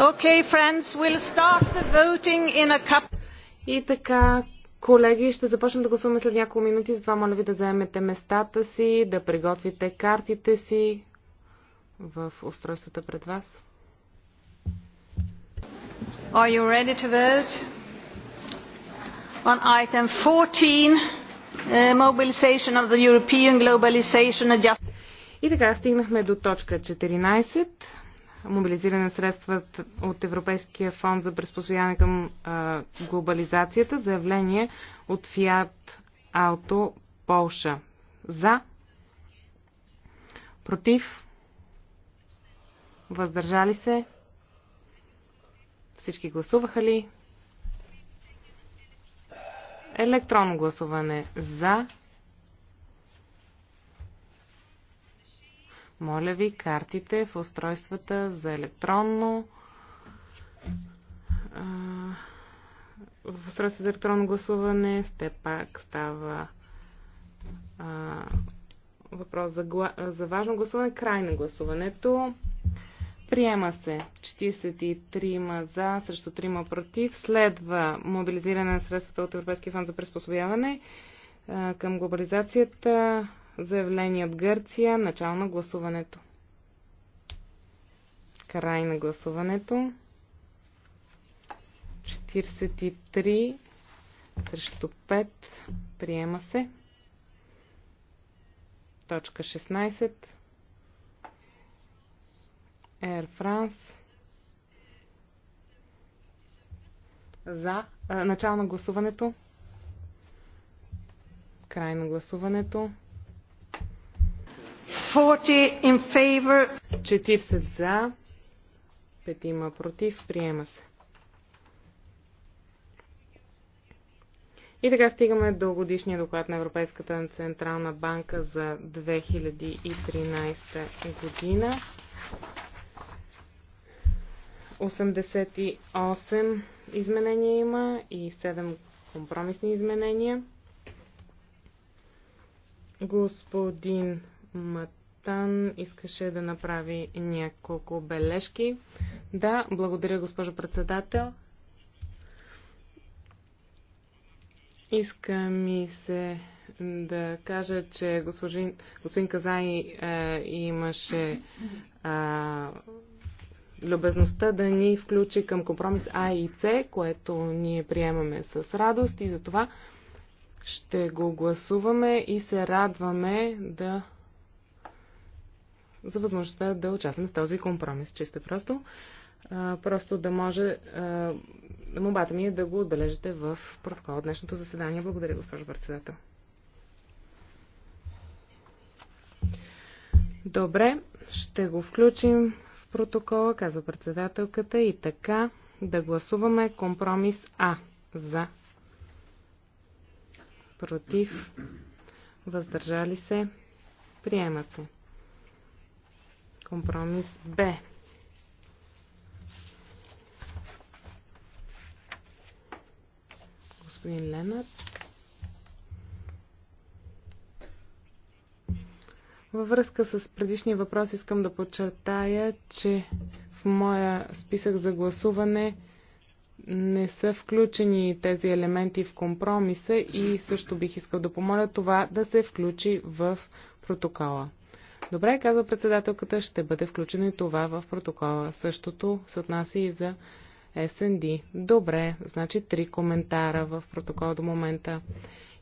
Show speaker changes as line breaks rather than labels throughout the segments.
Okay, friends, we'll start the voting in a couple... И
така, колеги, ще започнем да гласуваме след няколко минути, затова моля ви да заемете местата си, да приготвите картите си в устройствата пред вас.
Are you ready to vote? On item 14, uh, mobilization of the European Globalization Adjustment. И така, стигнахме до точка 14 мобилизиране
на средства от Европейския фонд за приспособяване към а, глобализацията. Заявление от Фиат Ауто Полша. За. Против. Въздържали се. Всички гласуваха ли? Електронно гласуване за Моля ви, картите в устройствата за електронно в устройството за електронно гласуване сте пак става а, въпрос за, гла... за важно гласуване, край на гласуването. Приема се 43 за, срещу 3 против. Следва мобилизиране на средствата от Европейския фонд за приспособяване към глобализацията. Заявление от Гърция. Начало на гласуването. Край на гласуването. 43 срещу 5. Приема се. Точка 16. Air France. За. А, начало на гласуването. Край на гласуването. 40 in favor. 40 за, 5 има против, приема се. И така стигаме до годишния доклад на Европейската централна банка за 2013 година. 88 изменения има и 7 компромисни изменения. Господин Мат Калтан искаше да направи няколко бележки. Да, благодаря, госпожо председател. Иска ми се да кажа, че господин, господин Казай е, имаше е, любезността да ни включи към компромис А и С, което ние приемаме с радост и затова ще го гласуваме и се радваме да за възможността да участвам в този компромис. Чисто просто. А, просто да може. А, мобата ми е да го отбележите в протокол от днешното заседание. Благодаря, госпожо председател. Добре, ще го включим в протокола, каза председателката, и така да гласуваме компромис А за против, въздържали се, приема се. Компромис Б. Господин Ленат. Във връзка с предишния въпрос искам да подчертая, че в моя списък за гласуване не са включени тези елементи в компромиса и също бих искал да помоля това да се включи в протокола. Добре, казва председателката, ще бъде включено и това в протокола. Същото се отнася и за СНД. Добре, значи три коментара в протокол до момента.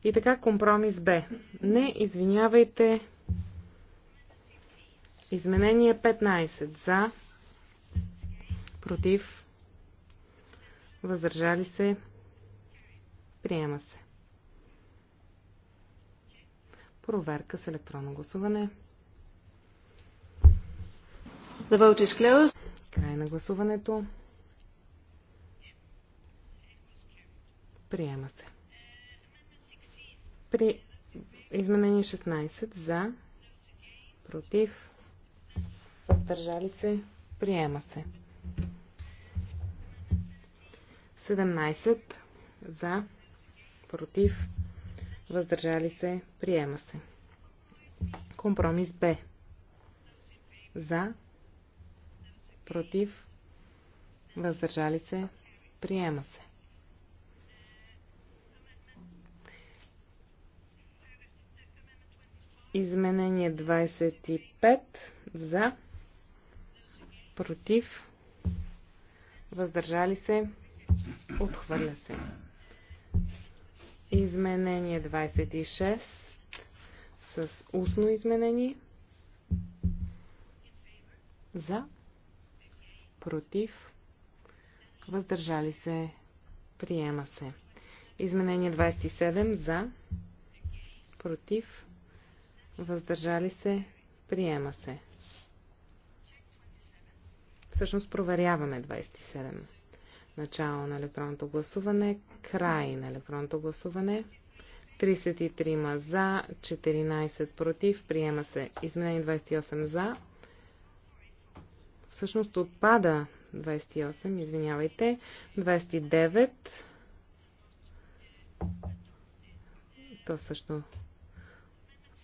И така компромис Б. Не, извинявайте. Изменение 15. За. Против. Въздържали се. Приема се. Проверка с електронно гласуване. The vote is closed. Край на гласуването. Приема се. При изменение 16 за, против, въздържали се, приема се. 17 за, против, въздържали се, приема се. Компромис Б. За, против, въздържали се, приема се. Изменение 25 за, против, въздържали се, отхвърля се. Изменение 26 с устно изменение за, против, въздържали се, приема се. Изменение 27 за, против, въздържали се, приема се. Всъщност проверяваме 27. Начало на електронното гласуване, край на електронното гласуване. 33 за, 14 против, приема се. Изменение 28 за, всъщност отпада 28, извинявайте, 29. То също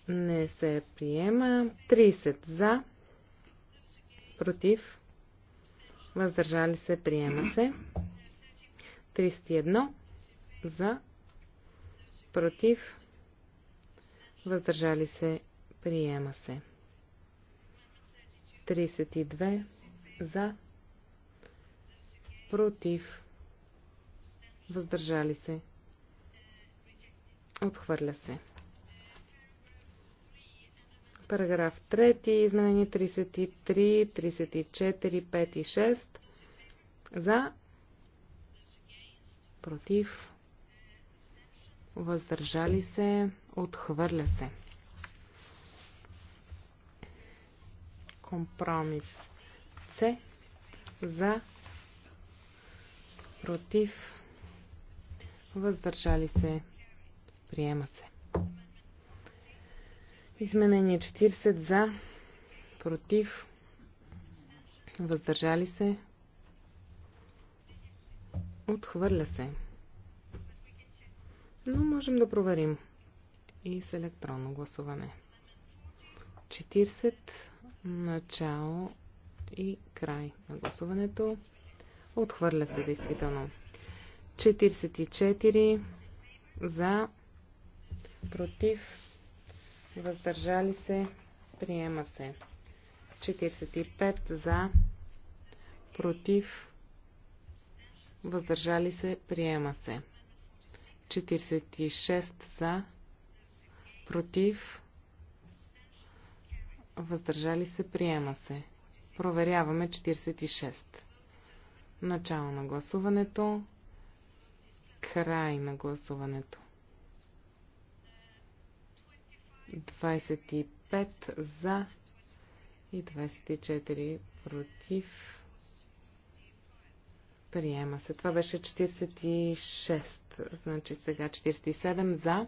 не се приема. 30 за, против, въздържали се, приема се. 31 за, против, въздържали се, приема се. 32 за, против, въздържали се, отхвърля се. Параграф 3, изменени 33, 34, 5 и 6 за, против, въздържали се, отхвърля се. Компромис С за против въздържали се приема се. Изменение 40 за против въздържали се отхвърля се. Но можем да проверим и с електронно гласуване. 40 Начало и край на гласуването. Отхвърля се действително. 44 за, против, въздържали се, приема се. 45 за, против, въздържали се, приема се. 46 за, против, въздържали се, приема се. Проверяваме 46. Начало на гласуването, край на гласуването. 25 за и 24 против. Приема се. Това беше 46. Значи сега 47 за,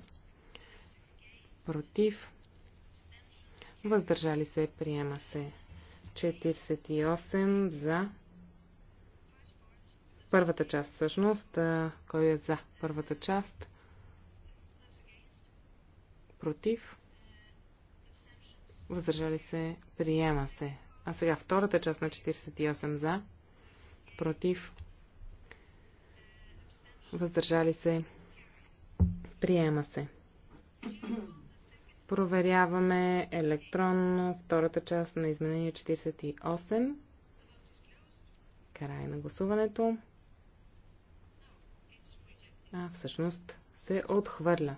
против, въздържали се, приема се. 48 за първата част всъщност. Кой е за първата част? Против? Въздържали се? Приема се. А сега втората част на 48 за? Против? Въздържали се? Приема се. Проверяваме електронно втората част на изменение 48. Край на гласуването. А всъщност се отхвърля.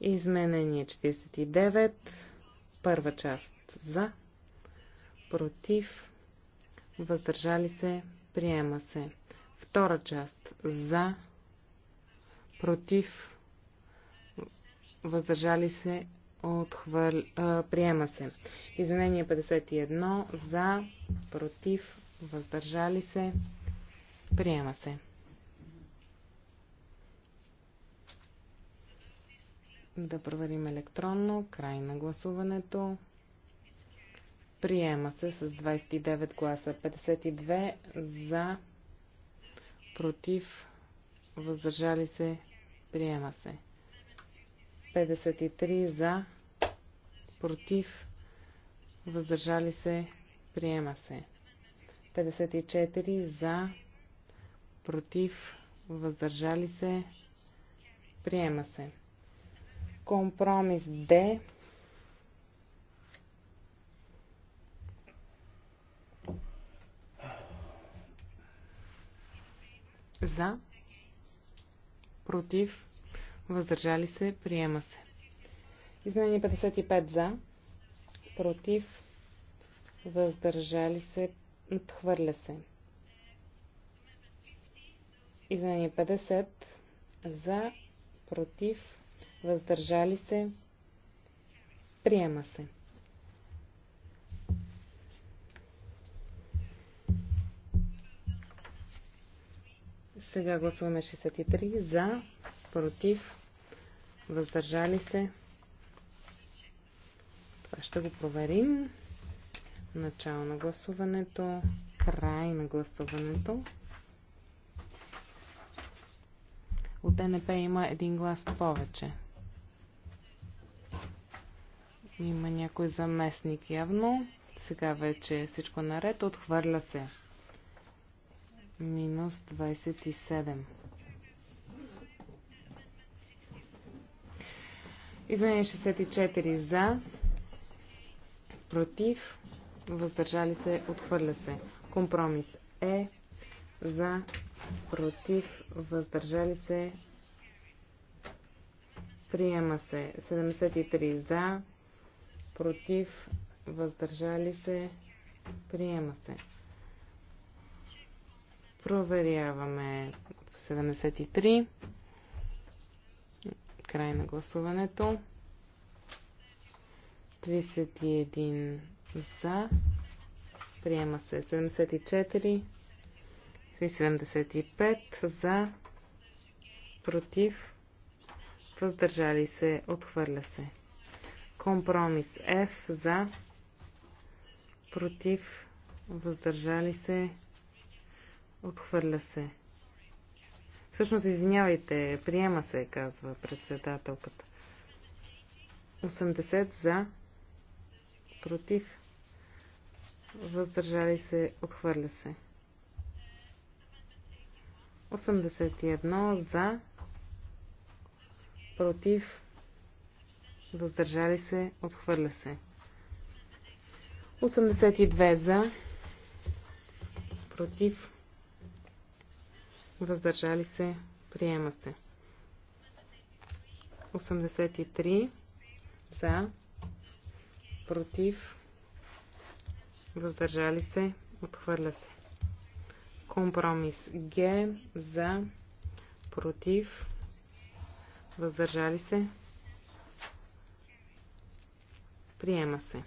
Изменение 49. Първа част за. Против. Въздържали се. Приема се. Втора част за. Против въздържали се, хвър... а, приема се. Изменение 51 за, против, въздържали се, приема се. Да проверим електронно. Край на гласуването. Приема се с 29 гласа. 52 за, против, въздържали се, приема се. 53 за, против, въздържали се, приема се. 54 за, против, въздържали се, приема се. Компромис Д. За, против, въздържали се, приема се. Изменение 55 за, против, въздържали се, отхвърля се. Изменение 50 за, против, въздържали се, приема се. Сега гласуваме 63 за, против, въздържали се. Това ще го проверим. Начало на гласуването, край на гласуването. От ДНП има един глас повече. Има някой заместник явно. Сега вече е всичко наред. Отхвърля се. Минус 27. Извинение 64 за, против, въздържали се, отхвърля се. Компромис е за, против, въздържали се, приема се. 73 за, против, въздържали се, приема се. Проверяваме 73. Край на гласуването. 31 за. Приема се 74 75 за. Против. Въздържали се. Отхвърля се. Компромис F за. Против. Въздържали се. Отхвърля се. Всъщност, извинявайте, приема се, казва председателката. 80 за, против, въздържали се, отхвърля се. 81 за, против, въздържали се, отхвърля се.
82
за, против, въздържали се, приема се. 83 за, против, въздържали се, отхвърля се. Компромис Г за, против, въздържали се, приема се.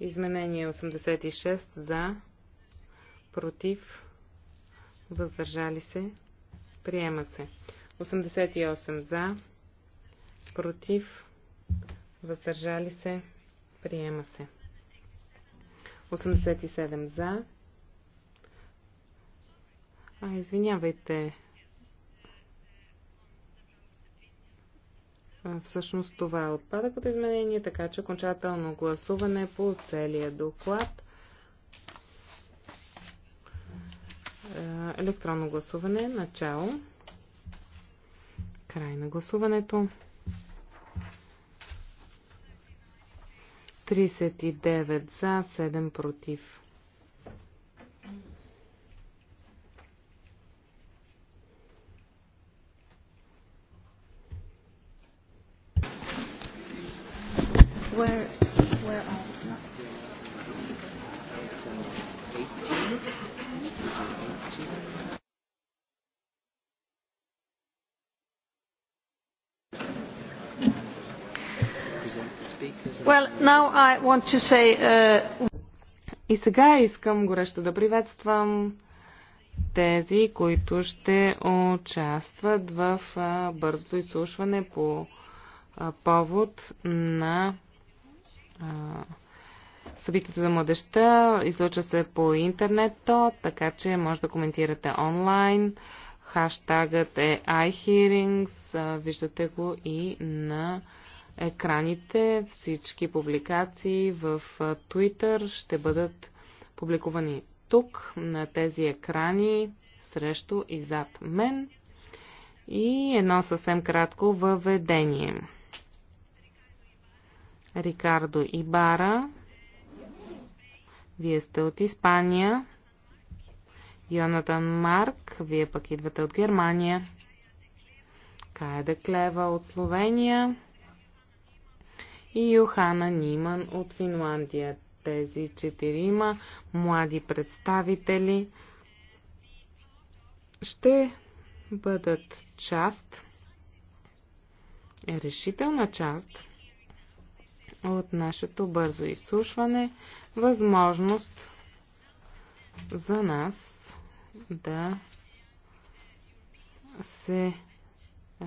Изменение 86 за, против, въздържали се, приема се. 88 за, против, въздържали се, приема се. 87 за. А, извинявайте. Всъщност това е отпадък от изменение, така че окончателно гласуване по целия доклад електронно гласуване. Начало. Край на гласуването. 39 за, 7 против.
say, uh...
И сега искам горещо да приветствам тези, които ще участват в бързото изслушване по повод на събитието за младеща. Излъчва се по интернет то, така че може да коментирате онлайн. Хаштагът е iHearings. Виждате го и на екраните, всички публикации в Twitter ще бъдат публикувани тук, на тези екрани, срещу и зад мен. И едно съвсем кратко въведение. Рикардо Ибара, вие сте от Испания. Йонатан Марк, вие пък идвате от Германия. Кайда Клева от Словения и Йохана Ниман от Финландия. Тези четирима млади представители ще бъдат част, решителна част от нашето бързо изслушване, възможност за нас да се а,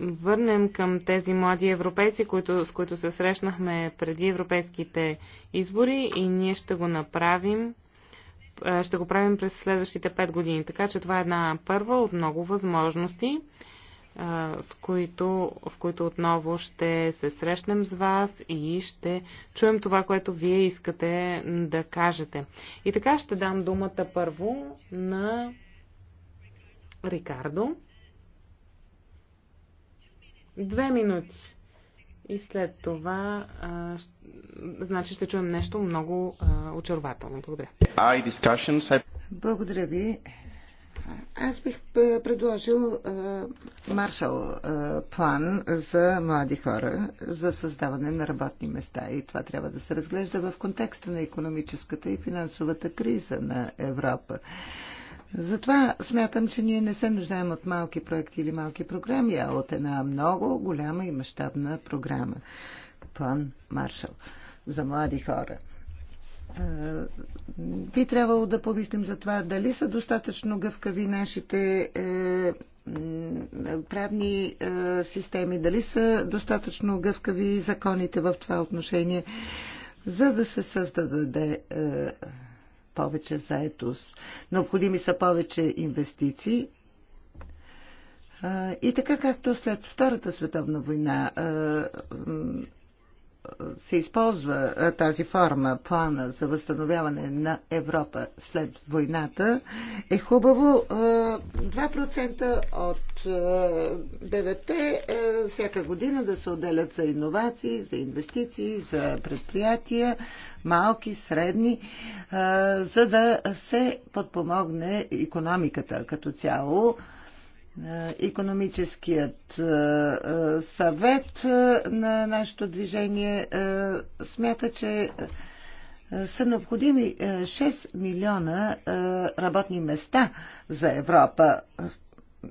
върнем към тези млади европейци, които, с които се срещнахме преди европейските избори и ние ще го направим. Ще го правим през следващите 5 години. Така че това е една първа от много възможности, с които, в които отново ще се срещнем с вас и ще чуем това, което вие искате да кажете. И така ще дам думата първо на Рикардо. Две минути. И след това, а, значи ще чуем нещо много а, очарователно. Благодаря.
Благодаря ви. Аз бих предложил маршал план за млади хора за създаване на работни места и това трябва да се разглежда в контекста на економическата и финансовата криза на Европа. Затова смятам, че ние не се нуждаем от малки проекти или малки програми, а от една много голяма и мащабна програма. План Маршал за млади хора. Е, би трябвало да помислим за това дали са достатъчно гъвкави нашите е, правни е, системи, дали са достатъчно гъвкави законите в това отношение, за да се създаде повече заетост. Необходими са повече инвестиции. И така както след Втората световна война се използва тази форма, плана за възстановяване на Европа след войната, е хубаво. 2% от БВП всяка година да се отделят за иновации, за инвестиции, за предприятия, малки, средни, за да се подпомогне економиката като цяло е, економическият е, е, съвет на нашето движение смята, че са необходими 6 милиона работни места за Европа,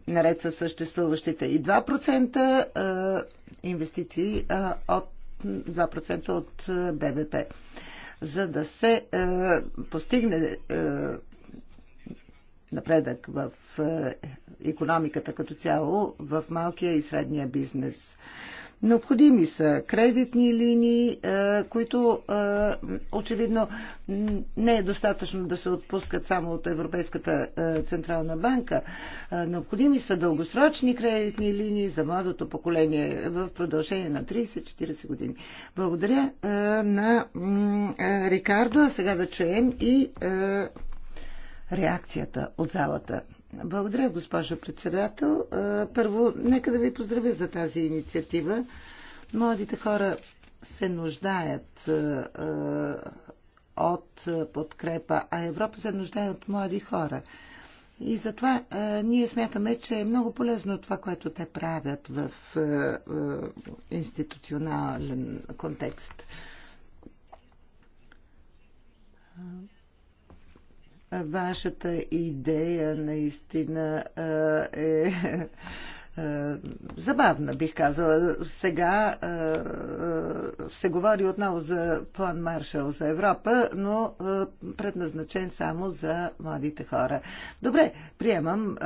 наред са съществуващите и 2% инвестиции от 2% от БВП. За да се постигне напредък в економиката като цяло в малкия и средния бизнес. Необходими са кредитни линии, е, които е, очевидно не е достатъчно да се отпускат само от Европейската е, Централна банка. Необходими са дългосрочни кредитни линии за младото поколение в продължение на 30-40 години. Благодаря на Рикардо, а сега да чуем и реакцията от залата. Благодаря, госпожо председател. Първо, нека да ви поздравя за тази инициатива. Младите хора се нуждаят от подкрепа, а Европа се нуждае от млади хора. И затова ние смятаме, че е много полезно това, което те правят в институционален контекст. Вашата идея наистина е забавна, бих казала. Сега се говори отново за план Маршал за Европа, но предназначен само за младите хора. Добре, приемам,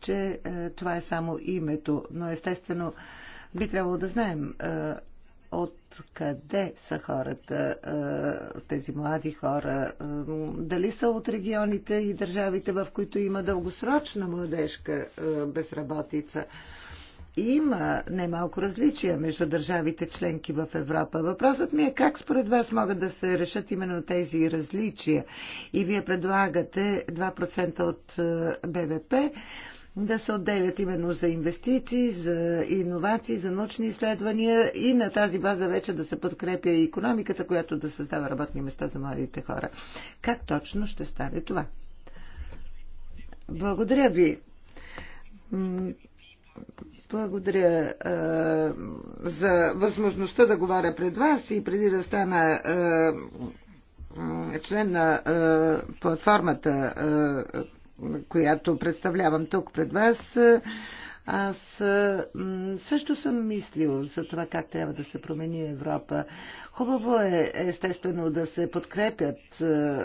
че това е само името, но естествено би трябвало да знаем от къде са хората, е, тези млади хора, е, дали са от регионите и държавите, в които има дългосрочна младежка е, безработица. Има немалко различия между държавите членки в Европа. Въпросът ми е как според вас могат да се решат именно тези различия. И вие предлагате 2% от БВП да се отделят именно за инвестиции, за иновации, за научни изследвания и на тази база вече да се подкрепя и економиката, която да създава работни места за младите хора. Как точно ще стане това? Благодаря ви. Благодаря е, за възможността да говоря пред вас и преди да стана е, член на е, платформата. Е, която представлявам тук пред вас, аз също съм мислил за това как трябва да се промени Европа. Хубаво е, естествено, да се подкрепят е,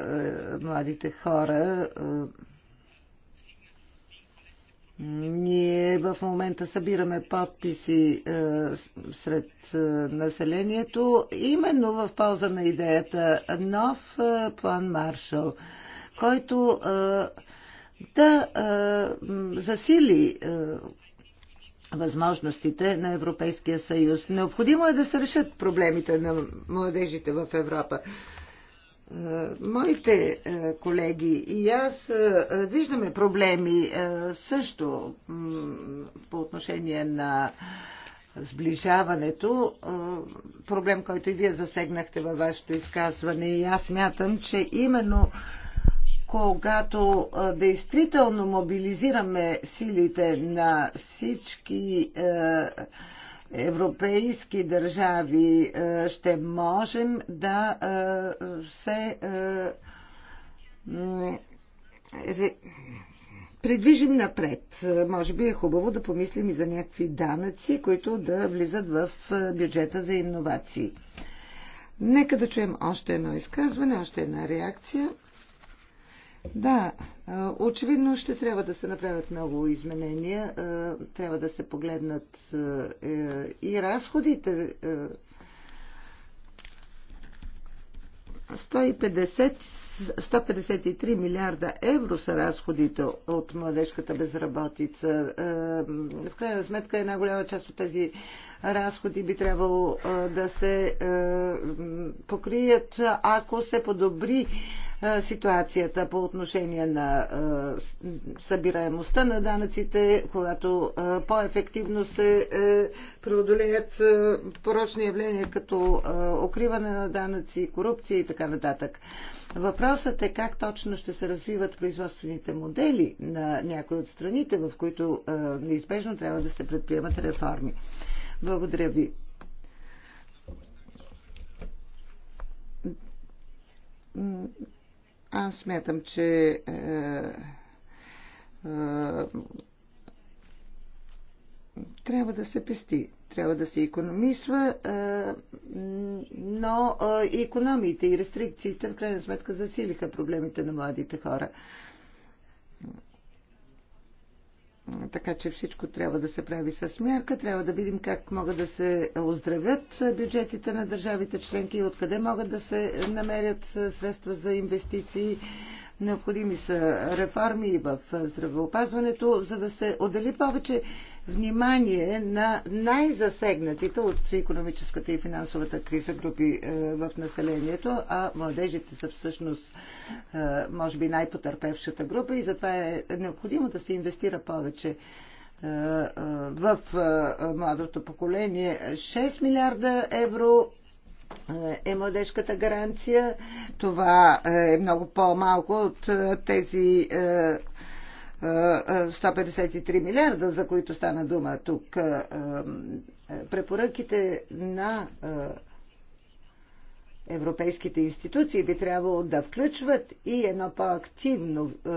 младите хора. Ние в момента събираме подписи е, сред е, населението, именно в полза на идеята нов е, план Маршал, който е, да засили възможностите на Европейския съюз. Необходимо е да се решат проблемите на младежите в Европа. Моите колеги и аз виждаме проблеми също по отношение на сближаването. Проблем, който и вие засегнахте във вашето изказване. И аз мятам, че именно когато а, действително мобилизираме силите на всички а, е, европейски държави, а, е, ще можем да а, е, се придвижим напред. Може би е хубаво да помислим и за някакви данъци, които да влизат в бюджета за иновации. Нека да чуем още едно изказване, още една реакция. Да, очевидно ще трябва да се направят много изменения. Трябва да се погледнат е, и разходите. 150 153 милиарда евро са разходите от младежката безработица. В крайна сметка една голяма част от тези разходи би трябвало е, да се е, покрият, ако се подобри е, ситуацията по отношение на събираемостта на данъците, когато по-ефективно се преодолеят порочни явления като укриване на данъци, корупция и така нататък. Въпросът е как точно ще се развиват производствените модели на някои от страните, в които неизбежно трябва да се предприемат реформи. Благодаря ви. Аз смятам, че е, е, трябва да се пести трябва да се економисва, но и економиите и рестрикциите в крайна сметка засилиха проблемите на младите хора. Така че всичко трябва да се прави с мярка. Трябва да видим как могат да се оздравят бюджетите на държавите членки и откъде могат да се намерят средства за инвестиции. Необходими са реформи в здравеопазването, за да се отдели повече внимание на най-засегнатите от економическата и финансовата криза групи е, в населението, а младежите са всъщност, е, може би, най-потърпевшата група и затова е необходимо да се инвестира повече е, в младото поколение. 6 милиарда евро е младежката гаранция. Това е много по-малко от е, тези 153 е, е, милиарда, за които стана дума тук. Препоръките на европейските институции би трябвало да включват и едно по-активно е,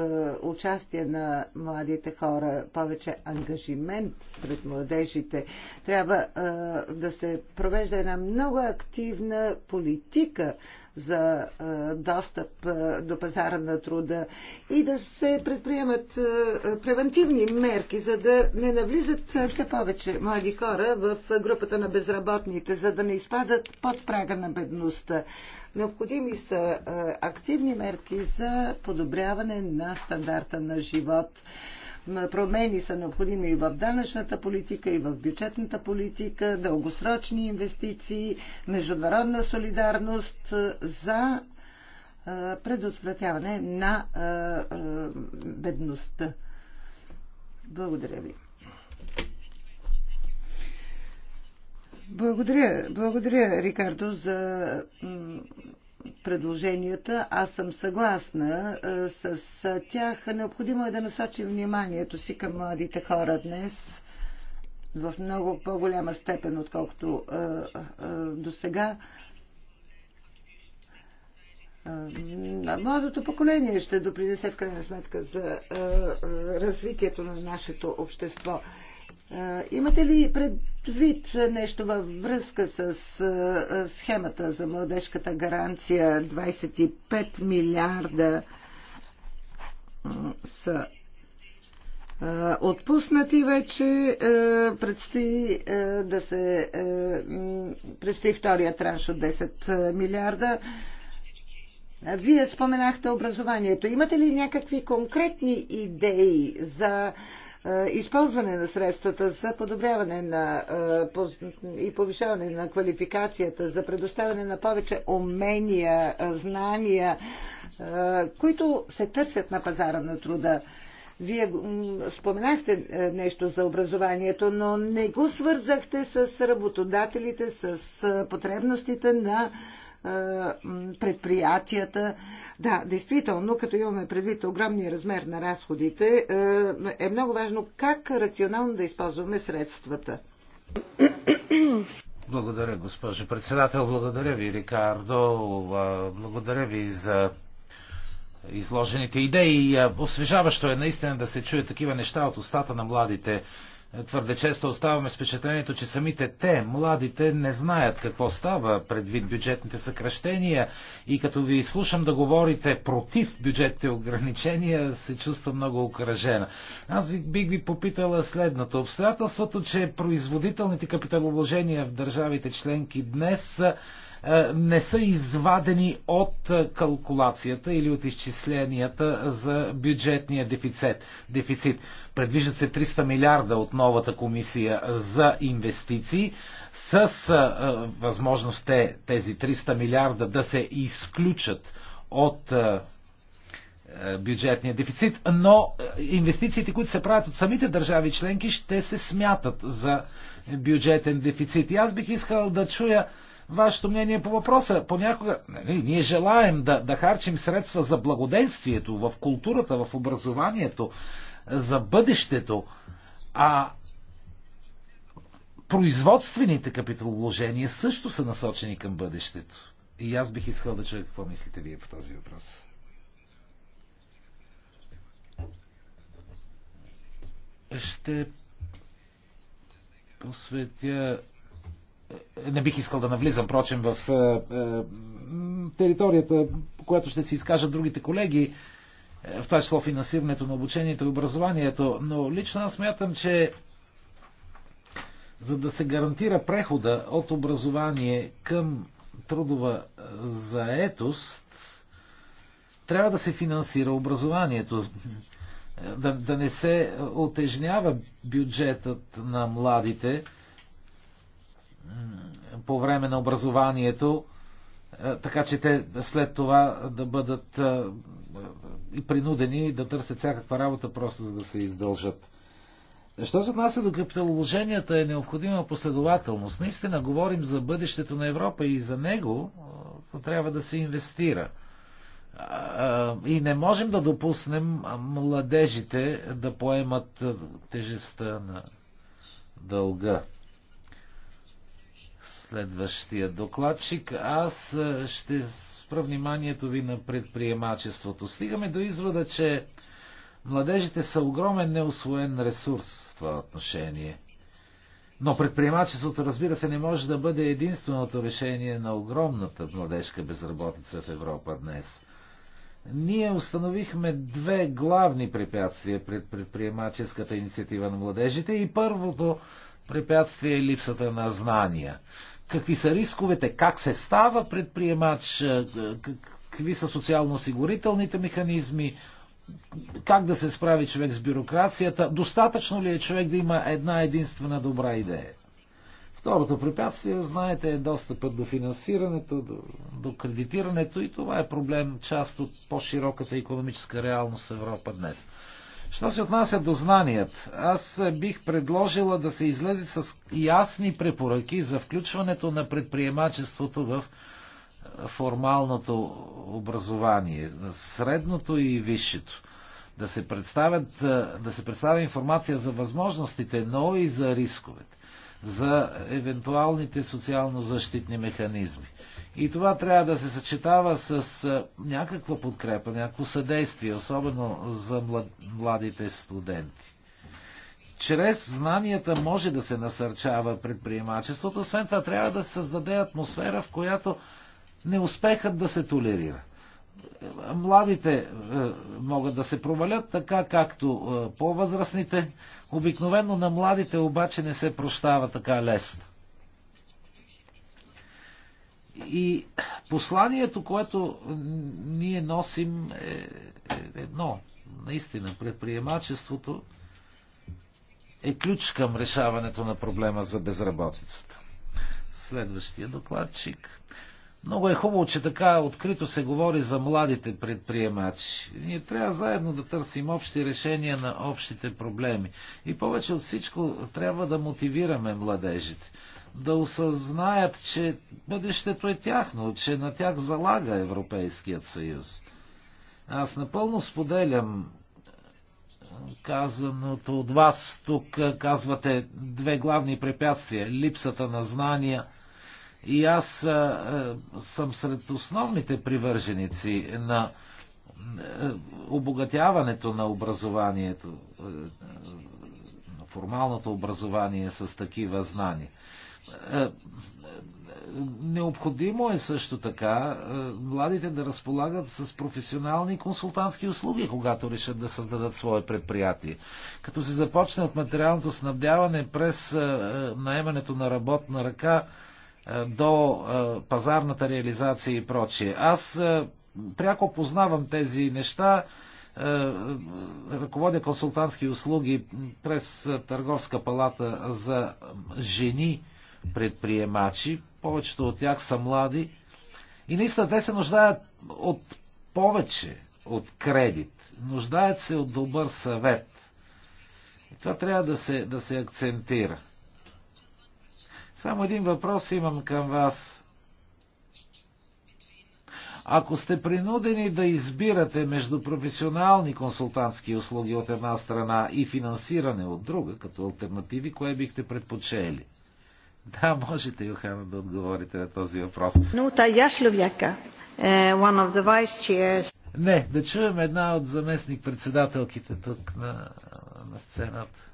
участие на младите хора, повече ангажимент сред младежите. Трябва е, да се провежда една много активна политика за достъп до пазара на труда и да се предприемат превентивни мерки, за да не навлизат все повече млади хора в групата на безработните, за да не изпадат под прага на бедността. Необходими са активни мерки за подобряване на стандарта на живот промени са необходими и в данъчната политика, и в бюджетната политика, дългосрочни инвестиции, международна солидарност е, за е, предотвратяване на е, бедността. Благодаря ви. Благодаря, благодаря, Рикардо, за предложенията. Аз съм съгласна е, с е, тях. Необходимо е да насочим вниманието си към младите хора днес в много по-голяма степен, отколкото е, до сега. Младото поколение ще допринесе в крайна сметка за развитието на нашето общество. Имате ли предвид нещо във връзка с схемата за младежката гаранция? 25 милиарда са отпуснати вече. Предстои да се предстои втория транш от 10 милиарда. Вие споменахте образованието. Имате ли някакви конкретни идеи за е, използване на средствата за подобряване на е, и повишаване на квалификацията, за предоставяне на повече умения, е, знания, които се търсят на пазара на труда. Вие споменахте нещо за образованието, но не го свързахте с работодателите, с потребностите на предприятията. Да, действително, като имаме предвид огромния размер на разходите, е много важно как рационално да използваме средствата.
Благодаря, госпожо председател. Благодаря ви, Рикардо. Благодаря ви за изложените идеи. Освежаващо е наистина да се чуе такива неща от устата на младите Твърде често оставаме с впечатлението, че самите те, младите, не знаят какво става предвид бюджетните съкръщения и като ви слушам да говорите против бюджетните ограничения, се чувствам много окръжена. Аз бих ви попитала следното. Обстоятелството, че производителните капиталовложения в държавите членки днес са е, не са извадени от е, калкулацията или от изчисленията за бюджетния дефицит. дефицит. Предвиждат се 300 милиарда от новата комисия за инвестиции с е, възможност тези 300 милиарда да се изключат от бюджетния дефицит, но инвестициите, които се правят от самите държави членки, ще се смятат за бюджетен дефицит. И аз бих искал да чуя вашето мнение по въпроса. Понякога нали, ние желаем да, да харчим средства за благоденствието, в културата, в образованието, за бъдещето, а производствените капиталовложения също са насочени към бъдещето. И аз бих искал да чуя какво мислите вие по този въпрос. Ще посветя е, не бих искал да навлизам, прочим, в е, е, територията, която ще си изкажат другите колеги, е, в това число финансирането на обучението и образованието, но лично аз смятам, че за да се гарантира прехода от образование към трудова е, заетост, трябва да се финансира образованието. Да, да не се отежнява бюджетът на младите, по време на образованието, е, така че те след това да бъдат е, е, и принудени да търсят всякаква работа, просто за да се издължат. Що се отнася до капиталовложенията е необходима последователност. Наистина говорим за бъдещето на Европа и за него трябва да се инвестира. И не можем да допуснем младежите да поемат тежестта на дълга следващия докладчик. Аз е, ще спра вниманието ви на предприемачеството. Стигаме до извода, че младежите са огромен неосвоен ресурс в това отношение. Но предприемачеството, разбира се, не може да бъде единственото решение на огромната младежка безработица в Европа днес. Ние установихме две главни препятствия пред предприемаческата инициатива на младежите и първото препятствие е липсата на знания какви са рисковете, как се става предприемач, е, какви са социално-осигурителните механизми, как да се справи човек с бюрокрацията, достатъчно ли е човек да има една единствена добра идея. Второто препятствие, знаете, е достъпът до финансирането, до, до кредитирането и това е проблем част от по-широката економическа реалност в Европа днес. Що се отнася до знаният, аз бих предложила да се излезе с ясни препоръки за включването на предприемачеството в формалното образование, средното и висшето. Да се, да се представя информация за възможностите, но и за рисковете за евентуалните социално защитни механизми. И това трябва да се съчетава с някаква подкрепа, някакво съдействие, особено за младите студенти. Чрез знанията може да се насърчава предприемачеството, освен това трябва да се създаде атмосфера, в която неуспехът да се толерира младите е, могат да се провалят, така както е, по-възрастните. Обикновено на младите обаче не се прощава така лесно. И посланието, което ние носим е, е едно. Наистина, предприемачеството е ключ към решаването на проблема за безработицата. Следващия докладчик. Много е хубаво, че така открито се говори за младите предприемачи. Ние трябва заедно да търсим общи решения на общите проблеми. И повече от всичко трябва да мотивираме младежите. Да осъзнаят, че бъдещето е тяхно, че на тях залага Европейският съюз. Аз напълно споделям е, казаното от вас. Тук казвате две главни препятствия. Липсата на знания – и аз а, е, е, съм сред основните привърженици на е, обогатяването на образованието, на формалното образование с такива знания. Необходимо е също така младите да разполагат с професионални консултантски услуги, когато решат да създадат свое предприятие. Като се започне от материалното снабдяване през наемането на работна ръка, е, до е, пазарната реализация и прочие. Аз е, пряко познавам тези неща, ръководя консултантски услуги през Търговска палата за жени предприемачи. Повечето от тях са млади. И наистина те се нуждаят от повече от кредит. Нуждаят се от добър съвет. И това трябва да се, да се акцентира. Само един въпрос имам към вас. Ако сте принудени да избирате между професионални консултантски услуги от една страна и финансиране от друга, като альтернативи, кое бихте предпочели? Да, можете, Йохана, да отговорите на този въпрос.
Е, one of the vice chairs.
Не, да чуем една от заместник-председателките тук на, на сцената.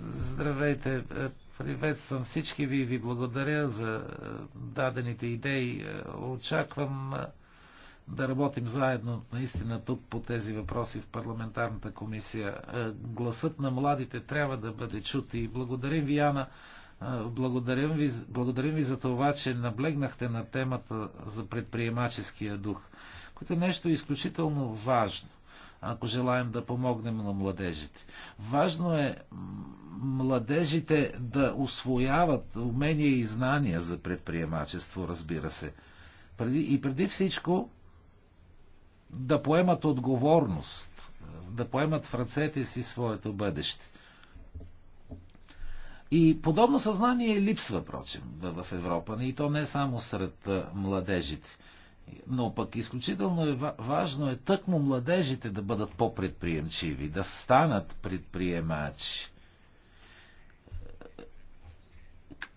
Здравейте! Е, приветствам всички ви и ви благодаря за е, дадените идеи. Е, очаквам да работим заедно наистина тук по тези въпроси в парламентарната комисия. Гласът на младите трябва да бъде чут и благодарим ви, Яна. Благодарим ви, благодарим ви за това, че наблегнахте на темата за предприемаческия дух, което е нещо изключително важно ако желаем да помогнем на младежите. Важно е младежите да освояват умения и знания за предприемачество, разбира се. И преди всичко да поемат отговорност, да поемат в ръцете си своето бъдеще. И подобно съзнание липсва, прочим, в Европа, и то не само сред младежите но пък изключително е важно е тъкмо младежите да бъдат по-предприемчиви, да станат предприемачи.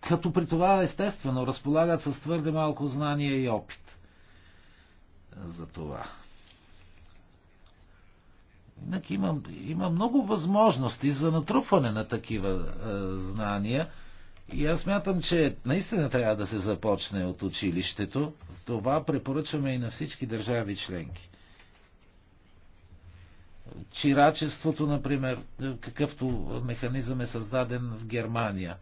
Като при това, естествено, разполагат с твърде малко знания и опит за това. Инак има, има много възможности за натрупване на такива е, знания – и аз мятам, че наистина трябва да се започне от училището. Това препоръчваме и на всички държави членки. Чирачеството, например, какъвто механизъм е създаден в Германия.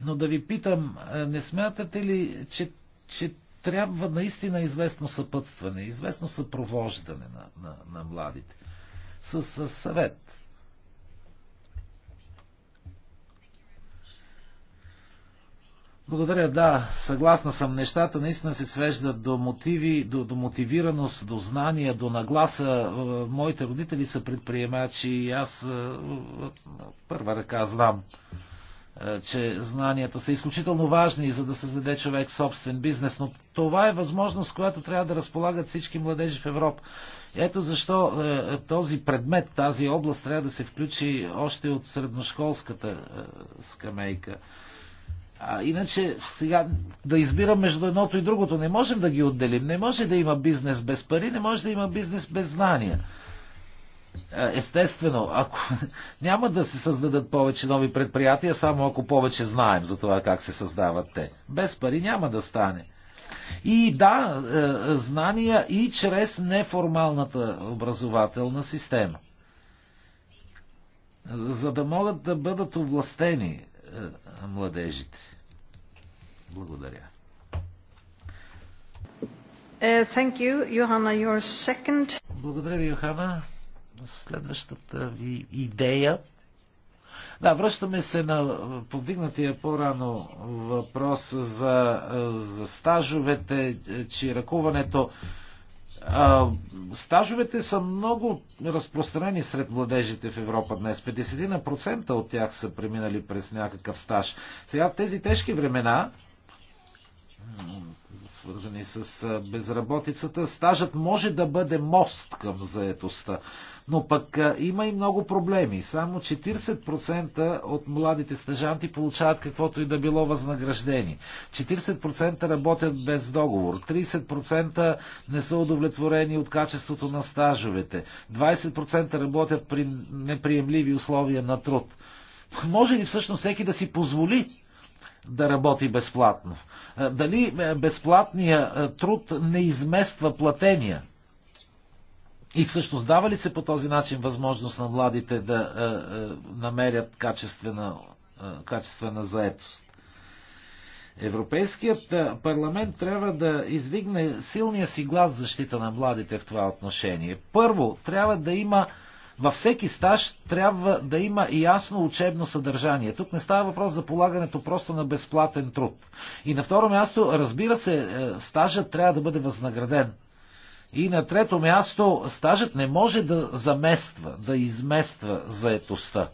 Но да ви питам, не смятате ли, че, че трябва наистина известно съпътстване, известно съпровождане на, на, на младите? С, с съвет. Благодаря, да, съгласна съм. Нещата наистина се свеждат до мотиви, до, до мотивираност, до знания, до нагласа. Е, моите родители са предприемачи и аз е, е, първа ръка знам, че знанията са изключително важни, за да създаде човек собствен бизнес, но това е възможност, която трябва да разполагат всички младежи в Европа. Ето защо този предмет, тази област трябва да се включи още от средношколската скамейка. А, иначе сега да избирам между едното и другото. Не можем да ги отделим. Не може да има бизнес без пари, не може да има бизнес без знания. Естествено, ако няма да се създадат повече нови предприятия, само ако повече знаем за това как се създават те. Без пари няма да стане. И да, е, знания и чрез неформалната образователна система. За да могат да бъдат овластени младежите. Благодаря.
Е, thank you, Johanna, your second. Благодаря ви,
Йохана. Следващата ви идея. Да, връщаме се на повдигнатия по-рано въпрос за, за стажовете, чиракуването. ръкуването а, стажовете са много разпространени сред младежите в Европа днес. 50% от тях са преминали през някакъв стаж. Сега в тези тежки времена, свързани с безработицата, стажът може да бъде мост към заетостта. Но пък има и много проблеми. Само 40% от младите стъжанти получават каквото и да било възнаграждени. 40% работят без договор. 30% не са удовлетворени от качеството на стажовете. 20% работят при неприемливи условия на труд. Може ли всъщност всеки да си позволи да работи безплатно? Дали безплатния труд не измества платения? И всъщност дава ли се по този начин възможност на младите да а, е, а, е, намерят качествена, а, е, качествена заетост? Европейският парламент трябва да издигне силния си глас защита на младите в това отношение. Първо, трябва да има във всеки стаж трябва да има и ясно учебно съдържание. Тук не става въпрос за полагането просто на безплатен труд. И на второ място, разбира се, стажът трябва да бъде възнаграден и на трето място, стажът не може да замества, да измества заетостта.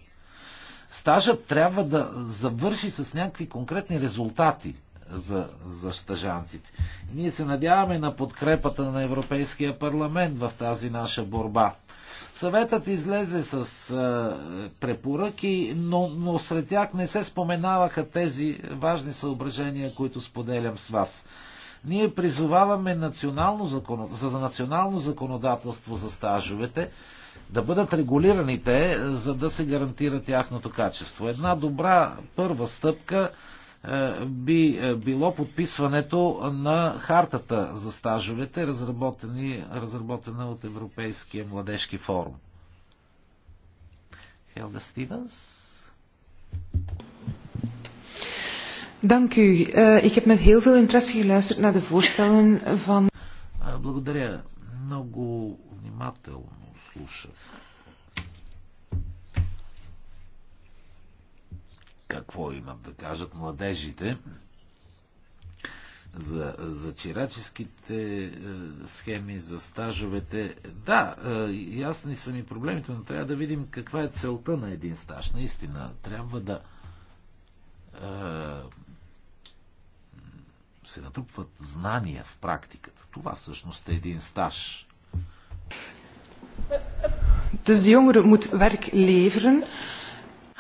Стажът трябва да завърши с някакви конкретни резултати за, за стажантите. Ние се надяваме на подкрепата на Европейския парламент в тази наша борба. Съветът излезе с а, е, препоръки, но, но сред тях не се споменаваха тези важни съображения, които споделям с вас. Ние призоваваме национално закон... за национално законодателство за стажовете, да бъдат регулирани те, за да се гарантира тяхното качество. Една добра първа стъпка е, би е, било подписването на хартата за стажовете, разработена от Европейския младежки форум. Хелда Стивенс?
Dank u. Uh, ik heb met heel veel interesse geluisterd
naar de voorstellen
van... Uh, благодаря. Много внимателно слушах. Какво имат да кажат младежите за, за чираческите е, схеми, за стажовете. Да, е, ясни са ми проблемите, но трябва да видим каква е целта на един стаж. Наистина, трябва да е, се натрупват знания в практиката. Това всъщност е един стаж. Dus de jongeren moet werk leveren.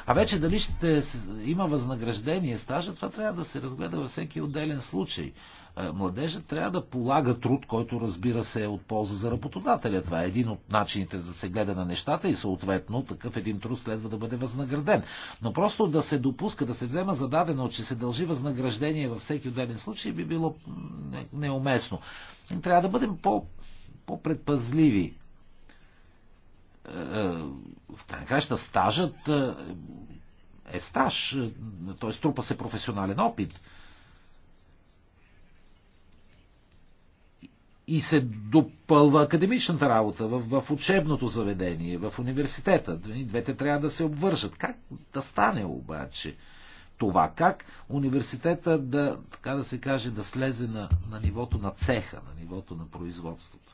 А вече дали ще има възнаграждение стажа, това трябва да се разгледа във всеки отделен случай. Е, младежът трябва да полага труд, който разбира се е от полза за работодателя. Това е един от начините да се гледа на нещата и съответно такъв един труд следва да бъде възнаграден. Но просто да се допуска, да се взема зададено, че се дължи възнаграждение във всеки отделен случай би било неуместно. Трябва да бъдем по, по-предпазливи е, е, в крайна краща стажът е, е стаж, т.е. трупа се професионален опит. И се допълва академичната работа в, в учебното заведение, в университета. Двете трябва да се обвържат. Как да стане обаче това? Как университета да, така да се каже, да слезе на, на нивото на цеха, на нивото на производството?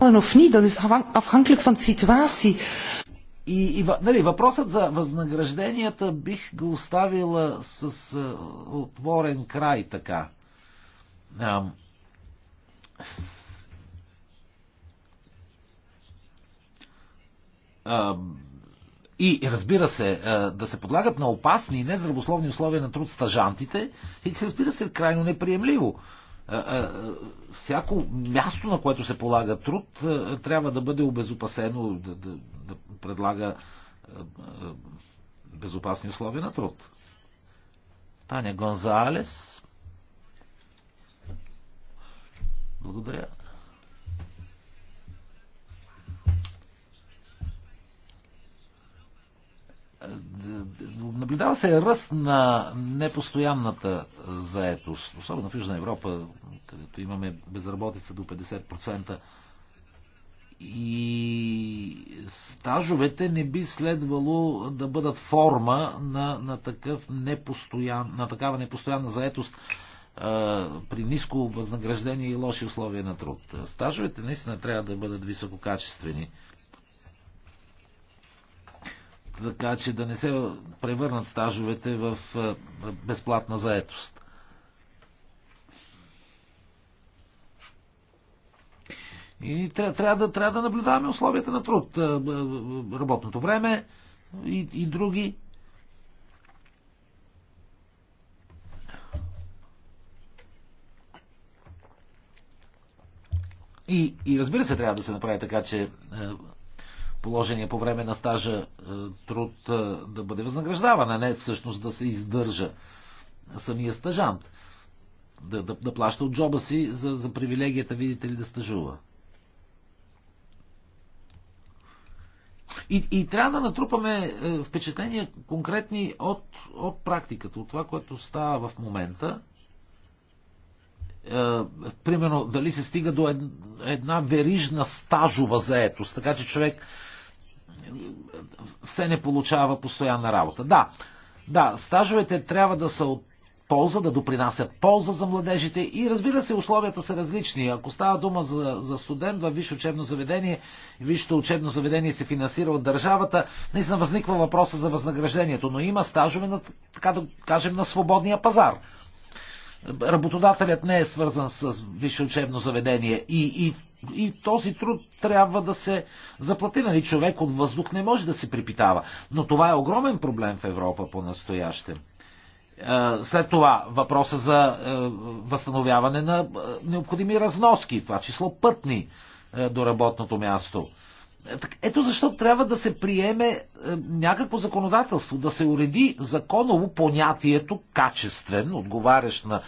Of niet, dat is afhankelijk van de situatie.
И, и нали, въпросът за възнагражденията бих го оставила с а, отворен край така. А, с, а, и разбира се, а, да се подлагат на опасни и нездравословни условия на труд стажантите, и разбира се, крайно неприемливо. А, всяко място, на което се полага труд, трябва да бъде обезопасено, да, да, да предлага безопасни условия на труд. Таня Гонзалес. Благодаря. Е, наблюдава се ръст на непостоянната заетост, особено в Южна Европа, където имаме безработица до 50%. И стажовете не би следвало да бъдат форма на, на, такъв непостоян, на такава непостоянна заетост е, при ниско възнаграждение и лоши условия на труд. Стажовете наистина трябва да бъдат висококачествени така че да не се превърнат стажовете в безплатна заетост. И трябва, трябва, да, трябва да наблюдаваме условията на труд, работното време и, и други. И, и разбира се, трябва да се направи така, че положения по време на стажа е, труд е, да бъде възнаграждаван, а не всъщност да се издържа самия стажант. Да, да, да плаща от джоба си за, за привилегията, видите ли, да стажува. И, и трябва да натрупаме е, впечатления конкретни от, от практиката, от това, което става в момента. примерно, дали се стига до една верижна стажова заетост, така че човек все не получава постоянна работа. Да, да, стажовете трябва да са от полза, да допринасят полза за младежите и разбира се, условията са различни. Ако става дума за, за студент във висше учебно заведение, висшето учебно заведение се финансира от държавата, наистина възниква въпроса за възнаграждението, но има стажове на, така да кажем, на свободния пазар работодателят не е свързан с висше учебно заведение и, и, и този труд трябва да се заплати. Нали, човек от въздух не може да се припитава. Но това е огромен проблем в Европа по настояще е, След това въпроса за е, възстановяване на е, необходими разноски, това число пътни до работното място ето защо трябва да се приеме е, някакво законодателство, да се уреди законово понятието качествен, отговарящ на,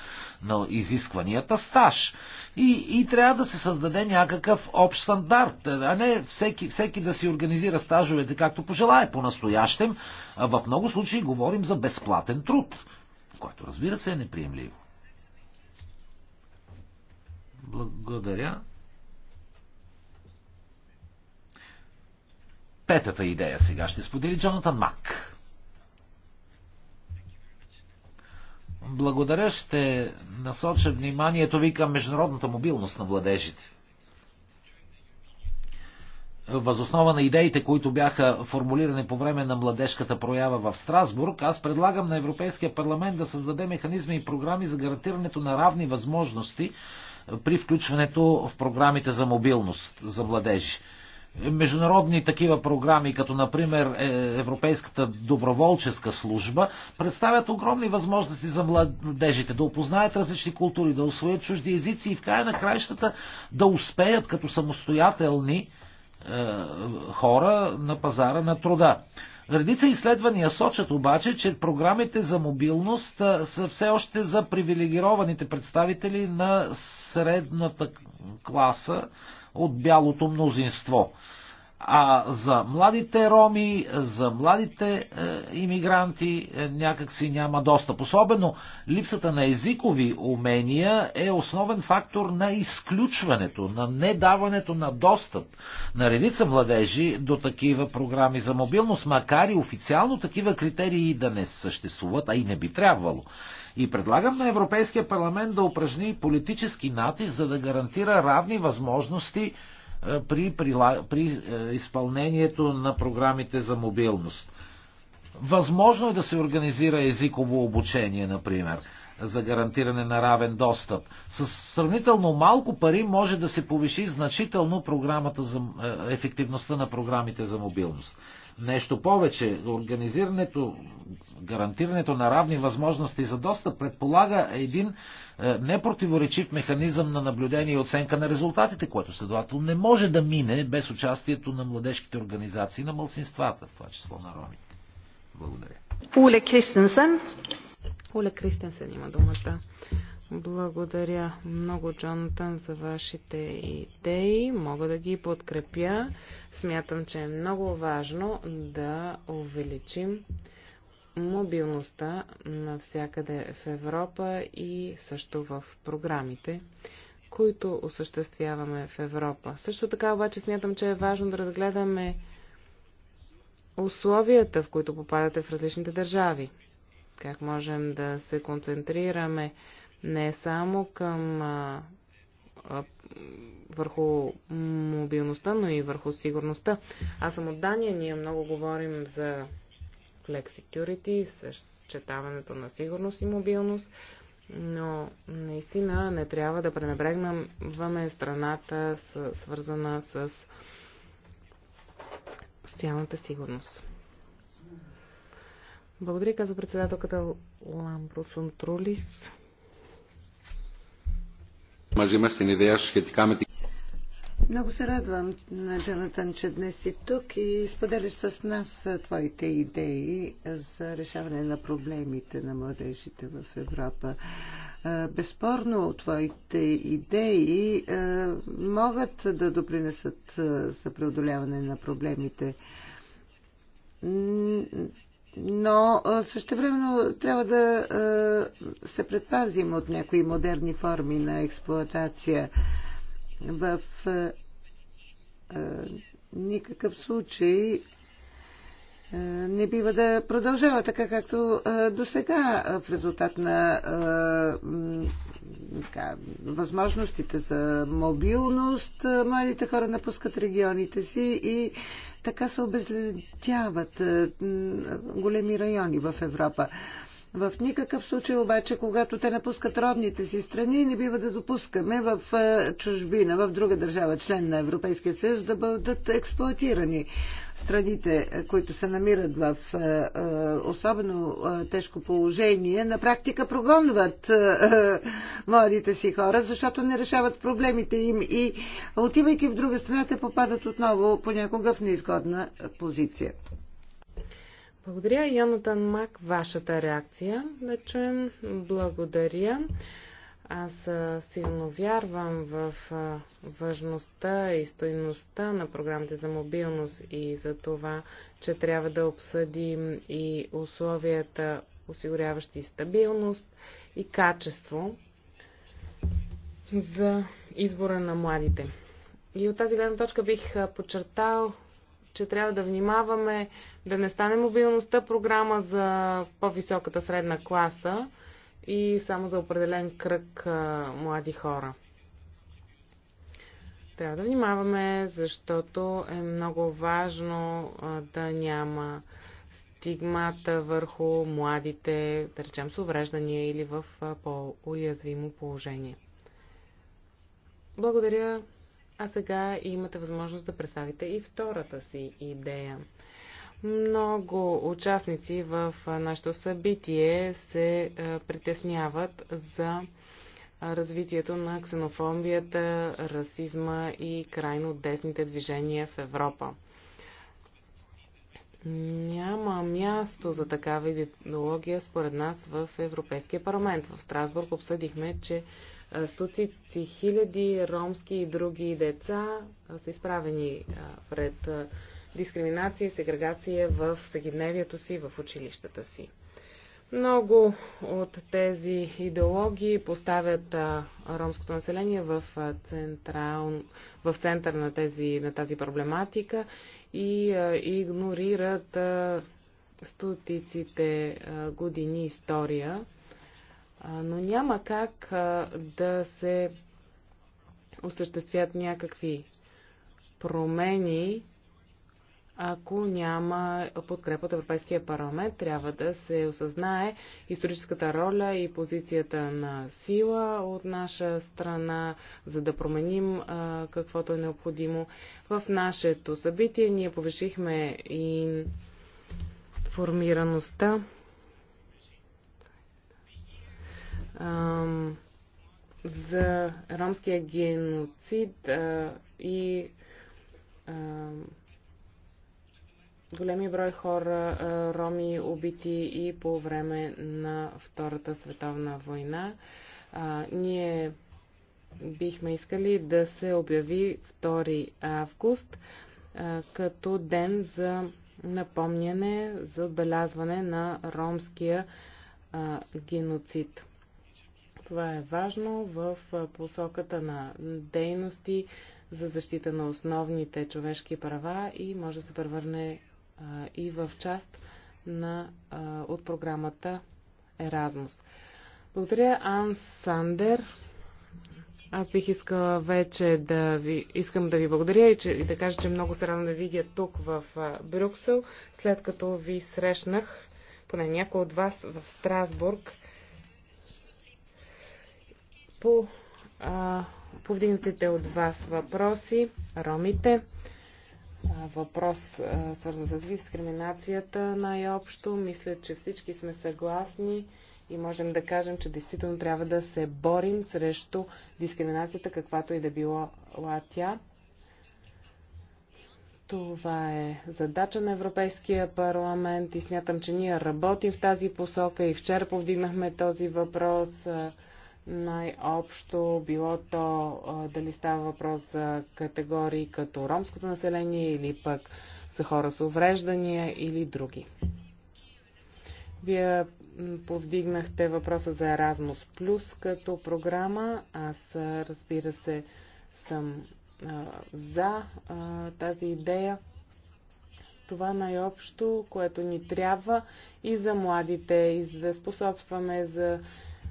на изискванията стаж. И, и трябва да се създаде някакъв общ стандарт, а не всеки, всеки да си организира стажовете както пожелае. По-настоящем в много случаи говорим за безплатен труд, което разбира се е неприемливо. Благодаря. Петата идея сега ще сподели Джонатан Мак. Благодаря, ще насоча вниманието ви към международната мобилност на владежите. Възоснова на идеите, които бяха формулирани по време на младежката проява в Страсбург, аз предлагам на Европейския парламент да създаде механизми и програми за гарантирането на равни възможности при включването в програмите за мобилност за младежи международни такива програми, като например е, Европейската доброволческа служба, представят огромни възможности за младежите да опознаят различни култури, да освоят чужди езици и в края на краищата да успеят като самостоятелни е, хора на пазара на труда. Редица изследвания сочат обаче, че програмите за мобилност е, са все още за привилегированите представители на средната класа от бялото мнозинство. А за младите роми, за младите е, иммигранти е, някакси няма достъп. Особено липсата на езикови умения е основен фактор на изключването, на недаването на достъп на редица младежи до такива програми за мобилност, макар и официално такива критерии да не съществуват, а и не би трябвало. И предлагам на Европейския парламент да упражни политически натиск, за да гарантира равни възможности е, при, при, при е, изпълнението на програмите за мобилност. Възможно е да се организира езиково обучение, например, за гарантиране на равен достъп. С сравнително малко пари може да се повиши значително програмата за, е, ефективността на програмите за мобилност. Нещо повече, организирането, гарантирането на равни възможности за достъп предполага един е, непротиворечив механизъм на наблюдение и оценка на резултатите, което следователно не може да мине без участието на младежките организации, на мълцинствата, в това число на ромите. Благодаря.
Оле Кристенсен.
Оле Кристенсен има думата. Благодаря много, Джонатан, за вашите идеи. Мога да ги подкрепя. Смятам, че е много важно да увеличим мобилността навсякъде в Европа и също в програмите, които осъществяваме в Европа. Също така обаче смятам, че е важно да разгледаме условията, в които попадате в различните държави. Как можем да се концентрираме не само към а, а, върху мобилността, но и върху сигурността. Аз съм от Дания, ние много говорим за Flex Security, съчетаването на сигурност и мобилност, но наистина не трябва да пренебрегнаваме страната, с, свързана с социалната сигурност. Благодаря, каза
председателката Ламбросун Трулис. Много се радвам, Джонатан, че днес си тук и споделяш с нас твоите идеи за решаване на проблемите на младежите в Европа. Безспорно, твоите идеи могат да допринесат за преодоляване на проблемите но времено трябва да се предпазим от някои модерни форми на експлоатация. В никакъв случай не бива да продължава така, както до сега в резултат на така, възможностите за мобилност, младите хора напускат регионите си и така се обезледяват големи райони в Европа. В никакъв случай обаче, когато те напускат родните си страни, не бива да допускаме в е, чужбина, в друга държава, член на Европейския съюз, да бъдат експлуатирани. Страните, е, които се намират в е, особено тежко положение, на практика прогонват младите си хора, защото не решават проблемите им и отивайки в друга страна, те попадат отново понякога в неизгодна позиция.
Благодаря, Йонатан Мак, вашата реакция. Да чуем. Благодаря. Аз силно вярвам в важността и стоиността на програмите за мобилност и за това, че трябва да обсъдим и условията, осигуряващи стабилност и качество за избора на младите. И от тази гледна точка бих подчертал че трябва да внимаваме да не стане мобилността програма за по-високата средна класа и само за определен кръг а, млади хора. Трябва да внимаваме, защото е много важно а, да няма стигмата върху младите, да речем с увреждания или в по-уязвимо положение. Благодаря а сега имате възможност да представите и втората си идея. Много участници в нашето събитие се притесняват за развитието на ксенофобията, расизма и крайно десните движения в Европа. Няма място за такава идеология според нас в Европейския парламент. В Страсбург обсъдихме, че стотици хиляди ромски и други деца са изправени пред дискриминация и сегрегация в всекидневието си, в училищата си. Много от тези идеологии поставят ромското население в, централ, в център на, тези, на тази проблематика и игнорират стотиците години история но няма как да се осъществят някакви промени, ако няма подкрепа от Европейския парламент. Трябва да се осъзнае историческата роля и позицията на сила от наша страна, за да променим каквото е необходимо. В нашето събитие ние повишихме и формираността ам, за ромския геноцид а, и ам, големи брой хора, а, роми, убити и по време на Втората световна война. А, ние бихме искали да се обяви 2 август а, като ден за напомняне за отбелязване на ромския а, геноцид. Това е важно в посоката на дейности за защита на основните човешки права и може да се превърне и в част на, от програмата Еразмус. Благодаря, Ан Сандер. Аз бих искала вече да ви, искам да ви благодаря и, че, и да кажа, че много се радвам да видя тук в Брюксел, след като ви срещнах, поне някой от вас, в Страсбург по а, повдигнатите от вас въпроси, ромите. Въпрос свързан с дискриминацията най-общо. Мисля, че всички сме съгласни и можем да кажем, че действително трябва да се борим срещу дискриминацията, каквато и да била тя. Това е задача на Европейския парламент и смятам, че ние работим в тази посока и вчера повдигнахме този въпрос най-общо, било то а, дали става въпрос за категории като ромското население или пък за хора с увреждания или други. Вие повдигнахте въпроса за Erasmus Plus като програма. Аз, разбира се, съм а, за а, тази идея. Това най-общо, което ни трябва и за младите, и за да способстваме за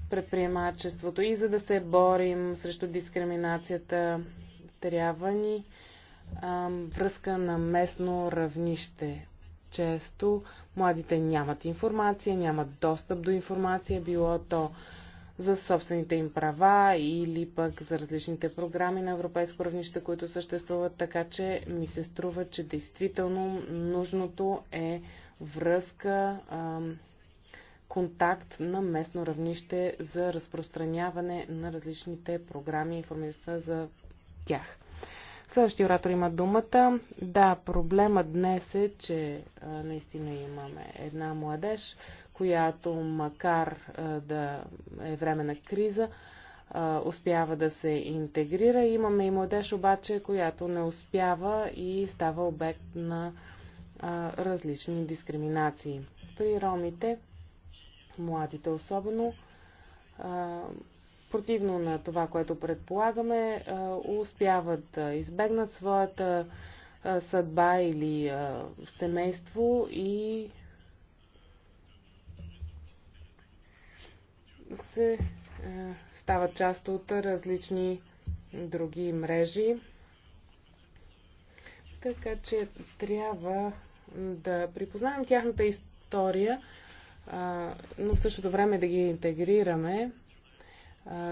предприемачеството и за да се борим срещу дискриминацията, трябва ни а, връзка на местно равнище. Често младите нямат информация, нямат достъп до информация, било то за собствените им права или пък за различните програми на европейско равнище, които съществуват, така че ми се струва, че действително нужното е връзка. А, контакт на местно равнище за разпространяване на различните програми и информираността за тях. Следващия оратор има думата. Да, проблема днес е, че а, наистина имаме една младеж, която макар а, да е време на криза, а, успява да се интегрира. Имаме и младеж обаче, която не успява и става обект на а, различни дискриминации. При ромите младите, особено противно на това, което предполагаме, успяват да избегнат своята съдба или семейство и се стават част от различни други мрежи. Така че трябва да припознаем тяхната история, но в същото време да ги интегрираме.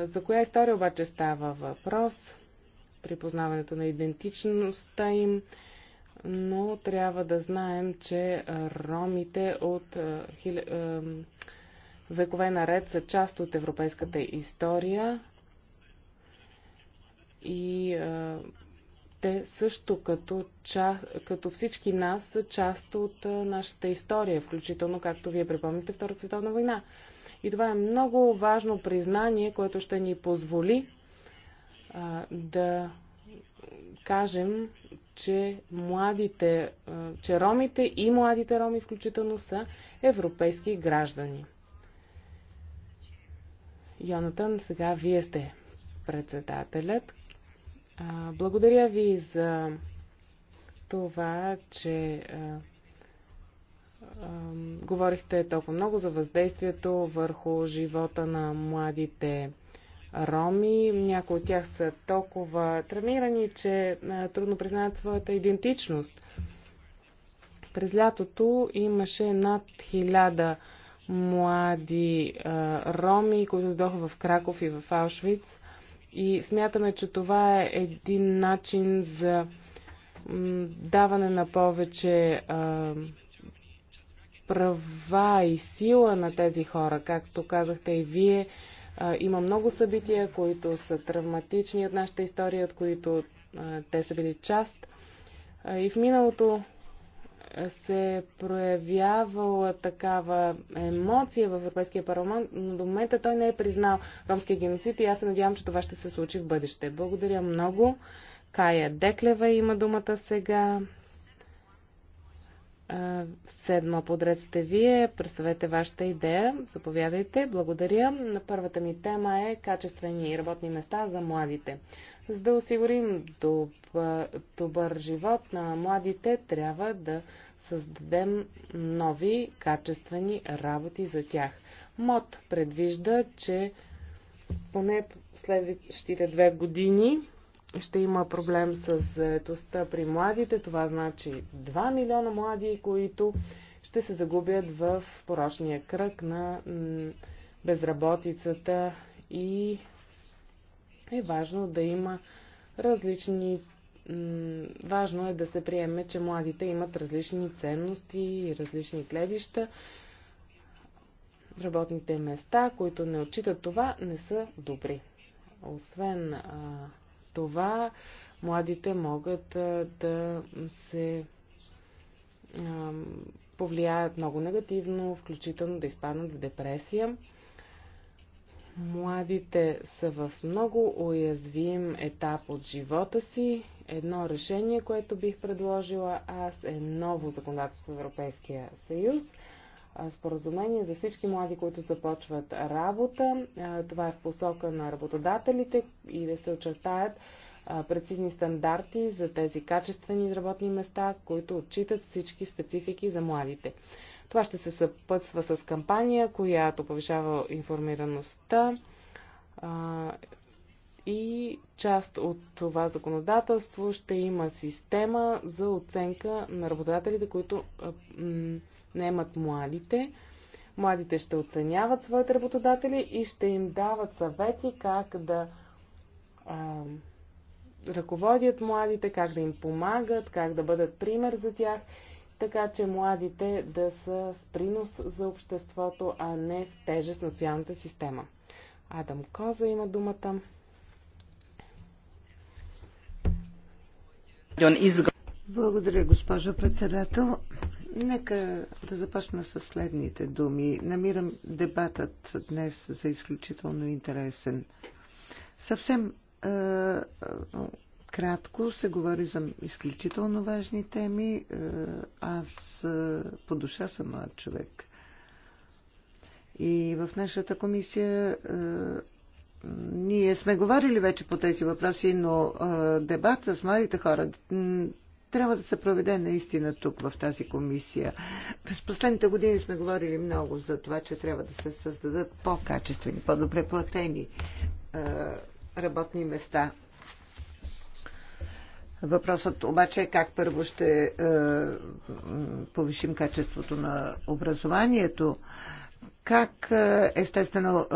За коя история обаче става въпрос? При познаването на идентичността им, но трябва да знаем, че ромите от векове наред са част от европейската история и те също като, ча, като всички нас са част от нашата история, включително, както вие припомните, Втората световна война. И това е много важно признание, което ще ни позволи а, да кажем, че младите, а, че ромите и младите роми включително са европейски граждани. Йонатан, сега вие сте председателят. А, благодаря ви за това, че а, а, говорихте толкова много за въздействието върху живота на младите роми. Някои от тях са толкова тренирани, че а, трудно признаят своята идентичност. През лятото имаше над хиляда млади а, роми, които дойдоха в Краков и в Аушвиц и смятаме, че това е един начин за даване на повече а, права и сила на тези хора. Както казахте и вие, а, има много събития, които са травматични от нашата история, от които а, те са били част. И в миналото се проявявала такава емоция в Европейския парламент, но до момента той не е признал ромския геноцид и аз се надявам, че това ще се случи в бъдеще. Благодаря много. Кая Деклева има думата сега. Седма подред сте вие, представете вашата идея, заповядайте. Благодаря. На първата ми тема е качествени работни места за младите. За да осигурим добър, добър живот на младите, трябва да създадем нови качествени работи за тях. МОД предвижда, че поне следващите две години ще има проблем с заетостта при младите. Това значи 2 милиона млади, които ще се загубят в порочния кръг на безработицата и е важно да има различни. Важно е да се приеме, че младите имат различни ценности и различни гледища. Работните места, които не отчитат това, не са добри. Освен това младите могат а, да се а, повлияят много негативно, включително да изпаднат в депресия. Младите са в много уязвим етап от живота си. Едно решение, което бих предложила аз е ново законодателство в Европейския съюз – споразумение за всички млади, които започват работа. Това е в посока на работодателите и да се очертаят прецизни стандарти за тези качествени работни места, които отчитат всички специфики за младите. Това ще се съпътства с кампания, която повишава информираността и част от това законодателство ще има система за оценка на работодателите, които наемат младите. Младите ще оценяват своите работодатели и ще им дават съвети как да а, ръководят младите, как да им помагат, как да бъдат пример за тях, така че младите да са с принос за обществото, а не в тежест на социалната система. Адам Коза има думата.
Благодаря, госпожо председател. Нека да започна с следните думи. Намирам дебатът днес за изключително интересен. Съвсем е, е, кратко се говори за изключително важни теми. Е, аз е, по душа съм млад човек. И в нашата комисия е, ние сме говорили вече по тези въпроси, но е, дебат с младите хора трябва да се проведе наистина тук в тази комисия. През последните години сме говорили много за това, че трябва да се създадат по-качествени, по-добре платени е, работни места. Въпросът обаче е как първо ще е, повишим качеството на образованието. Е, как е, естествено е,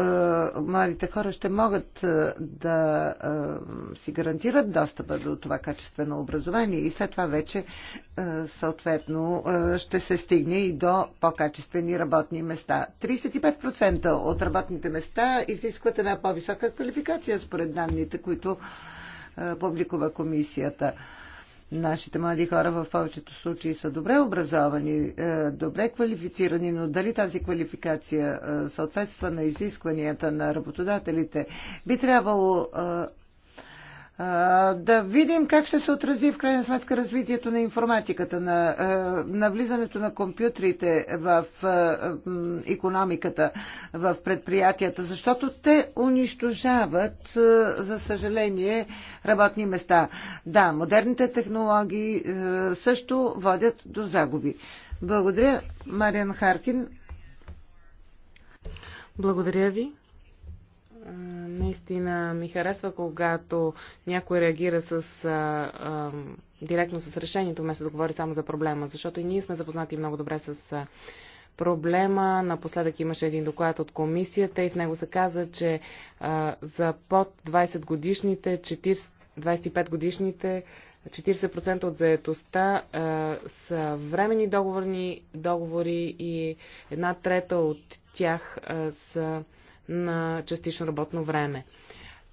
младите хора ще могат е, да си гарантират достъпа до това качествено образование и след това вече съответно ще се стигне и до по-качествени работни места. 35% от работните места изискват една по-висока квалификация според данните, които публикува комисията. Нашите млади хора в повечето случаи са добре образовани, е, добре квалифицирани, но дали тази квалификация е, съответства на изискванията на работодателите, би трябвало е, да видим как ще се отрази в крайна сметка развитието на информатиката, на, на влизането на компютрите в економиката, в предприятията, защото те унищожават, за съжаление, работни места. Да, модерните технологии също водят до загуби. Благодаря, Мариан Харкин. Благодаря ви наистина ми харесва, когато
някой реагира с, а, а, директно с решението, вместо да говори само за проблема, защото и ние сме запознати много добре с а, проблема. Напоследък имаше един доклад от комисията и в него се каза, че а, за под 20 годишните, 40, 25 годишните, 40% от заетостта а, са времени договорни договори и една трета от тях а, са на частично работно време.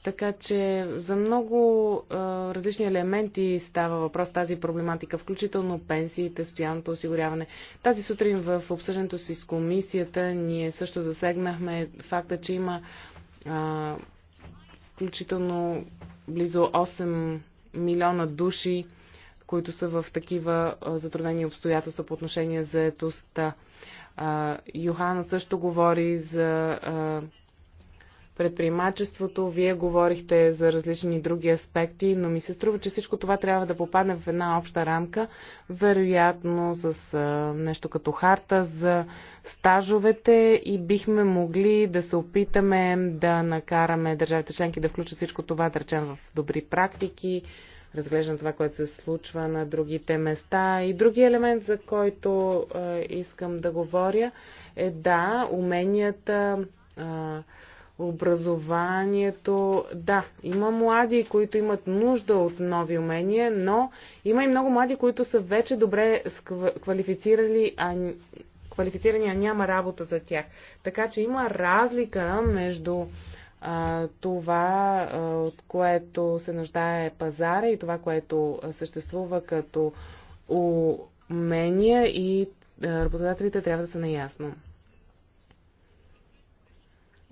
Така че за много а, различни елементи става въпрос тази проблематика, включително пенсиите, социалното осигуряване. Тази сутрин в обсъждането си с комисията ние също засегнахме факта, че има а, включително близо 8 милиона души, които са в такива затруднени обстоятелства по отношение за етостта. Йохана също говори за а, предприемачеството. Вие говорихте за различни други аспекти, но ми се струва, че всичко това трябва да попадне в една обща рамка, вероятно с а, нещо като харта за стажовете и бихме могли да се опитаме да накараме държавите членки да включат всичко това, да речем, в добри практики, разглеждам това, което се случва на другите места. И други елемент, за който а, искам да говоря, е да, уменията, а, образованието. Да, има млади, които имат нужда от нови умения, но има и много млади, които са вече добре квалифицирали, а квалифицирания няма работа за тях. Така че има разлика между а, това, а, от което се нуждае пазара и това, което съществува като умения и работодателите трябва да са наясно.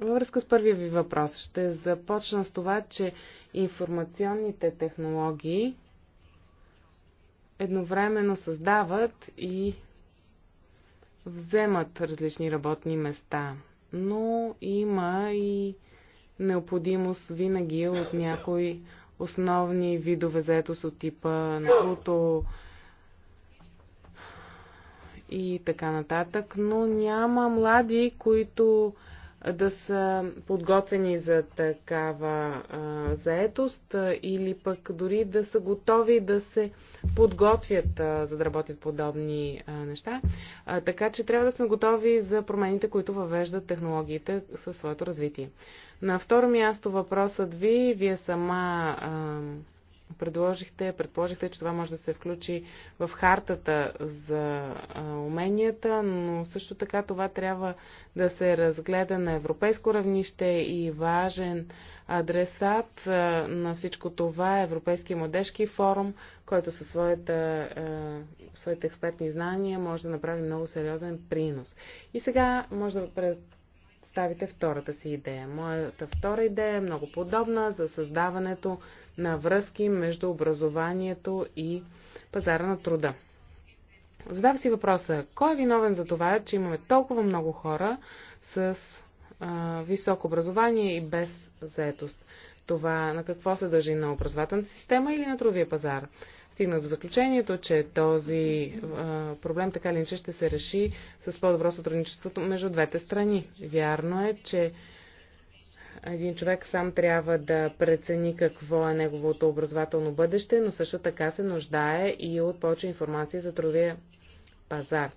Във връзка с първия ви въпрос, ще започна с това, че информационните технологии едновременно създават и вземат различни работни места. Но има и необходимост винаги от някои основни видове заетост от типа на фото и така нататък, но няма млади, които да са подготвени за такава а, заетост а, или пък дори да са готови да се подготвят, а, за да работят подобни а, неща. А, така че трябва да сме готови за промените, които въвеждат технологиите със своето развитие. На второ място въпросът ви, вие сама. А, предложихте, предположихте, че това може да се включи в хартата за уменията, но също така това трябва да се разгледа на европейско равнище и важен адресат на всичко това е Европейски младежки форум, който със своята, своите експертни знания може да направи много сериозен принос. И сега може да пред представите втората си идея. Моята втора идея е много подобна за създаването на връзки между образованието и пазара на труда. Задава си въпроса, кой е виновен за това, че имаме толкова много хора с а, високо образование и без заетост? Това на какво се дължи на образователната система или на трудовия пазар? стигна до заключението, че този а, проблем така или иначе ще се реши с по-добро сътрудничество между двете страни. Вярно е, че един човек сам трябва да прецени какво е неговото образователно бъдеще, но също така се нуждае и от повече информация за трудовия пазар.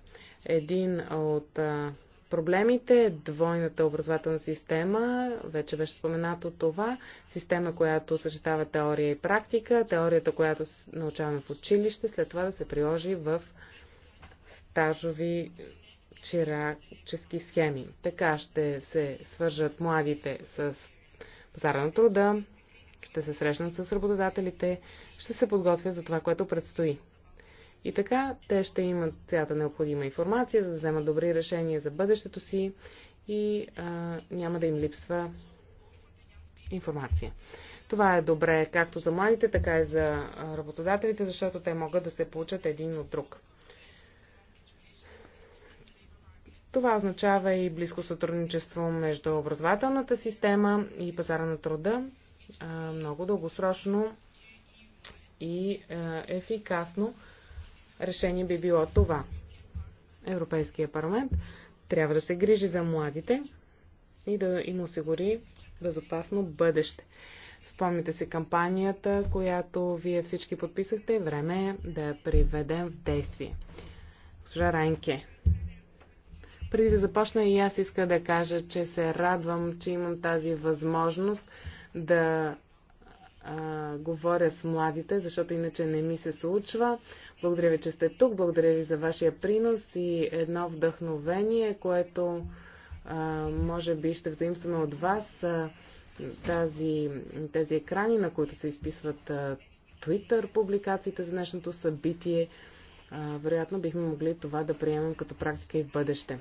Един от а, проблемите, двойната образователна система, вече беше споменато това, система, която съчетава теория и практика, теорията, която научаваме в училище, след това да се приложи в стажови чирачески схеми. Така ще се свържат младите с пазара на труда, ще се срещнат с работодателите, ще се подготвят за това, което предстои. И така те ще имат цялата необходима информация, за да вземат добри решения за бъдещето си и а, няма да им липсва информация. Това е добре както за младите, така и за работодателите, защото те могат да се получат един от друг. Това означава и близко сътрудничество между образователната система и пазара на труда, много дългосрочно и ефикасно решение би било това. Европейския парламент трябва да се грижи за младите и да им осигури безопасно бъдеще. Спомните си кампанията, която вие всички подписахте. Време е да я приведем в действие. Госпожа Райнке, преди да започна и аз иска да кажа, че се радвам, че имам тази възможност да а, говоря с младите, защото иначе не ми се случва. Благодаря ви, че сте тук. Благодаря ви за вашия принос и едно вдъхновение, което а, може би ще взаимстваме от вас. А, тази, тези екрани, на които се изписват а, Twitter публикациите за днешното събитие, а, вероятно бихме могли това да приемем като практика и в бъдеще.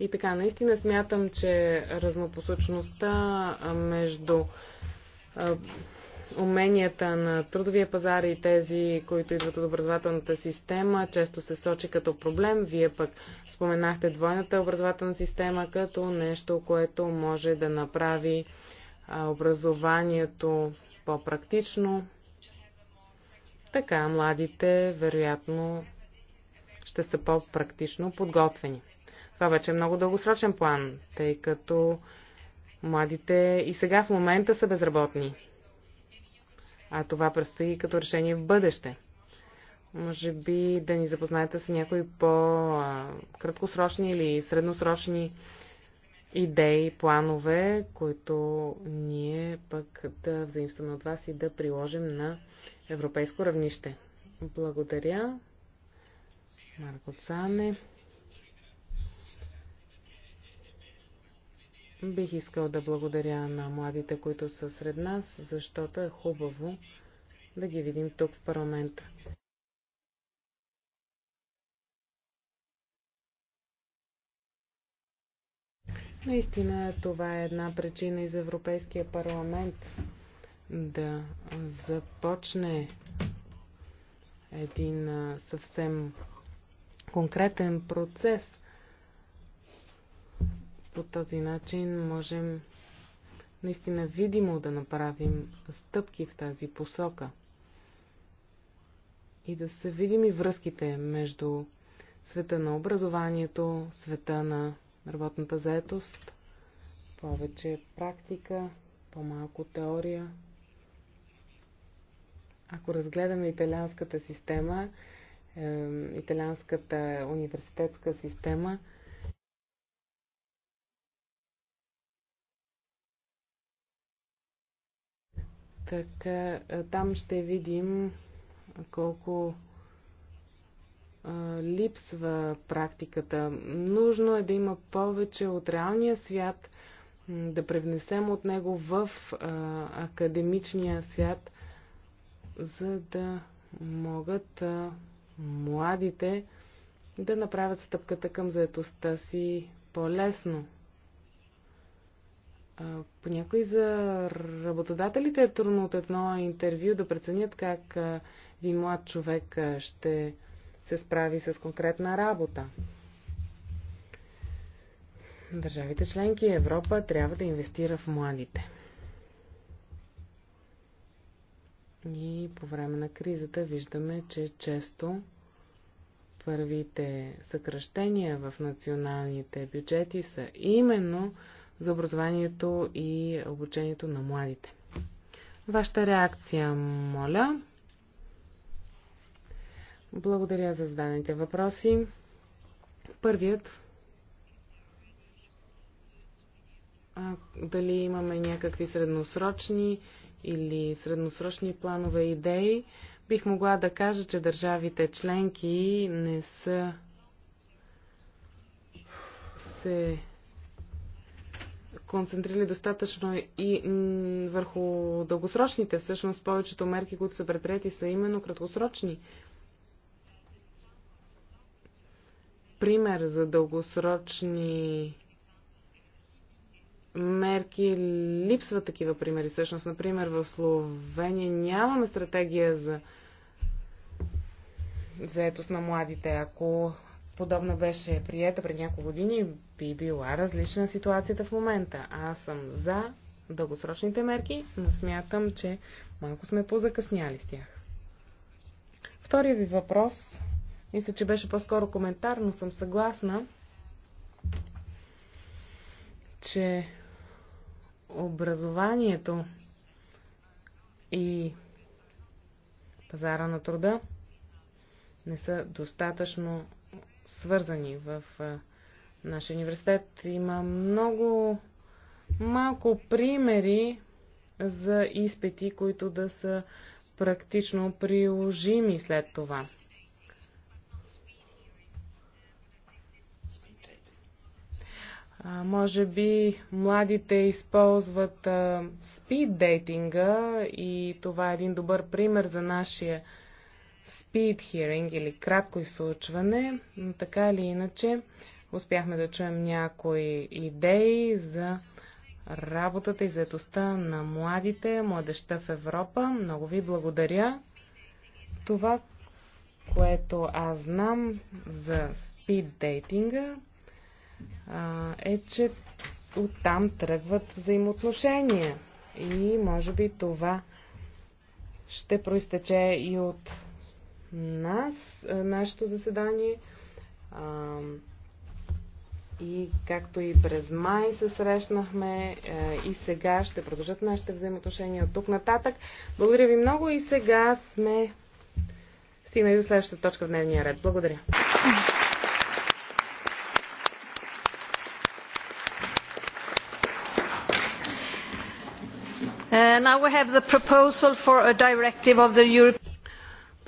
И така, наистина смятам, че разнопосочността между уменията на трудовия пазар и тези, които идват от образователната система, често се сочи като проблем. Вие пък споменахте двойната образователна система като нещо, което може да направи образованието по-практично. Така младите, вероятно, ще са по-практично подготвени. Това вече е много дългосрочен план, тъй като младите и сега в момента са безработни. А това предстои като решение в бъдеще. Може би да ни запознаете с някои по-краткосрочни или средносрочни идеи, планове, които ние пък да взаимстваме от вас и да приложим на европейско равнище. Благодаря. Марко Цане. Бих искал да благодаря на младите, които са сред нас, защото е хубаво да ги видим тук в парламента. Наистина това е една причина и за Европейския парламент да започне един съвсем конкретен процес по този начин можем наистина видимо да направим стъпки в тази посока и да са видими връзките между света на образованието, света на работната заетост, повече практика, по-малко теория. Ако разгледаме италианската система, италианската университетска система, Така, там ще видим колко липсва практиката. Нужно е да има повече от реалния свят, да превнесем от него в а, академичния свят, за да могат а, младите да направят стъпката към заетостта си по-лесно понякога и за работодателите е трудно от едно интервю да преценят как един млад човек ще се справи с конкретна работа. Държавите членки и Европа трябва да инвестира в младите. И по време на кризата виждаме, че често първите съкръщения в националните бюджети са именно за образованието и обучението на младите. Вашата реакция, моля. Благодаря за заданите въпроси. Първият. А, дали имаме някакви средносрочни или средносрочни планове идеи? Бих могла да кажа, че държавите членки не са се концентрирали достатъчно и върху дългосрочните. Всъщност повечето мерки, които са предприяти, са именно краткосрочни. Пример за дългосрочни мерки, липсват такива примери. Всъщност, например, в Словения нямаме стратегия за заетост на младите. Ако подобна беше приета пред няколко години, би била различна ситуацията в момента. Аз съм за дългосрочните мерки, но смятам, че малко сме позакъсняли с тях. Втория ви въпрос, мисля, че беше по-скоро коментар, но съм съгласна, че образованието и пазара на труда не са достатъчно свързани в нашия университет има много малко примери за изпити, които да са практично приложими след това. А, може би младите използват а, спид дейтинга и това е един добър пример за нашия speed hearing или кратко изслучване, но така или иначе Успяхме да чуем някои идеи за работата и заедостта на младите, младеща в Европа. Много ви благодаря. Това, което аз знам за спид дейтинга, е, че оттам тръгват взаимоотношения. И може би това ще проистече и от нас, нашето заседание. И както и през май се срещнахме е, и сега ще продължат нашите взаимоотношения от тук нататък. Благодаря ви много и сега сме стигнали до следващата точка в
дневния ред. Благодаря. Uh, now we have the proposal for a directive of the European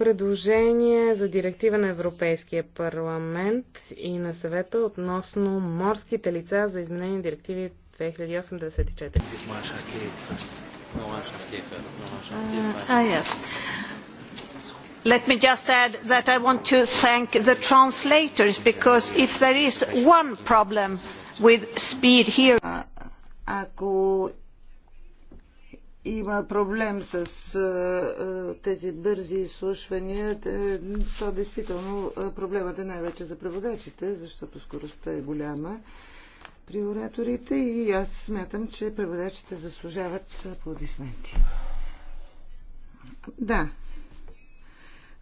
предложение за директива
на Европейския парламент и на съвета относно морските лица за изменение на директиви 2084. Uh, ah, Let
me just add that I want to thank the translators because if there is one problem with speed here.
Uh, има проблем с е, е, тези бързи изслушвания, то действително е, проблемът е най-вече за преводачите, защото скоростта е голяма при ораторите и аз смятам, че преводачите заслужават аплодисменти. Да.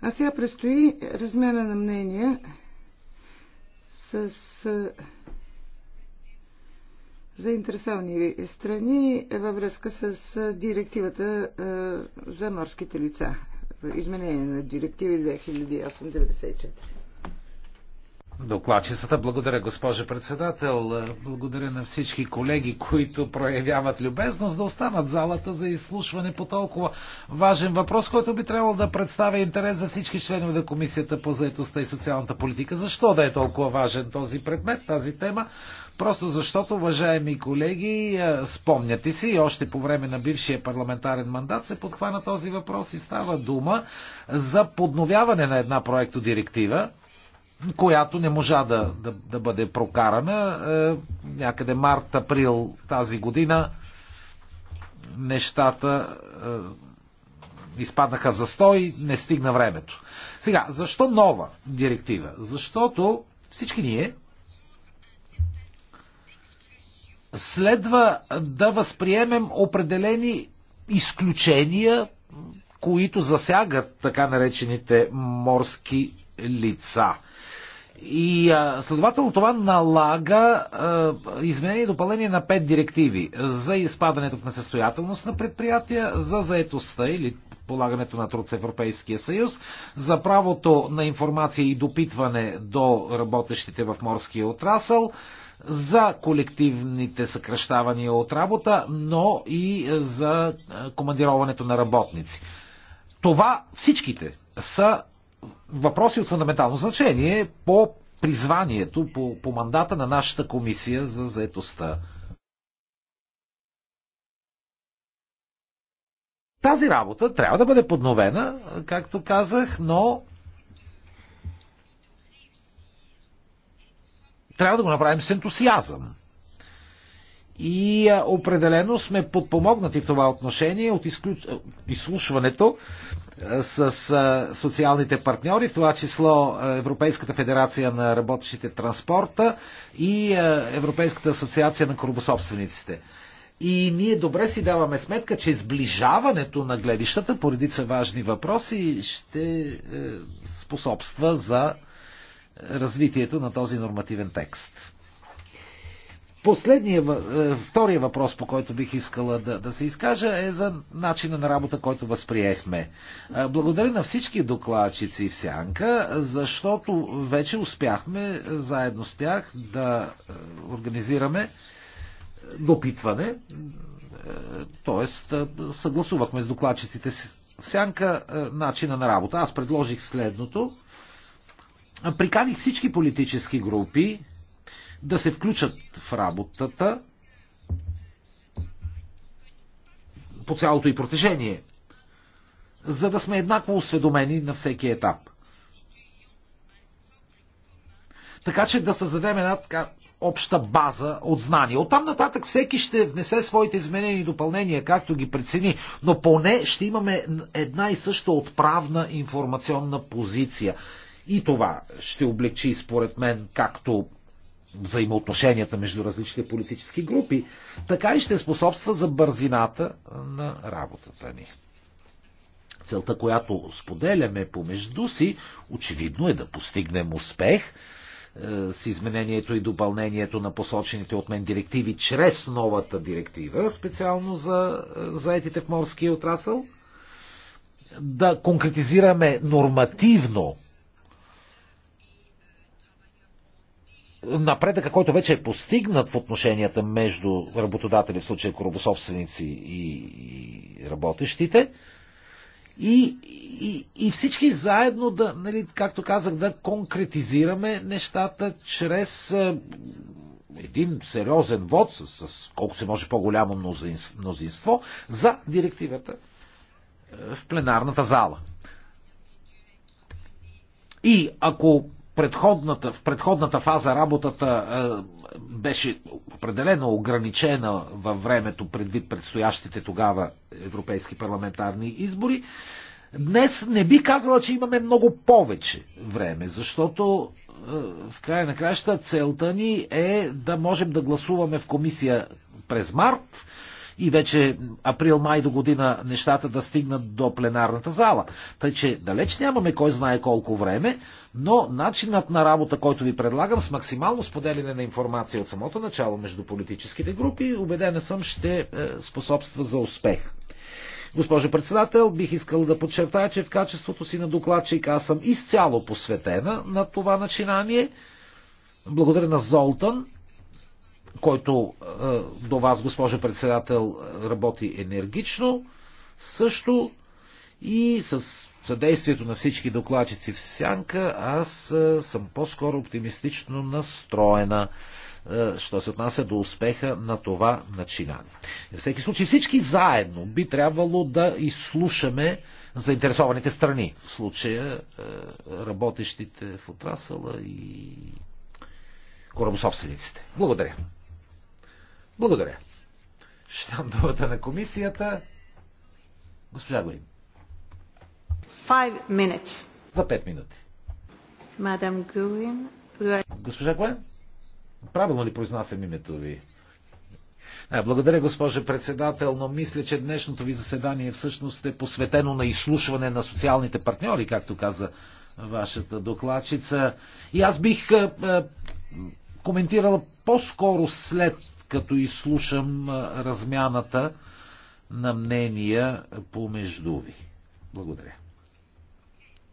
А сега предстои размяна на мнения с заинтересовани страни във връзка с директивата за морските лица. Изменение на директиви 2894.
Докладчицата. Благодаря, госпожа председател. Благодаря на всички колеги, които проявяват любезност да останат в залата за изслушване по толкова важен въпрос, който би трябвало да представя интерес за всички членове на Комисията по заедостта и социалната политика. Защо да е толкова важен този предмет, тази тема? Просто защото, уважаеми колеги, е, спомняте си, още по време на бившия парламентарен мандат се подхвана този въпрос и става дума за подновяване на една проектодиректива, която не можа да, да, да бъде прокарана. Е, някъде март-април тази година нещата е, изпаднаха в застой, не стигна времето. Сега, защо нова директива? Защото всички ние, следва да възприемем определени изключения, които засягат така наречените морски лица. И а, следователно това налага а, изменение и допълнение на пет директиви за изпадането в несъстоятелност на предприятия, за заетостта или полагането на труд в Европейския съюз, за правото на информация и допитване до работещите в морския отрасъл, за колективните съкръщавания от работа, но и за е, командироването на работници. Това всичките са въпроси от фундаментално значение по призванието, по, по мандата на нашата комисия за заетостта. Тази работа трябва да бъде подновена, както казах, но трябва да го направим с ентусиазъм. И а, определено сме подпомогнати в това отношение от изключ... изслушването с а, социалните партньори, в това число Европейската федерация на работещите в транспорта и а, Европейската асоциация на корабособствениците. И ние добре си даваме сметка, че сближаването на гледищата по редица важни въпроси ще е, способства за развитието на този нормативен текст. Последния, е, втория въпрос, по който бих искала да, да се изкажа, е за начина на работа, който възприехме. Е, благодаря на всички докладчици в Сянка, защото вече успяхме заедно с тях да е, организираме допитване, т.е. съгласувахме с докладчиците в Сянка начина на работа. Аз предложих следното – приканих всички политически групи да се включат в работата по цялото и протежение, за да сме еднакво осведомени на всеки етап. Така че да създадем една така обща база от знания. Оттам нататък всеки ще внесе своите изменения и допълнения, както ги прецени, но поне ще имаме една и съща отправна информационна позиция. И това ще облегчи, според мен, както взаимоотношенията между различните политически групи, така и ще способства за бързината на работата ни. Целта, която споделяме помежду си, очевидно е да постигнем успех е, с изменението и допълнението на посочените от мен директиви чрез новата директива, специално за е, заетите в морския отрасъл, да конкретизираме нормативно напредъка, който вече е постигнат в отношенията между работодатели, в случая корабособственици и работещите, и, и, и всички заедно да, нали, както казах, да конкретизираме нещата чрез един сериозен вод с, с колко се може по-голямо мнозинство за директивата в пленарната зала. И ако предходната, в предходната фаза работата е, беше определено ограничена във времето предвид предстоящите тогава европейски парламентарни избори. Днес не би казала, че имаме много повече време, защото е, в края на краща целта ни е да можем да гласуваме в комисия през март, и вече април-май до година нещата да стигнат до пленарната зала. Тъй, че далеч нямаме кой знае колко време, но начинът на работа, който ви предлагам, с максимално споделяне на информация от самото начало между политическите групи, убедена съм, ще е, способства за успех. Госпожо председател, бих искал да подчертая, че в качеството си на докладчик аз съм изцяло посветена на това начинание. Благодаря на Золтан който е, до вас, госпожо председател, работи енергично, също и с съдействието на всички докладчици в сянка, аз е, съм по-скоро оптимистично настроена, е, що се отнася до успеха на това начинание. Във всеки случай всички заедно би трябвало да изслушаме заинтересованите страни, в случая работещите в отрасъла и корабособствениците. Благодаря. Благодаря. Ще дам думата на комисията. Госпожа Гоин. За пет минути.
Мадам Гуин.
Госпожа Голин, правилно ли произнасям името ви? Благодаря, госпожа председател, но мисля, че днешното ви заседание всъщност е посветено на изслушване на социалните партньори, както каза вашата докладчица. И аз бих коментирала по-скоро след като изслушам размяната на мнения помежду ви. Благодаря.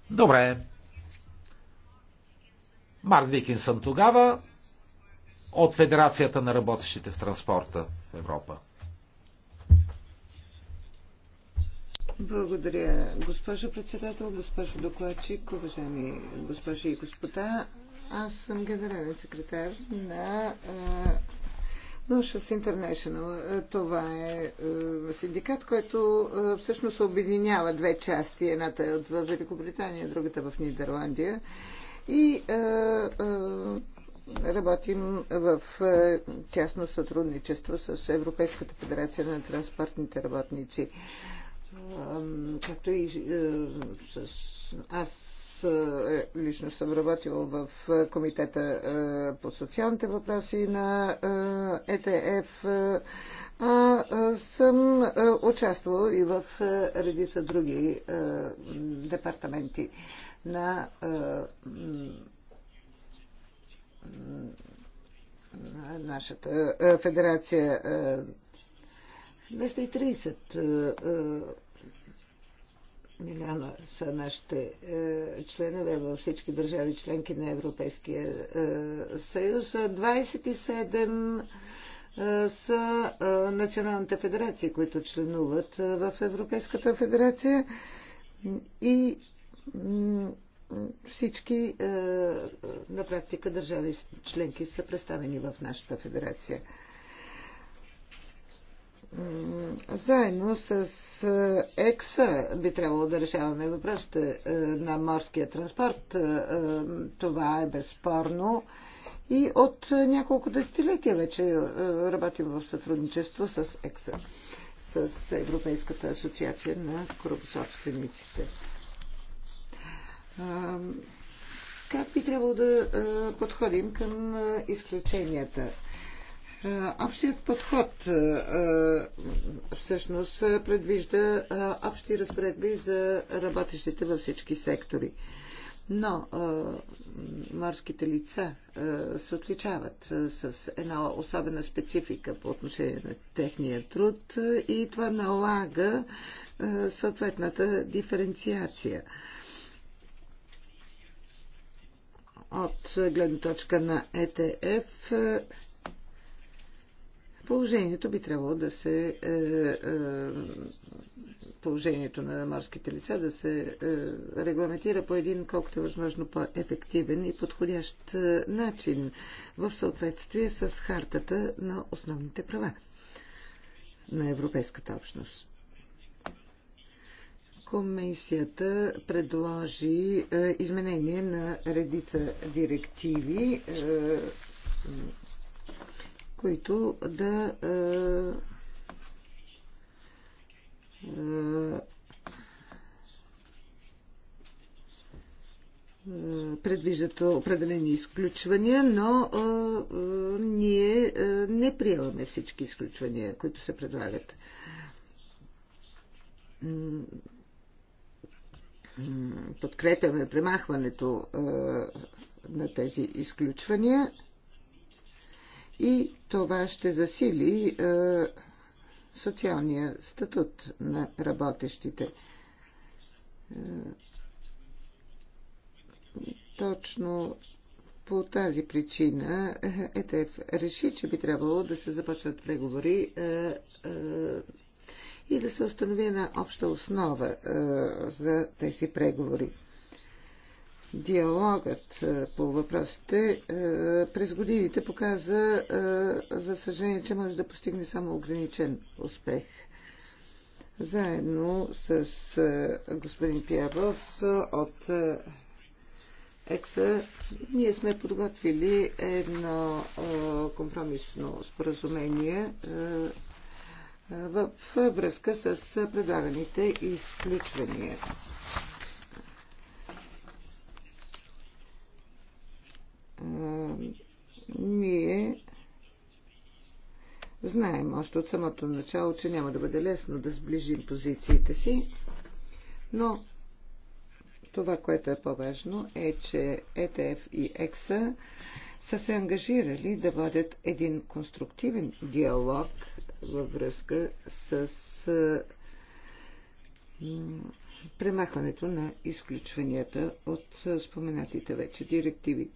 Добре. Марк Дикинсън тогава от Федерацията на работещите в транспорта в Европа.
Благодаря, госпожо председател, госпожо докладчик, уважаеми госпожи и господа. Аз съм генерален секретар на Noshas International, е, това е, е синдикат, който е, всъщност обединява две части, едната е от Великобритания, другата в Нидерландия. И е, е, работим в тясно сътрудничество с Европейската федерация на транспортните работници. Е, както и е, с аз аз е, лично съм работил в е, комитета е, по социалните въпроси на ЕТФ, а съм участвал и в редица други департаменти на нашата федерация 230 милиона са нашите е, членове във всички държави членки на Европейския е, съюз. 27 е, са е, националните федерации, които членуват е, в Европейската федерация и всички е, на практика държави членки са представени в нашата федерация. Заедно с ЕКСА би трябвало да решаваме въпросите на морския транспорт. Това е безспорно. И от няколко десетилетия вече работим в сътрудничество с ЕКСА, с Европейската асоциация на корабособствениците. Как би трябвало да подходим към изключенията Общият подход всъщност предвижда общи разпредби за работещите във всички сектори. Но морските лица се отличават с една особена специфика по отношение на техния труд и това налага съответната диференциация. От гледна точка на ЕТФ. Положението би трябвало да се. Е, е, положението на морските лица да се е, регламентира по един колкото е възможно по-ефективен и подходящ начин в съответствие с хартата на основните права на Европейската общност. Комисията предложи изменение на редица директиви които да е, е, предвиждат определени изключвания, но е, ние не приемаме всички изключвания, които се предлагат. Подкрепяме премахването на тези изключвания и това ще засили е, социалния статут на работещите. Е, точно по тази причина е, ЕТФ реши, че би трябвало да се започнат преговори е, е, и да се установи една обща основа е, за тези преговори диалогът е, по въпросите е, през годините показа, е, за съжаление, че може да постигне само ограничен успех. Заедно с господин Пиабълс от ЕКСА, ние сме подготвили едно компромисно споразумение в връзка с предлаганите изключвания. ние знаем още от самото начало, че няма да бъде лесно да сближим позициите си, но това, което е по-важно, е, че ЕТФ и ЕКСА са се ангажирали да водят един конструктивен диалог във връзка с премахването на изключванията от споменатите вече директиви.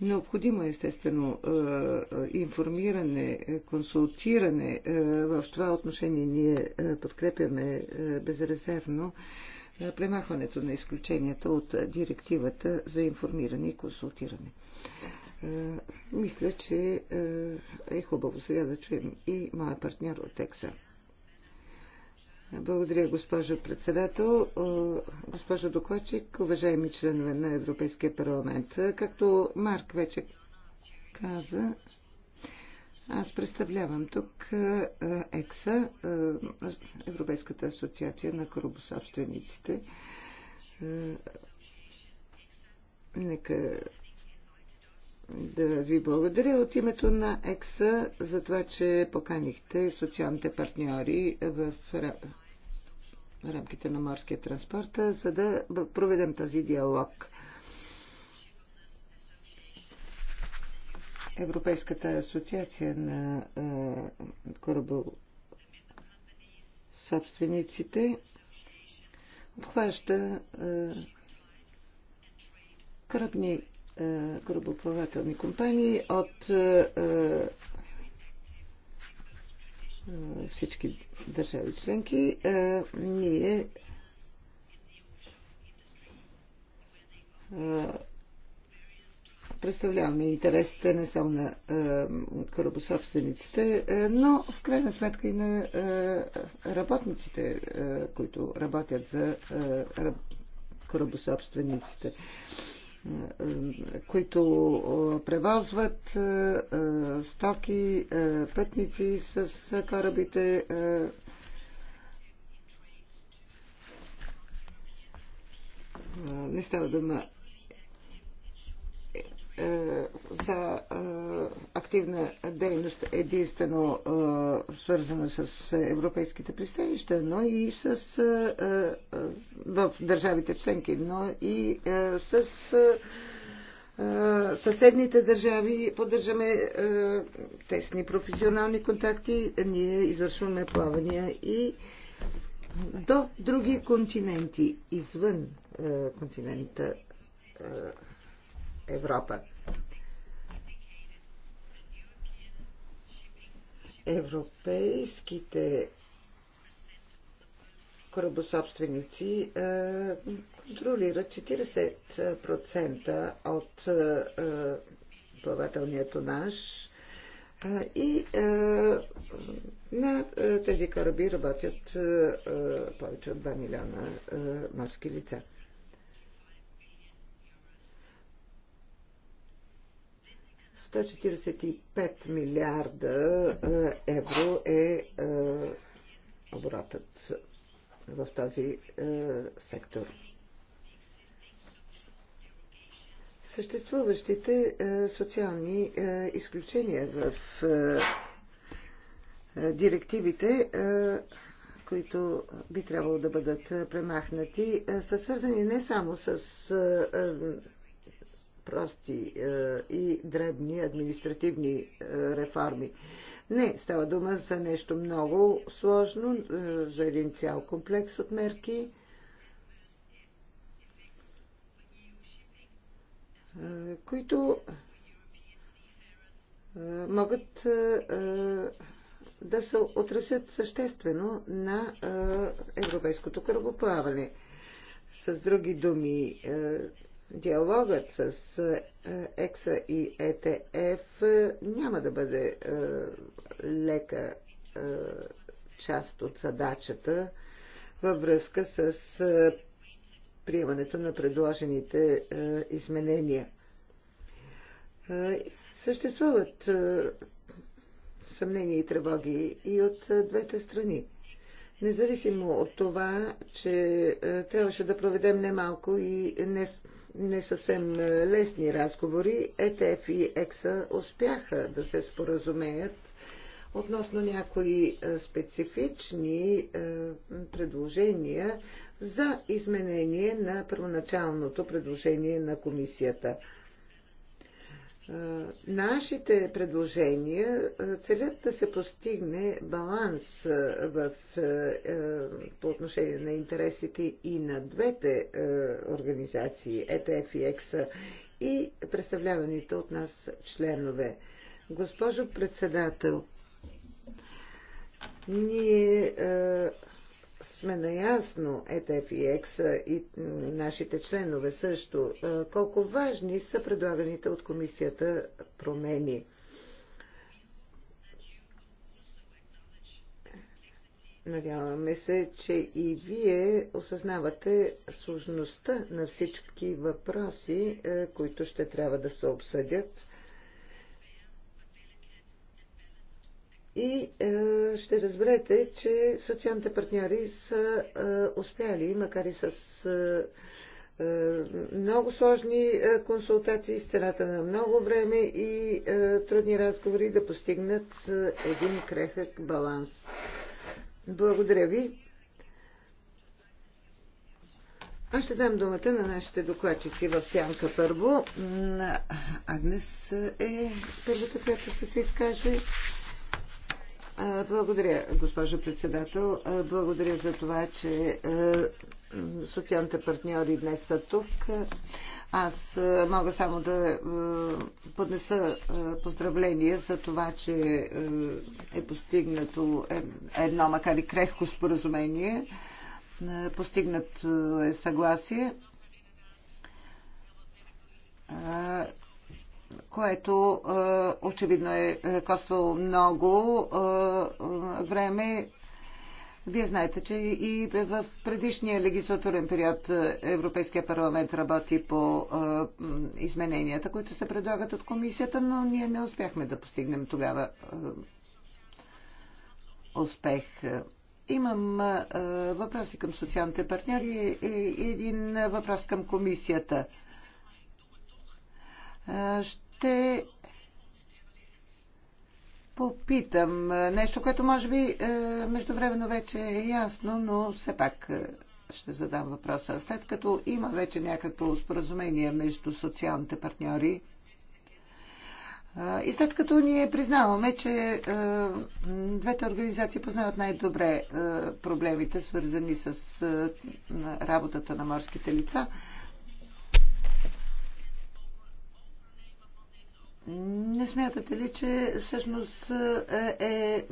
Необходимо е естествено е, е, информиране, е, консултиране. В това отношение ние подкрепяме безрезервно премахването на изключенията от директивата за информиране и консултиране. Мисля, че е хубаво сега да чуем и моя партньор от ЕКСА. Благодаря, госпожо председател. Госпожо докладчик, уважаеми членове на Европейския парламент. Както Марк вече каза, аз представлявам тук е, ЕКСА, е, Европейската асоциация на корабособствениците. Е, нека да ви благодаря от името на ЕКСА за това, че поканихте социалните партньори в рамките на морския транспорт, за да проведем този диалог. Европейската асоциация на корабособствениците обхваща корабни корабоплавателни компании от всички държави членки, е, ние е, представляваме интересите не само на е, корабособствениците, но в крайна сметка и на работниците, които работят за корабособствениците които превозват стоки, пътници с корабите. Не става дума е, за е, активна дейност единствено е, свързана с европейските пристанища, но и с, в държавите членки, но и с съседните държави поддържаме тесни професионални контакти, ние извършваме плавания и до други континенти, извън континента Европа. Европейските корабособственици контролират 40% от а, плавателния тонаж а, и а, на а, тези кораби работят а, повече от 2 милиона а, морски лица. 145 милиарда е, евро е, е оборотът в този е, сектор. Съществуващите социални изключения в директивите, които би трябвало да бъдат премахнати, са свързани не само с прости е, и дребни административни е, реформи. Не, става дума за нещо много сложно, е, за един цял комплекс от мерки. които могат да се отразят съществено на европейското кръвоплаване. С други думи, диалогът с е, ЕКСА и ЕТФ е, няма да бъде е, лека част от задачата във връзка с приемането на предложените изменения. Съществуват съмнения и тревоги и от двете страни. Независимо от това, че трябваше да проведем немалко и не не съвсем е, лесни разговори, ЕТФ и ЕКСА успяха да се споразумеят относно някои е, специфични е, предложения за изменение на първоначалното предложение на комисията. Нашите предложения целят да се постигне баланс в, по отношение на интересите и на двете организации, ЕТФ и ЕКСА, и представляваните от нас членове. Госпожо председател, ние сме наясно, ЕТФ и ЕКС и нашите членове също, колко важни са предлаганите от комисията промени. Надяваме се, че и вие осъзнавате сложността на всички въпроси, които ще трябва да се обсъдят и е, ще разберете, че социалните партньори са е, успяли, макар и с е, е, много сложни е, консултации, с цената на много време и е, трудни разговори, да постигнат е, един крехък баланс. Благодаря ви. Аз ще дам думата на нашите докладчици в сянка първо. Агнес е първата, която ще се изкаже. Благодаря, госпожо председател. Благодаря за това, че социалните партньори днес са тук. Аз мога само да поднеса поздравления за това, че е постигнато едно, макар и крехко споразумение. Постигнат е съгласие което е, очевидно е, е коствало много е, време. Вие знаете, че и в предишния легислатурен период Европейския парламент работи по измененията, които се предлагат от комисията, но ние не успяхме да постигнем тогава успех. Имам въпроси към социалните партньори и един въпрос към комисията. Ще попитам нещо, което може би междувременно вече е ясно, но все пак ще задам въпроса. След като има вече някакво споразумение между социалните партньори, и след като ние признаваме, че двете организации познават най-добре проблемите, свързани с работата на морските лица, Не смятате ли, че всъщност е, е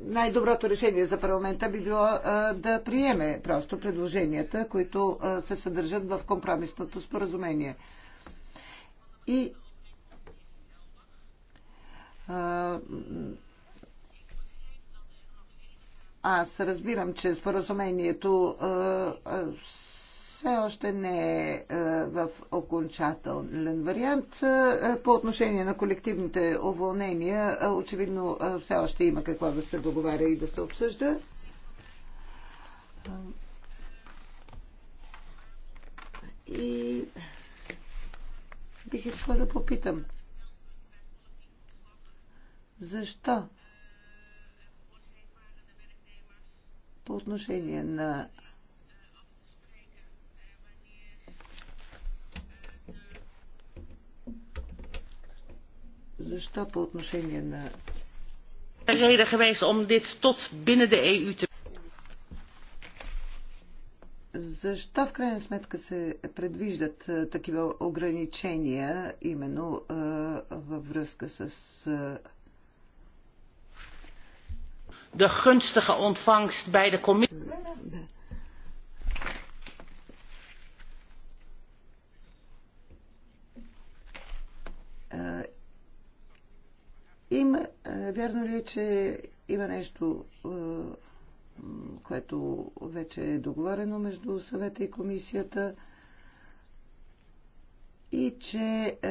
най-доброто решение за парламента би било е, да приеме просто предложенията, които е, се съдържат в компромисното споразумение? И аз разбирам, че споразумението все още не е, е в окончателен вариант. Е, по отношение на колективните уволнения, е, очевидно все още има какво да се договаря и да се обсъжда. И бих искала да попитам. Защо? По отношение на защо по отношение на reden geweest om dit tot binnen de EU te. Защо в крайна сметка се предвиждат такива ограничения именно във връзка с. De gunstige ontvangst bij de commissie. Има, вярно ли е, че има нещо, което вече е договорено между съвета и комисията? и че е,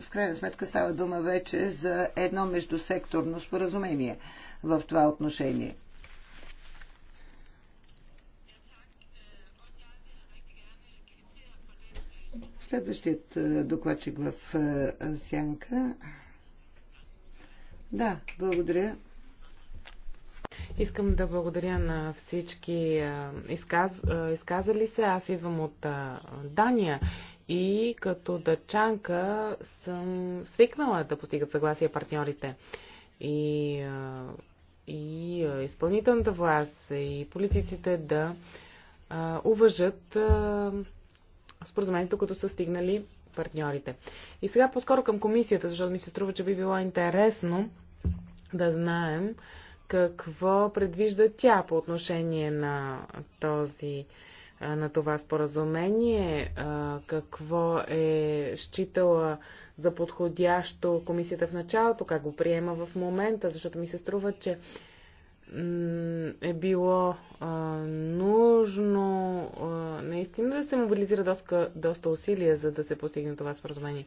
в крайна сметка става дума вече за едно междусекторно споразумение в това отношение. Следващият докладчик в Сянка да, благодаря.
Искам да благодаря на всички изказ, изказали се. Аз идвам от Дания и като дъчанка съм свикнала да постигат съгласие партньорите. И, и изпълнителната власт, и политиците да уважат споразумението, които са стигнали партньорите. И сега по-скоро към комисията, защото ми се струва, че би било интересно да знаем какво предвижда тя по отношение на този на това споразумение, какво е считала за подходящо комисията в началото, как го приема в момента, защото ми се струва, че е било а, нужно а, наистина да се мобилизира доста, доста усилия, за да се постигне това споразумение.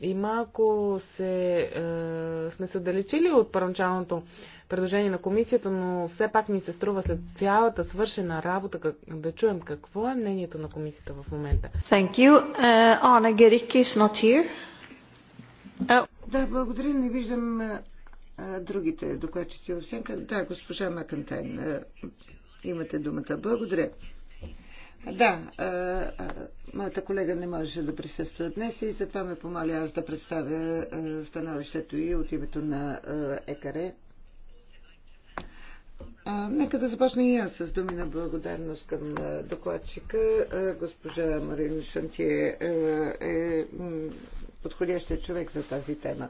И малко се, а, сме се отдалечили от първоначалното предложение на комисията, но все пак ни се струва след цялата свършена работа как, да чуем какво е мнението на комисията в момента.
Thank you. Uh, Anna Gericke is not
here. Oh. Да, благодаря. Не виждам другите докладчици в Сенка. Да, госпожа Макантайн, имате думата. Благодаря. Да, моята колега не можеше да присъства днес и затова ме помоля аз да представя становището и от името на ЕКАРЕ. Нека да започна и аз с думи на благодарност към докладчика. Госпожа Марин Шантие е подходящия човек за тази тема.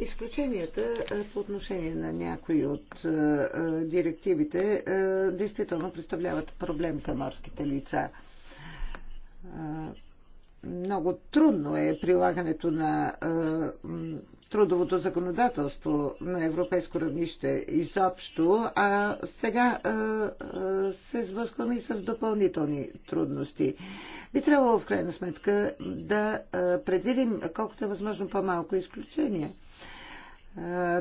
Изключенията по отношение на някои от директивите действително представляват проблем за морските лица много трудно е прилагането на е, трудовото законодателство на европейско равнище изобщо, а сега е, е, се сблъскваме и с допълнителни трудности. Би трябвало в крайна сметка да предвидим колкото е възможно по-малко изключения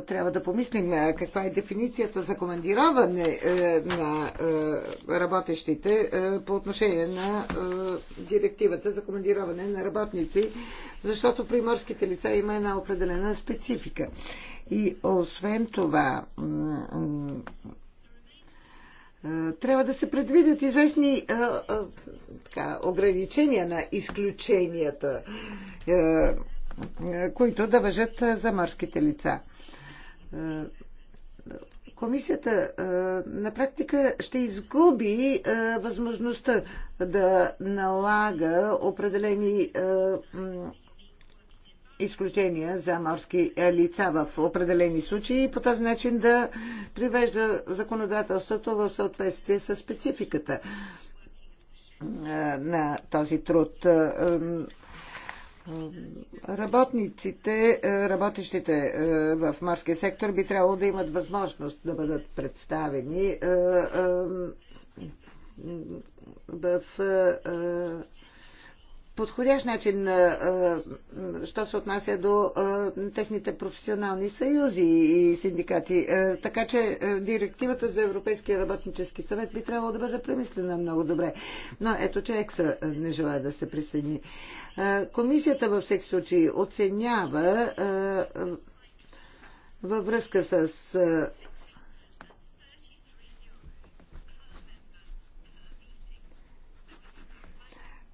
трябва да помислим каква е дефиницията за командироване е, на е, работещите е, по отношение на директивата за командироване на работници, защото при морските лица има една определена специфика. И освен това, трябва да се предвидят известни така, ограничения на изключенията които да въжат за морските лица. Комисията на практика ще изгуби възможността да налага определени изключения за морски лица в определени случаи и по този начин да привежда законодателството в съответствие с спецификата на този труд. Работниците, е, работещите е, в морския сектор би трябвало да имат възможност да бъдат представени е, в подходящ начин, що се отнася до техните професионални съюзи и синдикати. Така че директивата за Европейския работнически съвет би трябвало да бъде премислена много добре. Но ето, че ЕКСА не желая да се присъедини. Комисията във всеки случай оценява във връзка с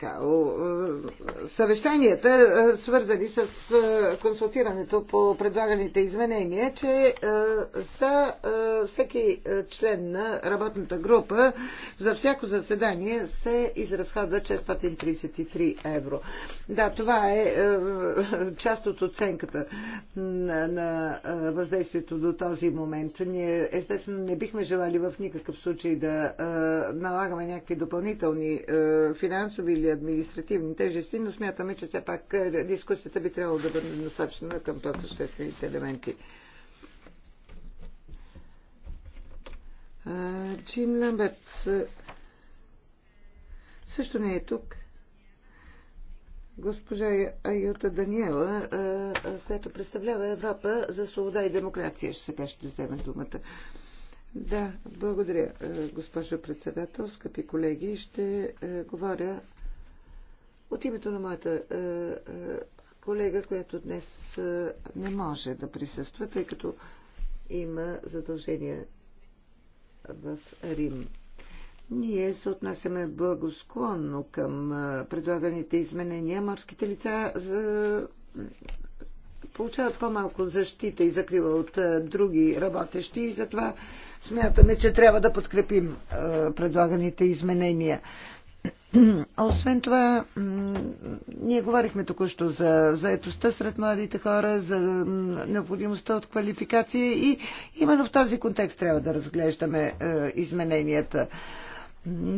така, е, съвещанията, е, свързани с е, консултирането по предлаганите изменения, че за всеки член на работната група за всяко заседание се изразходва 633 евро. Да, това е част от оценката на, на въздействието до този момент. Ние естествено не бихме желали в никакъв случай да налагаме някакви допълнителни финансови или или административни тежести, но смятаме, че все пак е, дискусията би трябвало да бъде насочена към по-съществените елементи. Джин Ламберт също не е тук. Госпожа Айота Даниела, която представлява Европа за свобода и демокрация, ще сега ще вземе думата. Да, благодаря, госпожо председател, скъпи колеги. Ще говоря от името на моята е, е, колега, която днес е, не може да присъства, тъй като има задължения в Рим. Ние се отнасяме благосклонно към предлаганите изменения. Морските лица за... получават по-малко защита и закрива от други работещи и затова смятаме, че трябва да подкрепим предлаганите изменения. Освен това, ние говорихме току-що за заетостта сред младите хора, за необходимостта от квалификация и именно в този контекст трябва да разглеждаме е, измененията.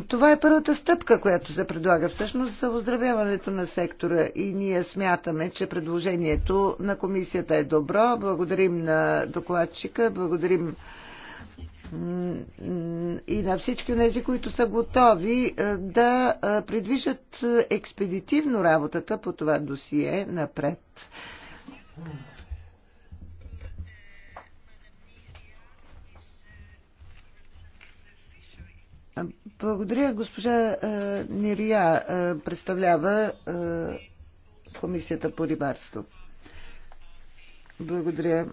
Това е първата стъпка, която се предлага всъщност за оздравяването на сектора и ние смятаме, че предложението на комисията е добро. Благодарим на докладчика, благодарим и на всички тези, които са готови е, да е, предвижат експедитивно работата по това досие напред. Благодаря. Госпожа е, Нирия представлява Комисията по рибарство. Благодаря.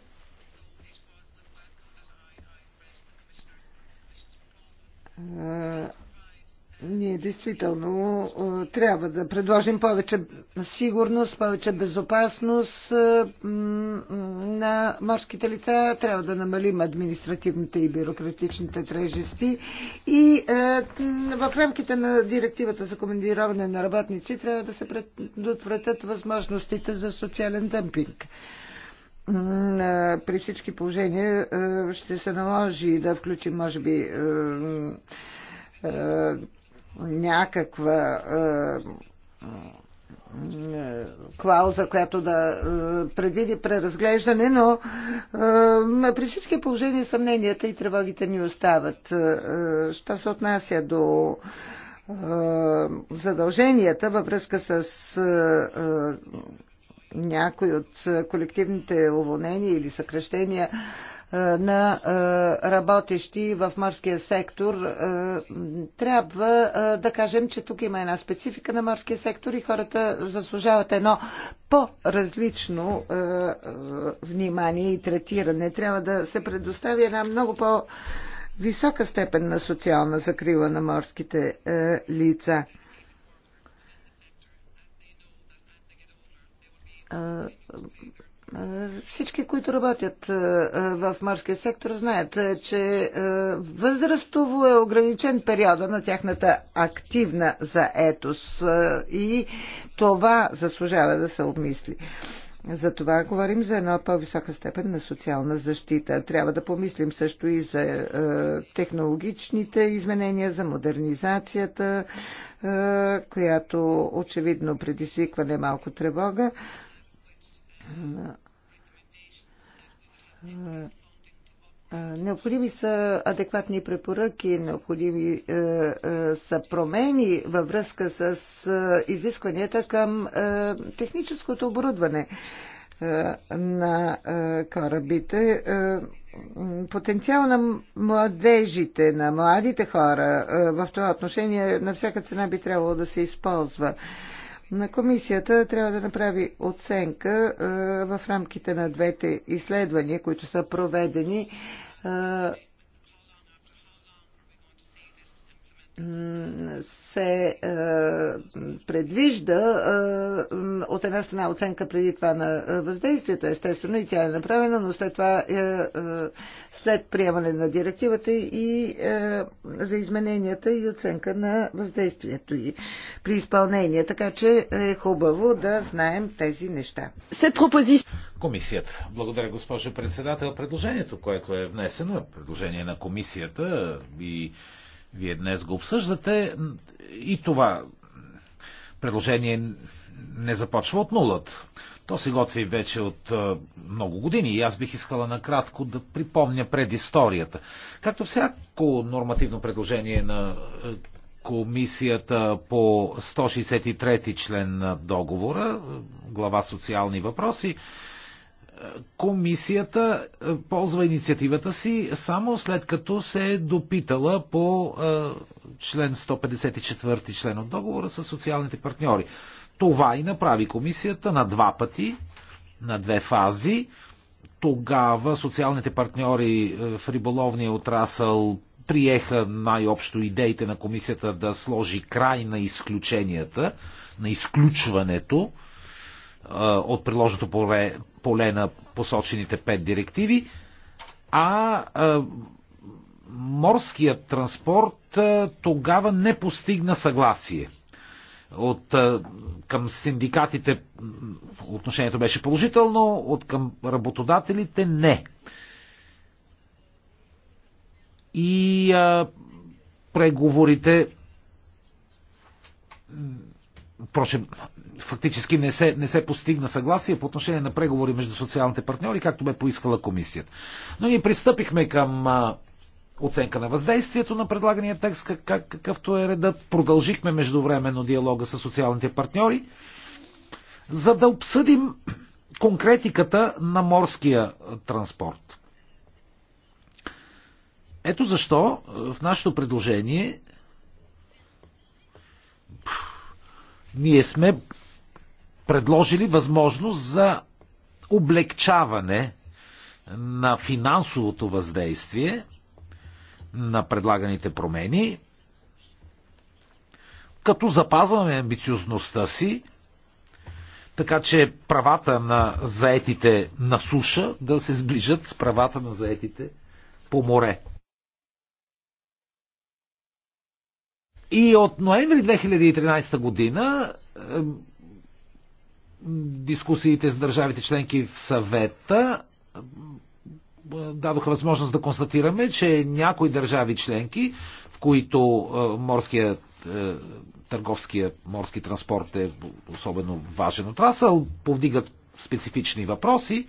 ние действително трябва да предложим повече сигурност, повече безопасност на морските лица. Трябва да намалим административните и бюрократичните трежести И в рамките на директивата за командироване на работници трябва да се предотвратят възможностите за социален дъмпинг при всички положения е, ще се наложи да включим, може би, е, е, някаква клауза, която да предвиди преразглеждане, но при всички положения съмненията и тревогите ни остават. Що се отнася до задълженията във връзка с някои от колективните уволнения или съкръщения на работещи в морския сектор. Трябва да кажем, че тук има една специфика на морския сектор и хората заслужават едно по-различно внимание и третиране. Трябва да се предостави една много по- висока степен на социална закрила на морските лица. Всички, които работят в морския сектор, знаят, че възрастово е ограничен периода на тяхната активна заетост и това заслужава да се обмисли. За това говорим за една по-висока степен на социална защита. Трябва да помислим също и за е, технологичните изменения, за модернизацията, е, която очевидно предизвиква немалко тревога. Е, Необходими са адекватни препоръки, необходими е, е, са промени във връзка с е, изискванията към е, техническото оборудване е, на е, корабите. Е, потенциал на младежите, на младите хора е, в това отношение на всяка цена би трябвало да се използва. Е, на комисията трябва да направи оценка е, в рамките на двете изследвания, които са проведени е, се е, предвижда е, от една страна оценка преди това на въздействието, естествено, и тя е направена, но след това, е, е, след приемане на директивата и е, за измененията и оценка на въздействието и при изпълнение. Така че е хубаво да знаем тези неща.
Комисията. Благодаря, госпожо председател. Предложението, което е внесено, е предложение на комисията и вие днес го обсъждате и това предложение не започва от нулата. То се готви вече от много години и аз бих искала накратко да припомня предисторията. Както всяко нормативно предложение на комисията по 163 член на договора, глава социални въпроси, комисията е, ползва инициативата си само след като се е допитала по е, член 154 член от договора с социалните партньори. Това и направи комисията на два пъти, на две фази. Тогава социалните партньори е, в риболовния отрасъл приеха най-общо идеите на комисията да сложи край на изключенията, на изключването от приложното поле, поле на посочените пет директиви, а морският транспорт тогава не постигна съгласие. От към синдикатите отношението беше положително, от към работодателите не. И а, преговорите, впрочем, фактически не се, не се постигна съгласие по отношение на преговори между социалните партньори, както бе поискала комисията. Но ние пристъпихме към оценка на въздействието на предлагания текст, как, какъвто е редът. Продължихме междувременно диалога с социалните партньори, за да обсъдим конкретиката на морския транспорт. Ето защо в нашето предложение ние сме предложили възможност за облегчаване на финансовото въздействие на предлаганите промени, като запазваме амбициозността си, така че правата на заетите на суша да се сближат с правата на заетите по море. И от ноември 2013 година дискусиите с държавите членки в съвета дадоха възможност да констатираме, че някои държави членки, в които е, морския е, търговския морски транспорт е особено важен отрасъл, повдигат специфични въпроси.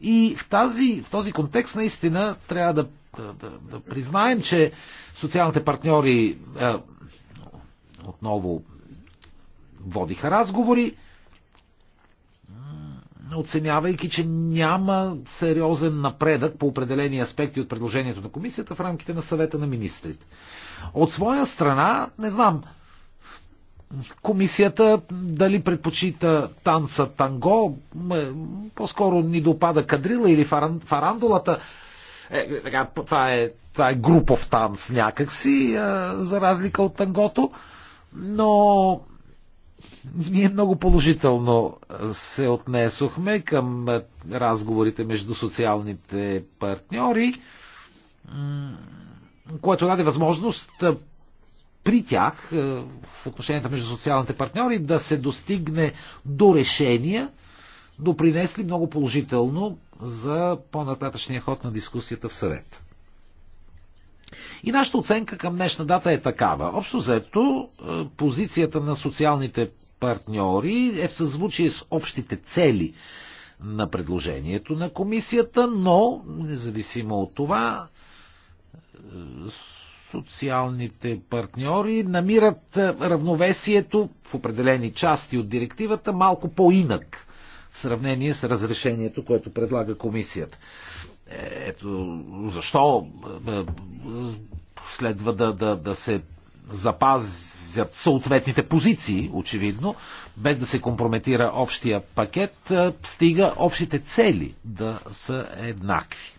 И в, тази, в този контекст наистина трябва да, да, да признаем, че социалните партньори е, отново водиха разговори оценявайки, че няма сериозен напредък по определени аспекти от предложението на комисията в рамките на съвета на министрите. От своя страна, не знам, комисията дали предпочита танца танго, е, по-скоро ни допада кадрила или фарандулата. Е, така, това, е, това е групов танц някакси, е, за разлика от тангото. Но ние много положително се отнесохме към разговорите между социалните партньори, което даде възможност при тях, в отношенията между социалните партньори, да се достигне до решения, допринесли много положително за по-нататъчния ход на дискусията в съвет. И нашата оценка към днешна дата е такава. Общо заето, е, позицията на социалните партньори е в съзвучие с общите цели на предложението на комисията, но, независимо от това, е, социалните партньори намират е, равновесието в определени части от директивата малко по-инак в сравнение с разрешението, което предлага комисията. Ето защо е, следва да, да, да се запазят съответните позиции, очевидно, без да се компрометира общия пакет, е, стига общите цели да са еднакви.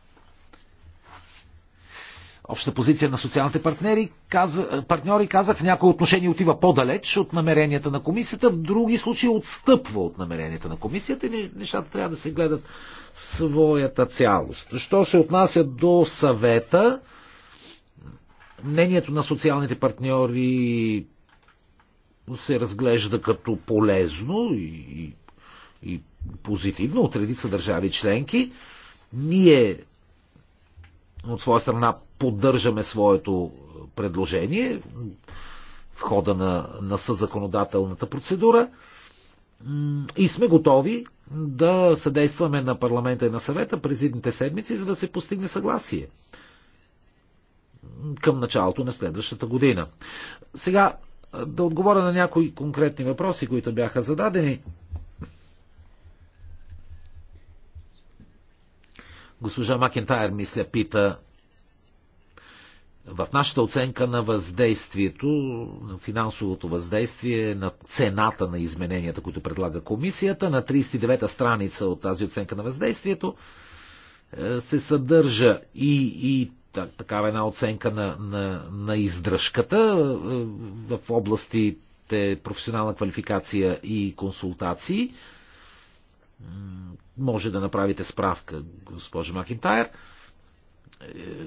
Общата позиция на социалните партнери, каза, е, партньори, казах, в някои отношения отива по-далеч от намеренията на комисията, в други случаи отстъпва от намеренията на комисията и нещата трябва да се гледат в своята цялост. Що се отнася до съвета, мнението на социалните партньори се разглежда като полезно и, и позитивно от редица държави членки. Ние от своя страна поддържаме своето предложение в хода на, на съзаконодателната процедура и сме готови да съдействаме на парламента и на съвета през идните седмици, за да се постигне съгласие към началото на следващата година. Сега да отговоря на някои конкретни въпроси, които бяха зададени. Госпожа Макентайр, мисля, пита в нашата оценка на въздействието, на финансовото въздействие на цената на измененията, които предлага комисията, на 39-та страница от тази оценка на въздействието е, се съдържа и, и такава една оценка на, на, на издръжката е, в областите професионална квалификация и консултации. Може да направите справка, госпожа Макинтайр.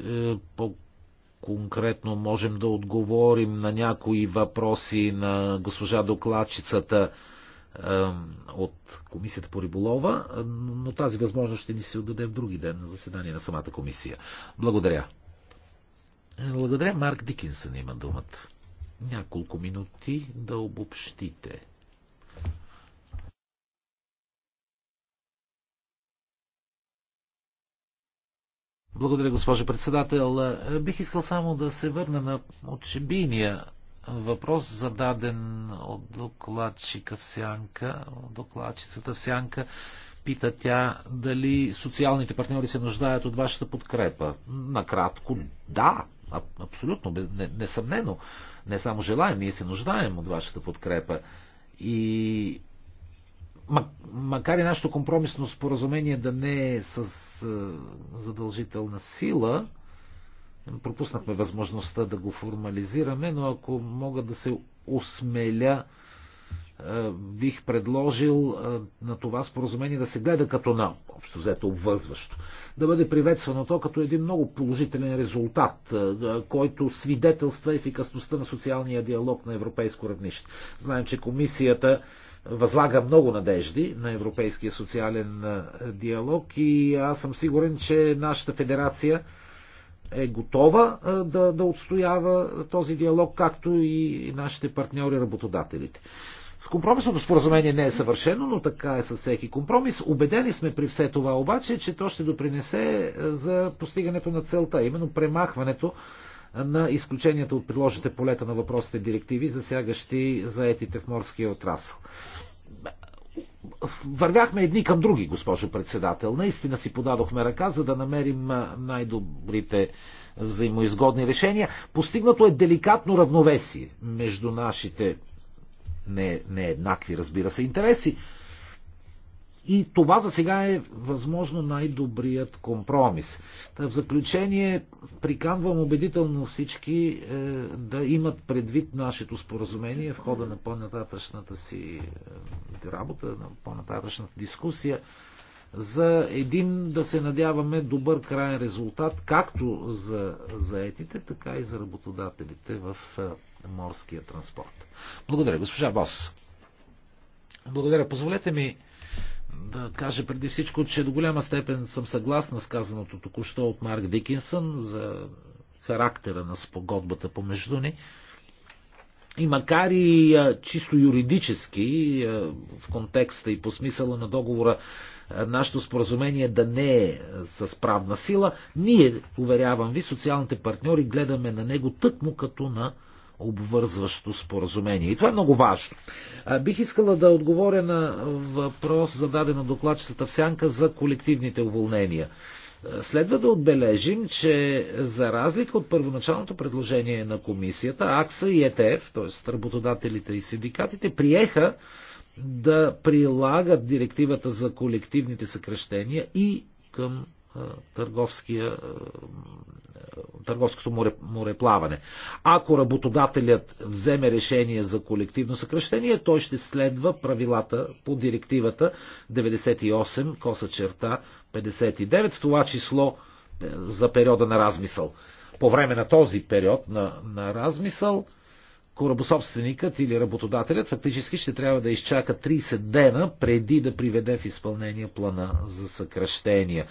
Е, по конкретно можем да отговорим на някои въпроси на госпожа докладчицата от Комисията по риболова, но тази възможност ще ни се отдаде в други ден на заседание на самата комисия. Благодаря. Е, благодаря. Марк Дикинсън има думата. Няколко минути да обобщите. Благодаря, госпожо председател. Бих искал само да се върна на очебийния въпрос, зададен от докладчика в Сянка, от докладчицата в Сянка. Пита тя дали социалните партньори се нуждаят от вашата подкрепа. Накратко, да, абсолютно, несъмнено. Не само желаем, ние се нуждаем от вашата подкрепа. И макар и нашето компромисно споразумение да не е с задължителна сила, пропуснахме възможността да го формализираме, но ако мога да се осмеля, бих предложил на това споразумение да се гледа като на, общо взето, обвързващо. Да бъде приветствано то като един много положителен резултат, който свидетелства ефикасността на социалния диалог на европейско равнище. Знаем, че комисията възлага много надежди на европейския социален диалог и аз съм сигурен, че нашата федерация е готова да, да отстоява този диалог, както и нашите партньори, работодателите. Компромисното споразумение не е съвършено, но така е със всеки компромис. Обедени сме при все това обаче, че то ще допринесе за постигането на целта, именно премахването на изключенията от приложите полета на въпросите директиви, засягащи заетите в морския отрасъл. Вървяхме едни към други, госпожо председател. Наистина си подадохме ръка, за да намерим най-добрите взаимоизгодни решения. Постигнато е деликатно равновесие между нашите не, не еднакви, разбира се, интереси. И това за сега е възможно най-добрият компромис. Та в заключение приканвам убедително всички е, да имат предвид нашето споразумение в хода на по-нататъчната си е, работа, на по-нататъчната дискусия за един, да се надяваме, добър крайен резултат, както за заетите, така и за работодателите в е, морския транспорт. Благодаря, госпожа Бос. Благодаря. Позволете ми да кажа преди всичко, че до голяма степен съм съгласна с казаното току-що от Марк Дикинсън за характера на спогодбата помежду ни. И макар и чисто юридически, в контекста и по смисъла на договора, нашето споразумение да не е с правна сила, ние, уверявам ви, социалните партньори, гледаме на него тъкмо като на обвързващо споразумение. И това е много важно. Бих искала да отговоря на въпрос, зададен от докладчицата в сянка за колективните уволнения. Следва да отбележим, че за разлика от първоначалното предложение на комисията, АКСА и ЕТФ, т.е. работодателите и синдикатите, приеха да прилагат директивата за колективните съкрещения и към търговското море, мореплаване. Ако работодателят вземе решение за колективно съкръщение, той ще следва правилата по директивата 98, коса черта 59, в това число е, за периода на размисъл. По време на този период на, на размисъл, корабособственикът или работодателят фактически ще трябва да изчака 30 дена преди да приведе в изпълнение плана за съкръщения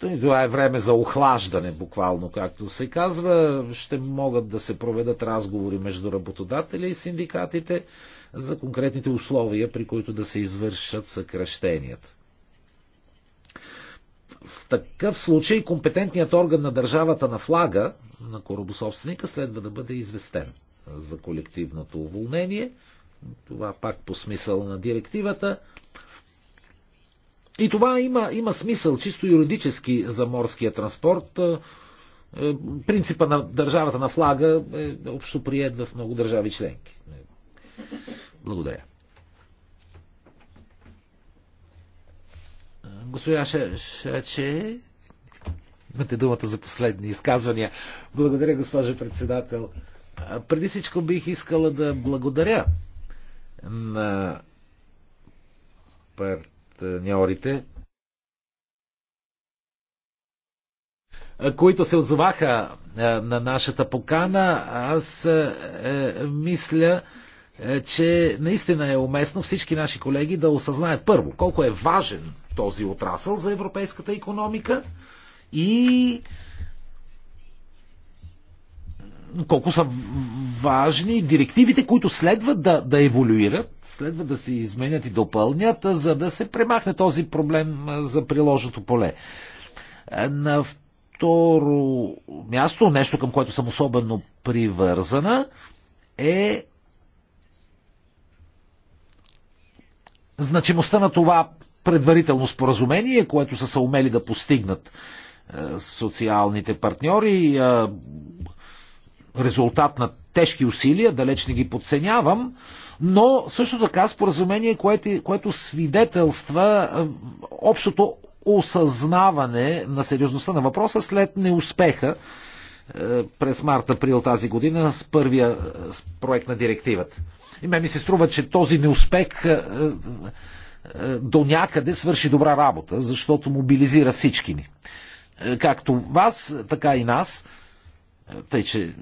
това е време за охлаждане, буквално, както се казва. Ще могат да се проведат разговори между работодателя и синдикатите за конкретните условия, при които да се извършат съкръщенията. В такъв случай компетентният орган на държавата на флага на корабособственика следва да бъде известен за колективното уволнение. Това пак по смисъл на директивата – и това има, има смисъл чисто юридически за морския транспорт. Е, е, принципа на държавата на флага е общо прият в много държави членки. Е, благодаря. Госпожа Шаче, имате думата за последни изказвания. Благодаря, госпожа председател. Преди всичко бих искала да благодаря на партията е, ньорите, които се отзоваха е, на нашата покана, аз е, мисля, че наистина е уместно всички наши колеги да осъзнаят първо колко е важен този отрасъл за европейската економика и колко са важни директивите, които следват да, да еволюират следва да се изменят и допълнят, за да се премахне този проблем за приложното поле. На второ място, нещо към което съм особено привързана, е значимостта на това предварително споразумение, което са се умели да постигнат социалните партньори. Резултат на тежки усилия, далеч не ги подценявам, но също така споразумение, което, което свидетелства е, общото осъзнаване на сериозността на въпроса след неуспеха е, през март-април тази година с първия е, проект на директивата. И мен ми се струва, че този неуспех до някъде свърши добра работа, защото мобилизира всички ни. Както вас, така и нас тъй, че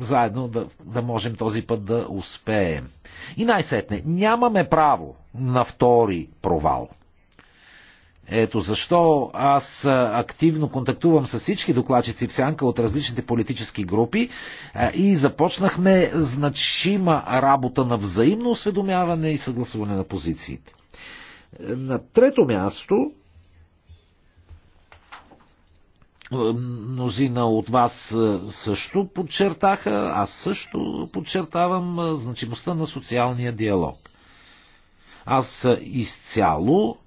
заедно да, да можем този път да успеем. И най-сетне, нямаме право на втори провал. Ето защо аз активно контактувам с всички докладчици в сянка от различните политически групи и започнахме значима работа на взаимно осведомяване и съгласуване на позициите. На трето място Мнозина от вас също подчертаха, аз също подчертавам значимостта на социалния диалог. Аз изцяло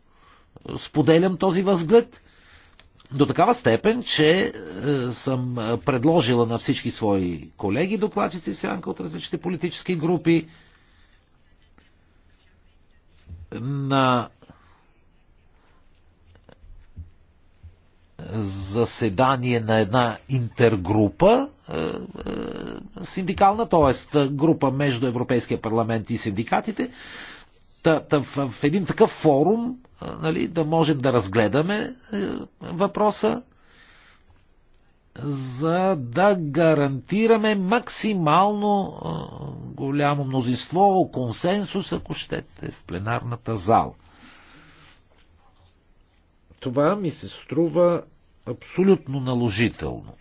споделям този възглед до такава степен, че съм предложила на всички свои колеги докладчици в сянка от различните политически групи на заседание на една интергрупа е, е, синдикална, т.е. група между Европейския парламент и синдикатите, в един такъв форум е, нали, да можем да разгледаме въпроса, за да гарантираме максимално голямо мнозинство, консенсус, ако щете, в пленарната зала. Това ми се струва абсолютно наложително.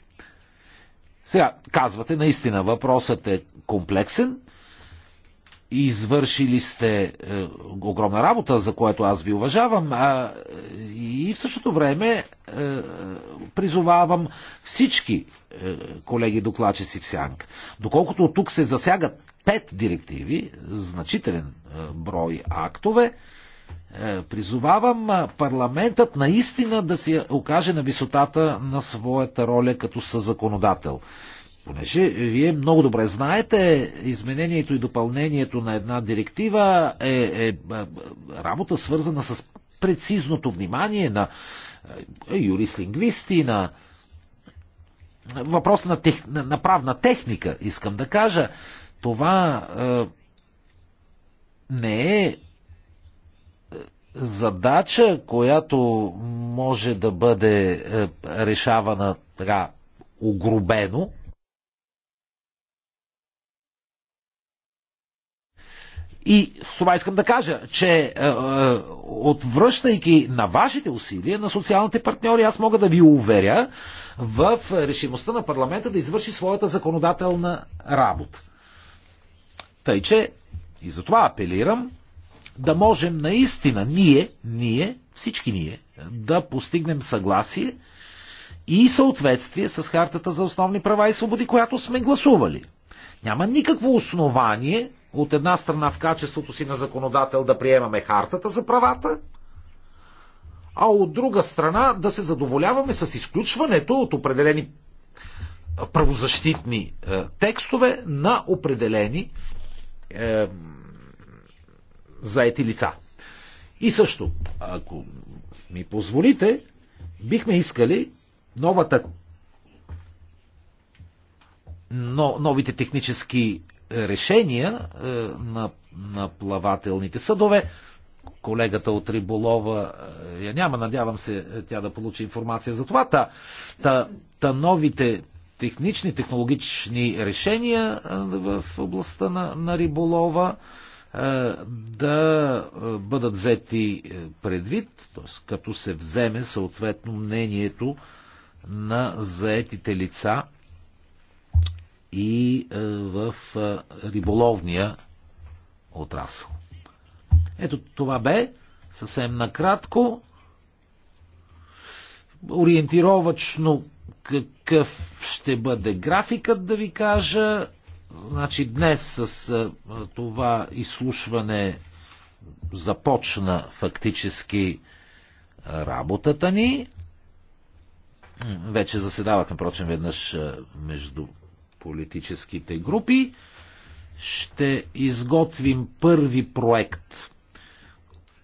Сега, казвате, наистина въпросът е комплексен. Извършили сте е, огромна работа, за което аз ви уважавам, а, е, и в същото време е, призовавам всички е, колеги докладчици в Сянг. Доколкото от тук се засягат пет директиви, значителен е, брой актове, е, призовавам парламентът наистина да се окаже на висотата на своята роля като съзаконодател. Понеже вие много добре знаете, изменението и допълнението на една директива е, е, е работа свързана с прецизното внимание на е, юрист-лингвисти, на въпрос на, тех, на, на правна техника, искам да кажа. Това е, не е задача, която може да бъде е, решавана така огрубено, И с това искам да кажа, че е, е, отвръщайки на вашите усилия, на социалните партньори, аз мога да ви уверя в решимостта на парламента да извърши своята законодателна работа. Тъй, че и това апелирам да можем наистина ние, ние, всички ние, да постигнем съгласие и съответствие с Хартата за основни права и свободи, която сме гласували. Няма никакво основание от една страна в качеството си на законодател да приемаме Хартата за правата, а от друга страна да се задоволяваме с изключването от определени правозащитни е, текстове на определени е, заети лица. И също, ако ми позволите, бихме искали новата но, новите технически решения е, на, на плавателните съдове. Колегата от Риболова е, я няма, надявам се е, тя да получи информация за това. Та, та, та новите технични, технологични решения е, в областта на, на Риболова е, е, да е, бъдат взети е, предвид, т.е. като се вземе съответно мнението на заетите лица и в риболовния отрасъл. Ето това бе съвсем накратко. Ориентировачно какъв ще бъде графикът да ви кажа. Значи днес с това изслушване започна фактически работата ни. Вече заседавахме, впрочем, веднъж между политическите групи. Ще изготвим първи проект,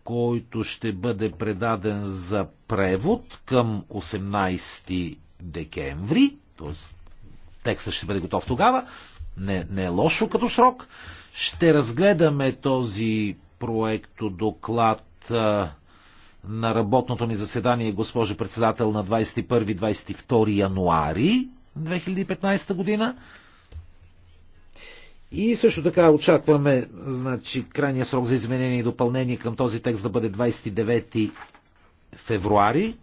който ще бъде предаден за превод към 18 декември, т.е. текстът ще бъде готов тогава не, не е лошо като срок. Ще разгледаме този проекто доклад а, на работното ни заседание, госпожо председател, на 21-22 януари 2015 година. И също така очакваме значи, крайния срок за изменение и допълнение към този текст да бъде 29 февруари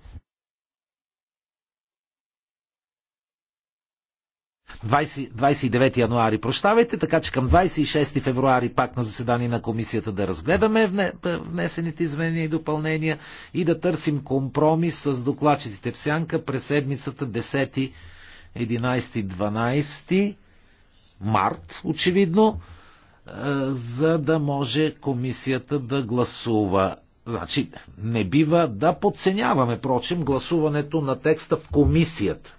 20, 29 януари, прощавайте, така че към 26 февруари пак на заседание на комисията да разгледаме внесените изменения и допълнения и да търсим компромис с докладчиците в сянка през седмицата 10, 11, 12 март, очевидно, е, за да може комисията да гласува. Значи, не бива да подценяваме, прочим, гласуването на текста в комисията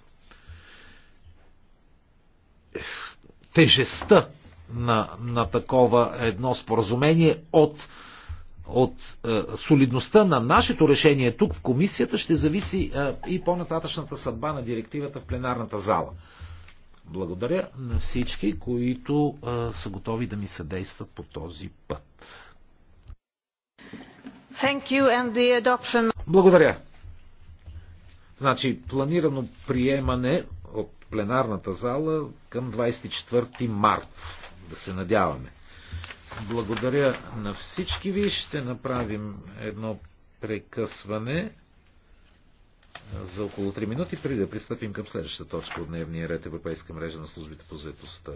тежестта на, на такова едно споразумение от, от е, солидността на нашето решение тук в комисията ще зависи е, и по-нататъчната съдба на директивата в пленарната зала. Благодаря на всички, които е, са готови да ми съдействат по този път.
Thank you and the adoption...
Благодаря. Значи, планирано приемане пленарната зала към 24 март. Да се надяваме. Благодаря на всички ви. Ще направим едно прекъсване за около 3 минути, преди да пристъпим към следващата точка от дневния ред Европейска мрежа на службите по заедостта.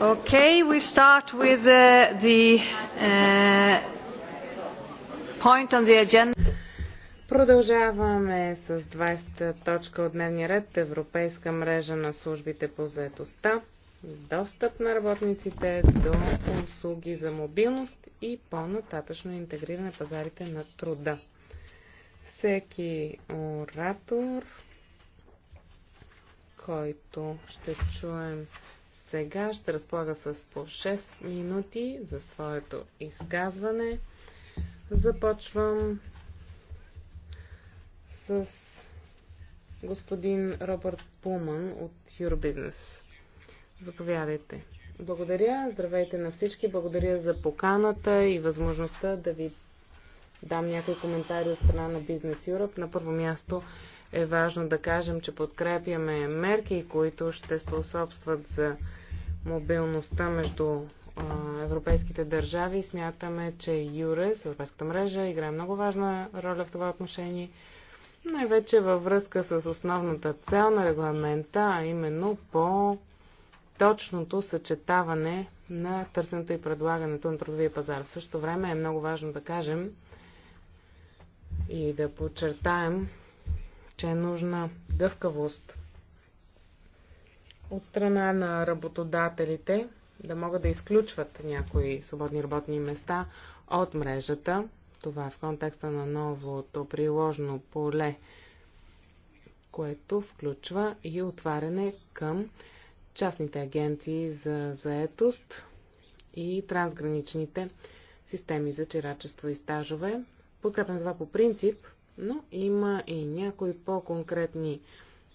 Okay, we start with uh, the uh, point on the agenda.
Продължаваме с 20-та точка от дневния ред Европейска мрежа на службите по заетостта, достъп на работниците до услуги за мобилност и по-нататъчно интегриране пазарите на труда. Всеки оратор, който ще чуем сега ще разполага с по 6 минути за своето изказване. Започвам с господин Робърт Пуман от Eurobusiness. Заповядайте. Благодаря, здравейте на всички, благодаря за поканата и възможността да ви дам някои коментари от страна на Business Europe. На първо място е важно да кажем, че подкрепяме мерки, които ще способстват за мобилността между европейските държави. Смятаме, че ЮРЕС, Европейската мрежа, играе много важна роля в това отношение. Най-вече във връзка с основната цел на регламента, а именно по точното съчетаване на търсенето и предлагането на трудовия пазар. В същото време е много важно да кажем и да подчертаем, че е нужна гъвкавост от страна на работодателите да могат да изключват някои свободни работни места от мрежата. Това е в контекста на новото приложно поле, което включва и отваряне към частните агенции за заетост и трансграничните системи за чирачество и стажове. Подкрепям това по принцип, но има и някои по-конкретни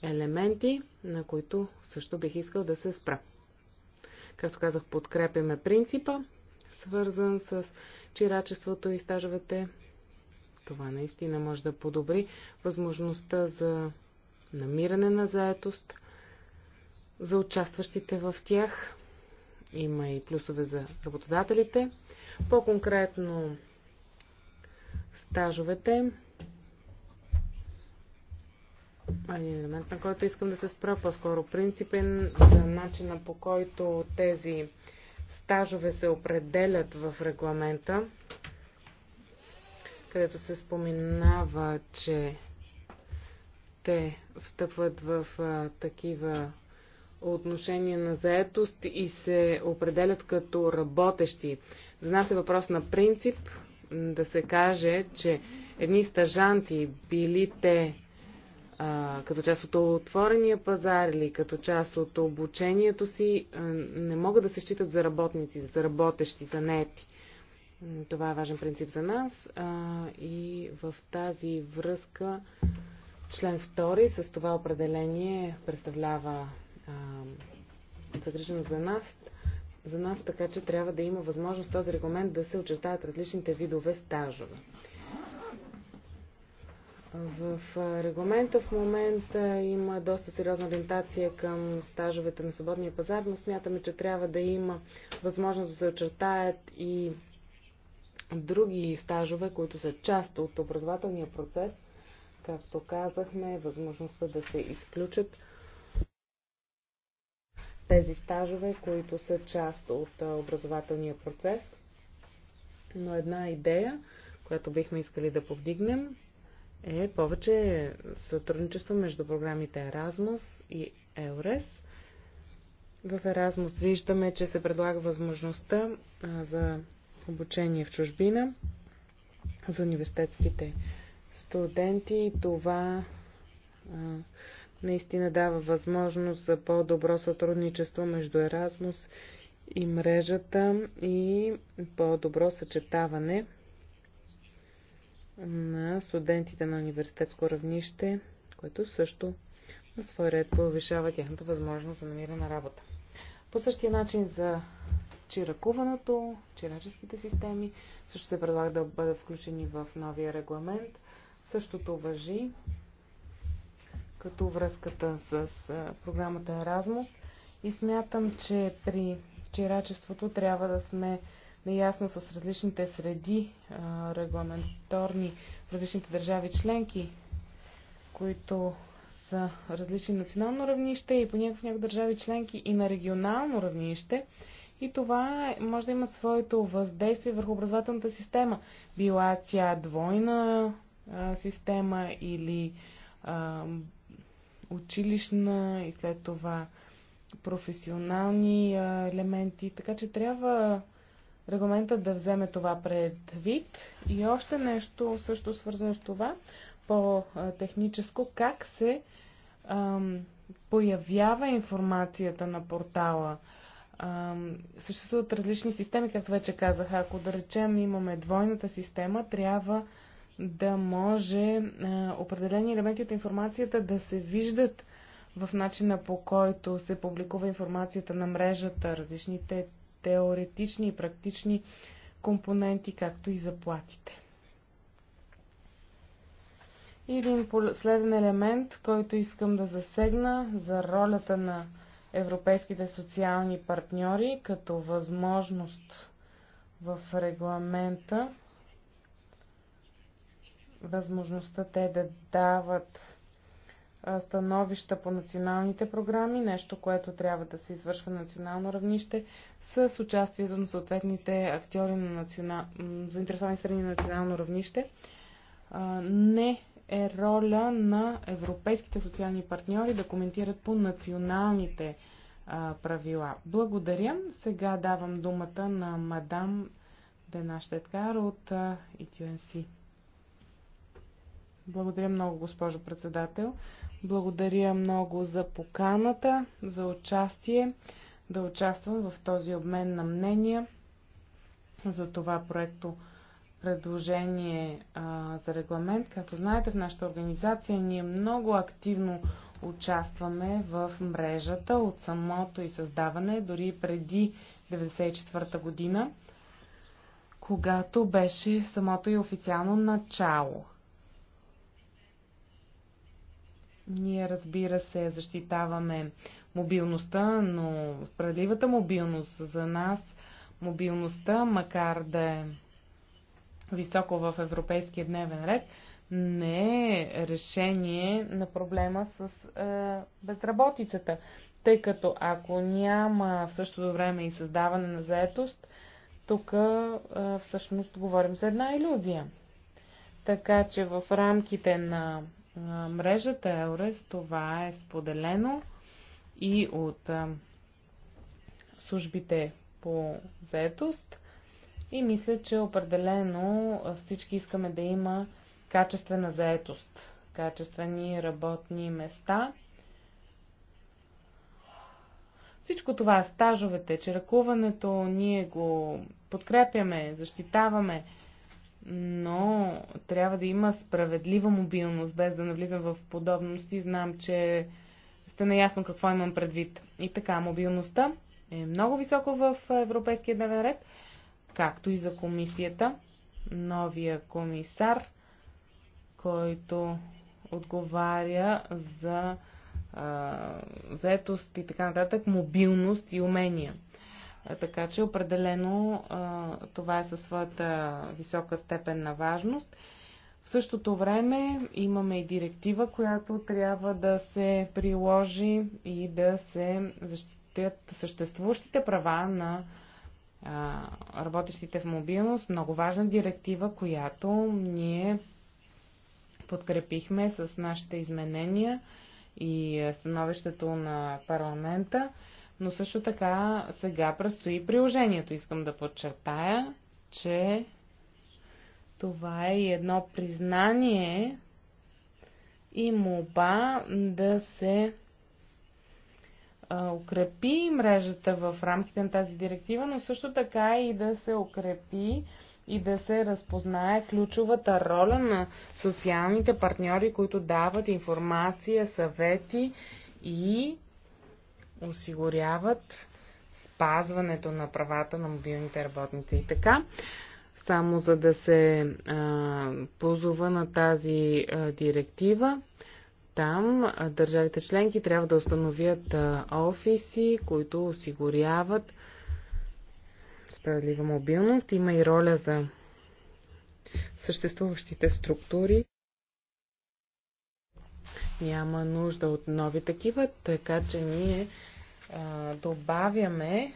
елементи, на които също бих искал да се спра. Както казах, подкрепяме принципа, свързан с чирачеството и стажовете. Това наистина може да подобри възможността за намиране на заетост за участващите в тях. Има и плюсове за работодателите. По-конкретно стажовете един елемент, на който искам да се спра по-скоро. Принципен за начина по който тези стажове се определят в регламента, където се споменава, че те встъпват в а, такива отношения на заетост и се определят като работещи. За нас е въпрос на принцип да се каже, че едни стажанти, били те а, като част от отворения пазар или като част от обучението си, а, не могат да се считат за работници, за работещи, за нети. Това е важен принцип за нас а, и в тази връзка член 2 с това определение представлява а, за нас, за нас, така че трябва да има възможност този регламент да се очертаят различните видове стажове. В регламента в момента има доста сериозна ориентация към стажовете на свободния пазар, но смятаме, че трябва да има възможност да се очертаят и други стажове, които са част от образователния процес. Както казахме, възможността да се изключат тези стажове, които са част от образователния процес. Но една идея, която бихме искали да повдигнем, е повече сътрудничество между програмите Erasmus и EURES. В Erasmus виждаме, че се предлага възможността за обучение в чужбина за университетските студенти. Това наистина дава възможност за по-добро сътрудничество между Erasmus и мрежата и по-добро съчетаване на студентите на университетско равнище, което също на свой ред повишава тяхната възможност за намиране на работа. По същия начин за чиракуването, чираческите системи също се предлага да бъдат включени в новия регламент. Същото въжи като връзката с програмата Erasmus и смятам, че при чирачеството трябва да сме неясно с различните среди регламенторни в различните държави членки, които са различни национално равнище и по някакви някои държави членки и на регионално равнище. И това може да има своето въздействие върху образователната система. Била тя двойна а, система или а, училищна и след това професионални а, елементи. Така че трябва регламентът да вземе това предвид. И още нещо също свързано с това, по-техническо, как се ам, появява информацията на портала. Ам, съществуват различни системи, както вече казах. Ако да речем имаме двойната система, трябва да може а, определени елементи от информацията да се виждат в начина по който се публикува информацията на мрежата, различните теоретични и практични компоненти, както и заплатите. И един последен елемент, който искам да засегна за ролята на европейските социални партньори като възможност в регламента, възможността те да дават становища по националните програми, нещо, което трябва да се извършва на национално равнище, с участието на съответните актьори на национал... заинтересовани страни на национално равнище. Не е роля на европейските социални партньори да коментират по националните правила. Благодаря. Сега давам думата на мадам Дена Штеткар от ИТЮНСИ. Благодаря много, госпожо председател. Благодаря много за поканата, за участие, да участвам в този обмен на мнения за това проекто предложение а, за регламент. Както знаете, в нашата организация ние много активно участваме в мрежата от самото и създаване, дори преди 1994 година, когато беше самото и официално начало. Ние, разбира се, защитаваме мобилността, но справедливата мобилност за нас, мобилността, макар да е високо в европейския дневен ред, не е решение на проблема с е, безработицата. Тъй като ако няма в същото време и създаване на заетост, тук е, всъщност говорим за една иллюзия. Така че в рамките на мрежата Еурес. Това е споделено и от службите по заетост. И мисля, че определено всички искаме да има качествена заетост, качествени работни места. Всичко това, стажовете, чиракуването, ние го подкрепяме, защитаваме но трябва да има справедлива мобилност, без да навлизам в подобности. Знам, че сте наясно какво имам предвид. И така, мобилността е много високо в Европейския дневен ред, както и за комисията. Новия комисар, който отговаря за а, заетост и така нататък, мобилност и умения – така че определено това е със своята висока степен на важност. В същото време имаме и директива, която трябва да се приложи и да се защитят съществуващите права на работещите в мобилност. Много важна директива, която ние подкрепихме с нашите изменения и становището на парламента но също така сега предстои приложението. Искам да подчертая, че това е едно признание и молба да се укрепи мрежата в рамките на тази директива, но също така и да се укрепи и да се разпознае ключовата роля на социалните партньори, които дават информация, съвети и осигуряват спазването на правата на мобилните работници. И така, само за да се а, позова на тази а, директива, там а, държавите членки трябва да установят а, офиси, които осигуряват справедлива мобилност. Има и роля за съществуващите структури няма нужда от нови такива, така че ние а, добавяме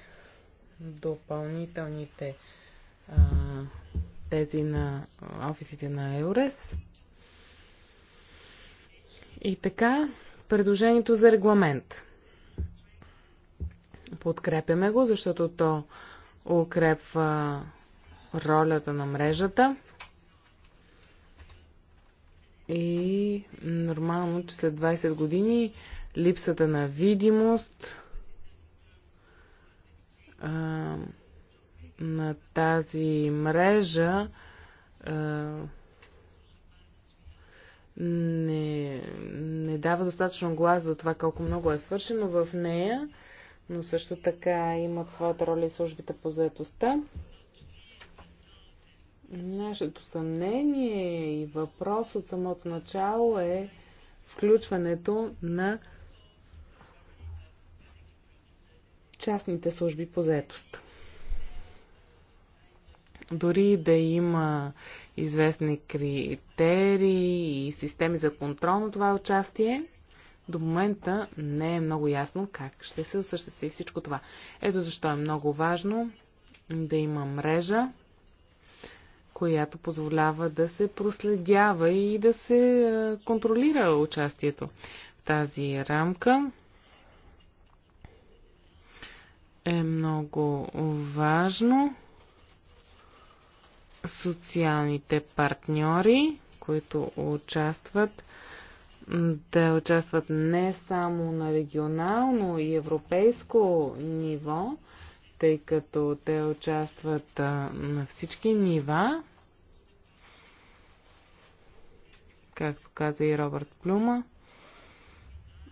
допълнителните а, тези на офисите на Еурес. И така, предложението за регламент. Подкрепяме го, защото то укрепва ролята на мрежата. И нормално, че след 20 години липсата на видимост а, на тази мрежа а, не, не дава достатъчно глас за това колко много е свършено в нея, но също така имат своята роля и службите по заедостта. Нашето съмнение и въпрос от самото начало е включването на частните служби по заетост. Дори да има известни критерии и системи за контрол на това участие, до момента не е много ясно как ще се осъществи всичко това. Ето защо е много важно да има мрежа която позволява да се проследява и да се контролира участието в тази рамка. Е много важно социалните партньори, които участват, да участват не само на регионално и европейско ниво, тъй като те участват на всички нива. Както каза и Робърт Плюма.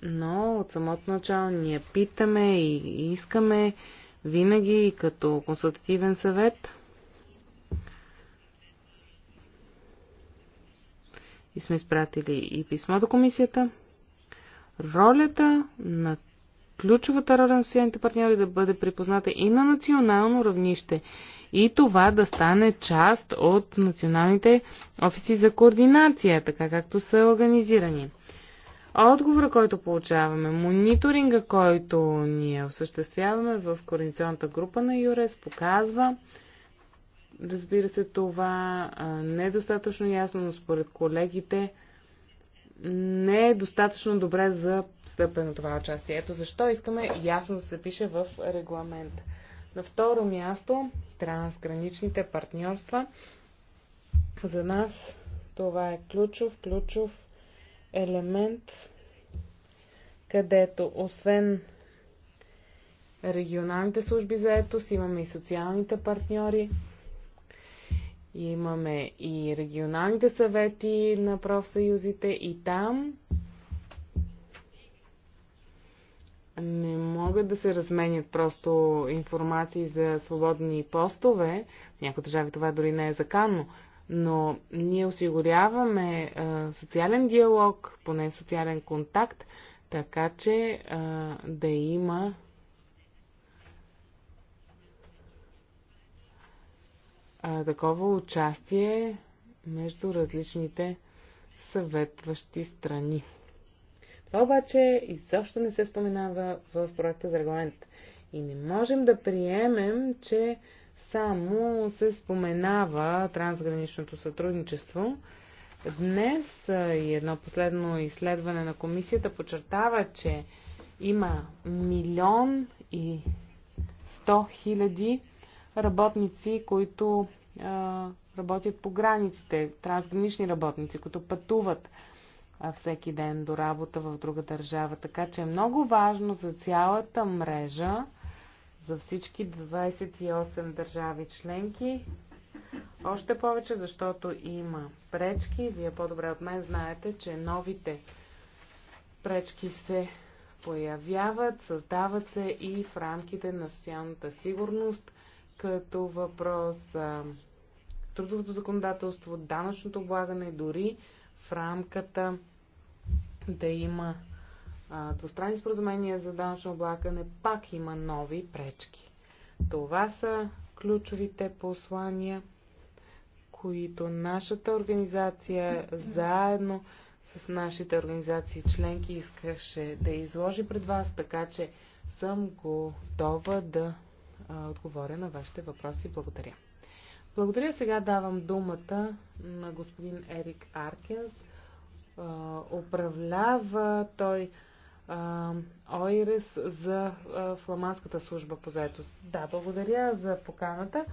Но от самото начало ние питаме и искаме винаги като консултативен съвет. И сме изпратили и писмо до комисията. Ролята на ключовата роля на социалните партньори да бъде припозната и на национално равнище. И това да стане част от националните офиси за координация, така както са организирани. Отговора, който получаваме, мониторинга, който ние осъществяваме в координационната група на ЮРЕС, показва, разбира се, това недостатъчно е ясно, но според колегите не е достатъчно добре за на това участие. Ето защо искаме ясно да се пише в регламента. На второ място, трансграничните партньорства. За нас това е ключов, ключов елемент, където освен регионалните служби за етос, имаме и социалните партньори, имаме и регионалните съвети на профсъюзите и там не могат да се разменят просто информации за свободни постове. В някои държави това дори не е заканно. Но ние осигуряваме а, социален диалог, поне социален контакт, така че а, да има такова участие между различните съветващи страни. Това обаче изобщо не се споменава в проекта за регламент. И не можем да приемем, че само се споменава трансграничното сътрудничество. Днес и едно последно изследване на комисията подчертава, че има милион и 100 хиляди работници, които а, работят по границите, трансгранични работници, които пътуват всеки ден до работа в друга държава. Така че е много важно за цялата мрежа, за всички 28 държави членки, още повече, защото има пречки. Вие по-добре от мен знаете, че новите пречки се появяват, създават се и в рамките на социалната сигурност, като въпрос трудовото законодателство, данъчното облагане, дори в рамката да има а, двустранни споразумения за данъчно облагане, пак има нови пречки. Това са ключовите послания, които нашата организация заедно с нашите организации членки искаше да изложи пред вас, така че съм готова да а, отговоря на вашите въпроси. Благодаря. Благодаря. Сега давам думата на господин Ерик Аркенс. Управлява той ОИРЕС за фламандската служба по заетост. Да, благодаря за поканата.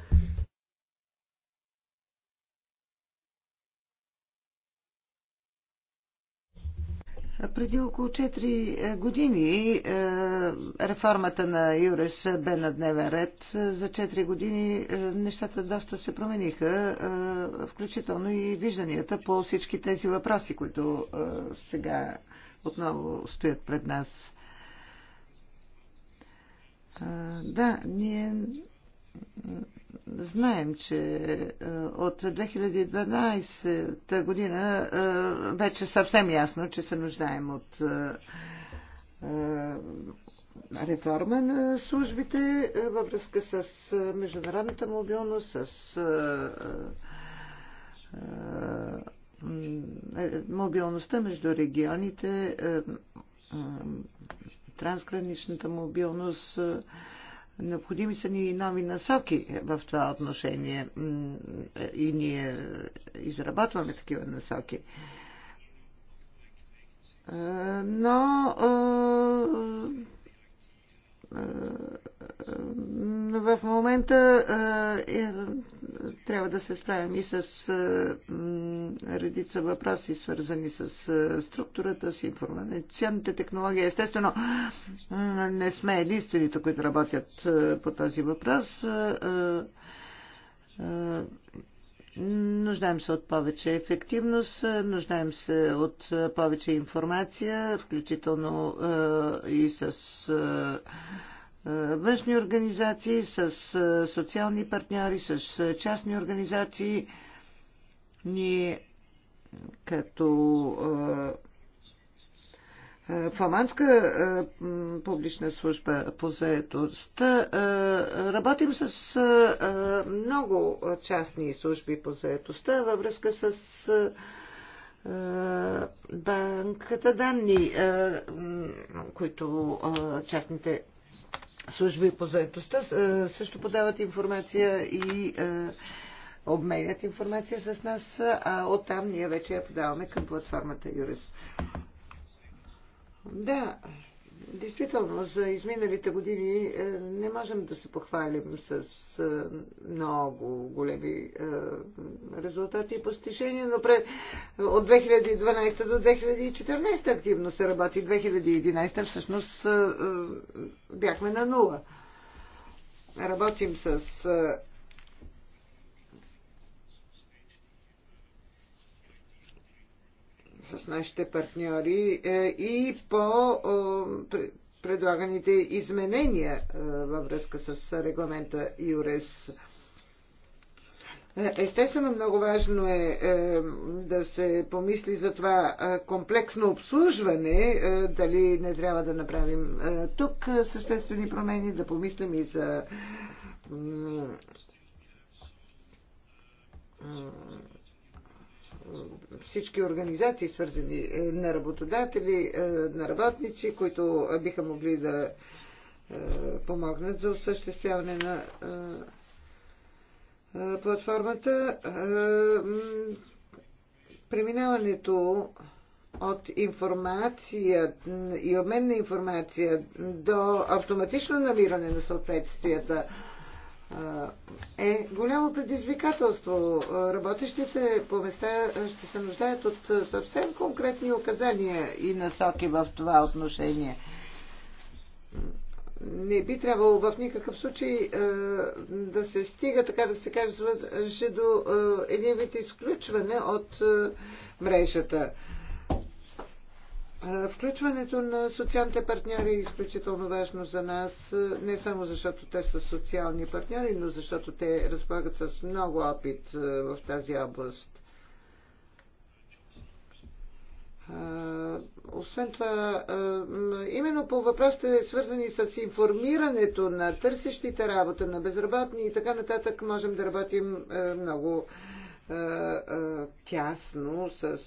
Преди около 4 е, години е, реформата на Юреш бе на дневен ред. Е, за 4 години нещата доста се промениха, включително и вижданията по всички тези въпроси, които сега отново стоят пред нас. Да, ние Знаем, че е, от 2012 година е, вече съвсем ясно, че се нуждаем от е, реформа на службите във връзка с международната мобилност, с мобилността между регионите, трансграничната мобилност. Необходими са ни нови насоки в това отношение и ние изработваме такива насоки. Но в момента е, е, трябва да се справим и с е, редица въпроси, свързани с е, структурата, с информационните технологии. Естествено, не сме единствените, които работят е, по този въпрос. Е, е, Нуждаем се от повече ефективност, е, нуждаем се от повече информация, включително е, и с. Е, външни организации, с социални партньори, с частни организации. Ние като фламандска публична служба по заетост работим с много частни служби по заетостта във връзка с банката данни, които частните служби по заедостта също подават информация и обменят информация с нас, а оттам ние вече я подаваме към платформата Юрис. Да, Действително, за изминалите години е, не можем да се похвалим с е, много големи е, резултати и постижения, но пред, от 2012 до 2014 активно се работи. 2011 всъщност бяхме на нула. Работим с с нашите партньори е, и по е, предлаганите изменения е, във връзка с регламента ЮРЕС. Естествено, много важно е, да се помисли за това комплексно обслужване, дали не трябва да направим тук съществени промени, да помислим и за всички организации, свързани е, на работодатели, е, на работници, които биха могли да е, помогнат за осъществяване на платформата. Преминаването от информация и обмен на информация до автоматично намиране на съответствията е голямо предизвикателство. Работещите по места ще се нуждаят от съвсем конкретни указания и насоки в това отношение. Не би трябвало в никакъв случай да се стига, така да се каже, до един вид изключване от мрежата. Включването на социалните партньори е изключително важно за нас, не само защото те са социални партньори, но защото те разполагат с много опит в тази област. Освен това, именно по въпросите свързани с информирането на търсещите работа, на безработни и така нататък, можем да работим много тясно с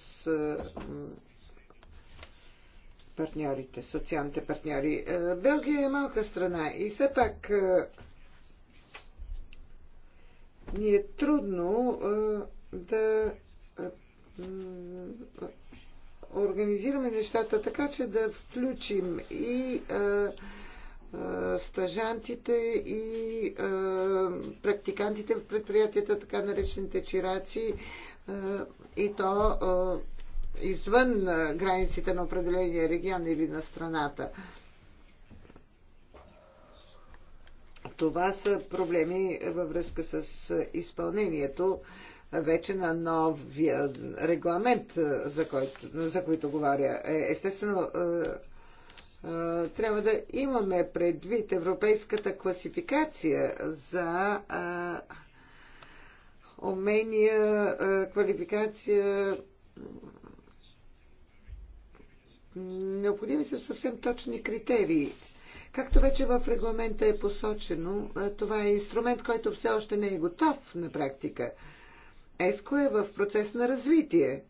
партньорите, социалните партньори. Е, Белгия е малка страна и все пак е, ни е трудно е, да организираме нещата така, че да включим и стажантите и практикантите в предприятията, така наречените чираци и то извън границите на определения регион или на страната. Това са проблеми във връзка с изпълнението вече на новия регламент, за който, за който говоря. Е, естествено, трябва да имаме предвид европейската класификация за умения, квалификация, Необходими са съвсем точни критерии. Както вече в регламента е посочено, това е инструмент, който все още не е готов на практика. ЕСКО е в процес на развитие.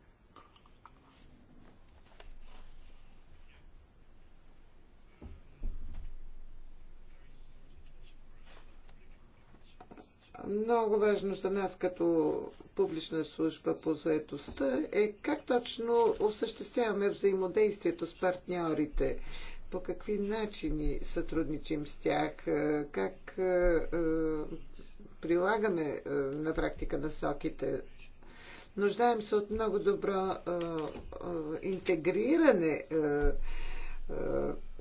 много важно за нас като публична служба по заедостта е как точно осъществяваме взаимодействието с партньорите, по какви начини сътрудничим с тях, е, как е, е, прилагаме на практика насоките. Нуждаем се от много добро интегриране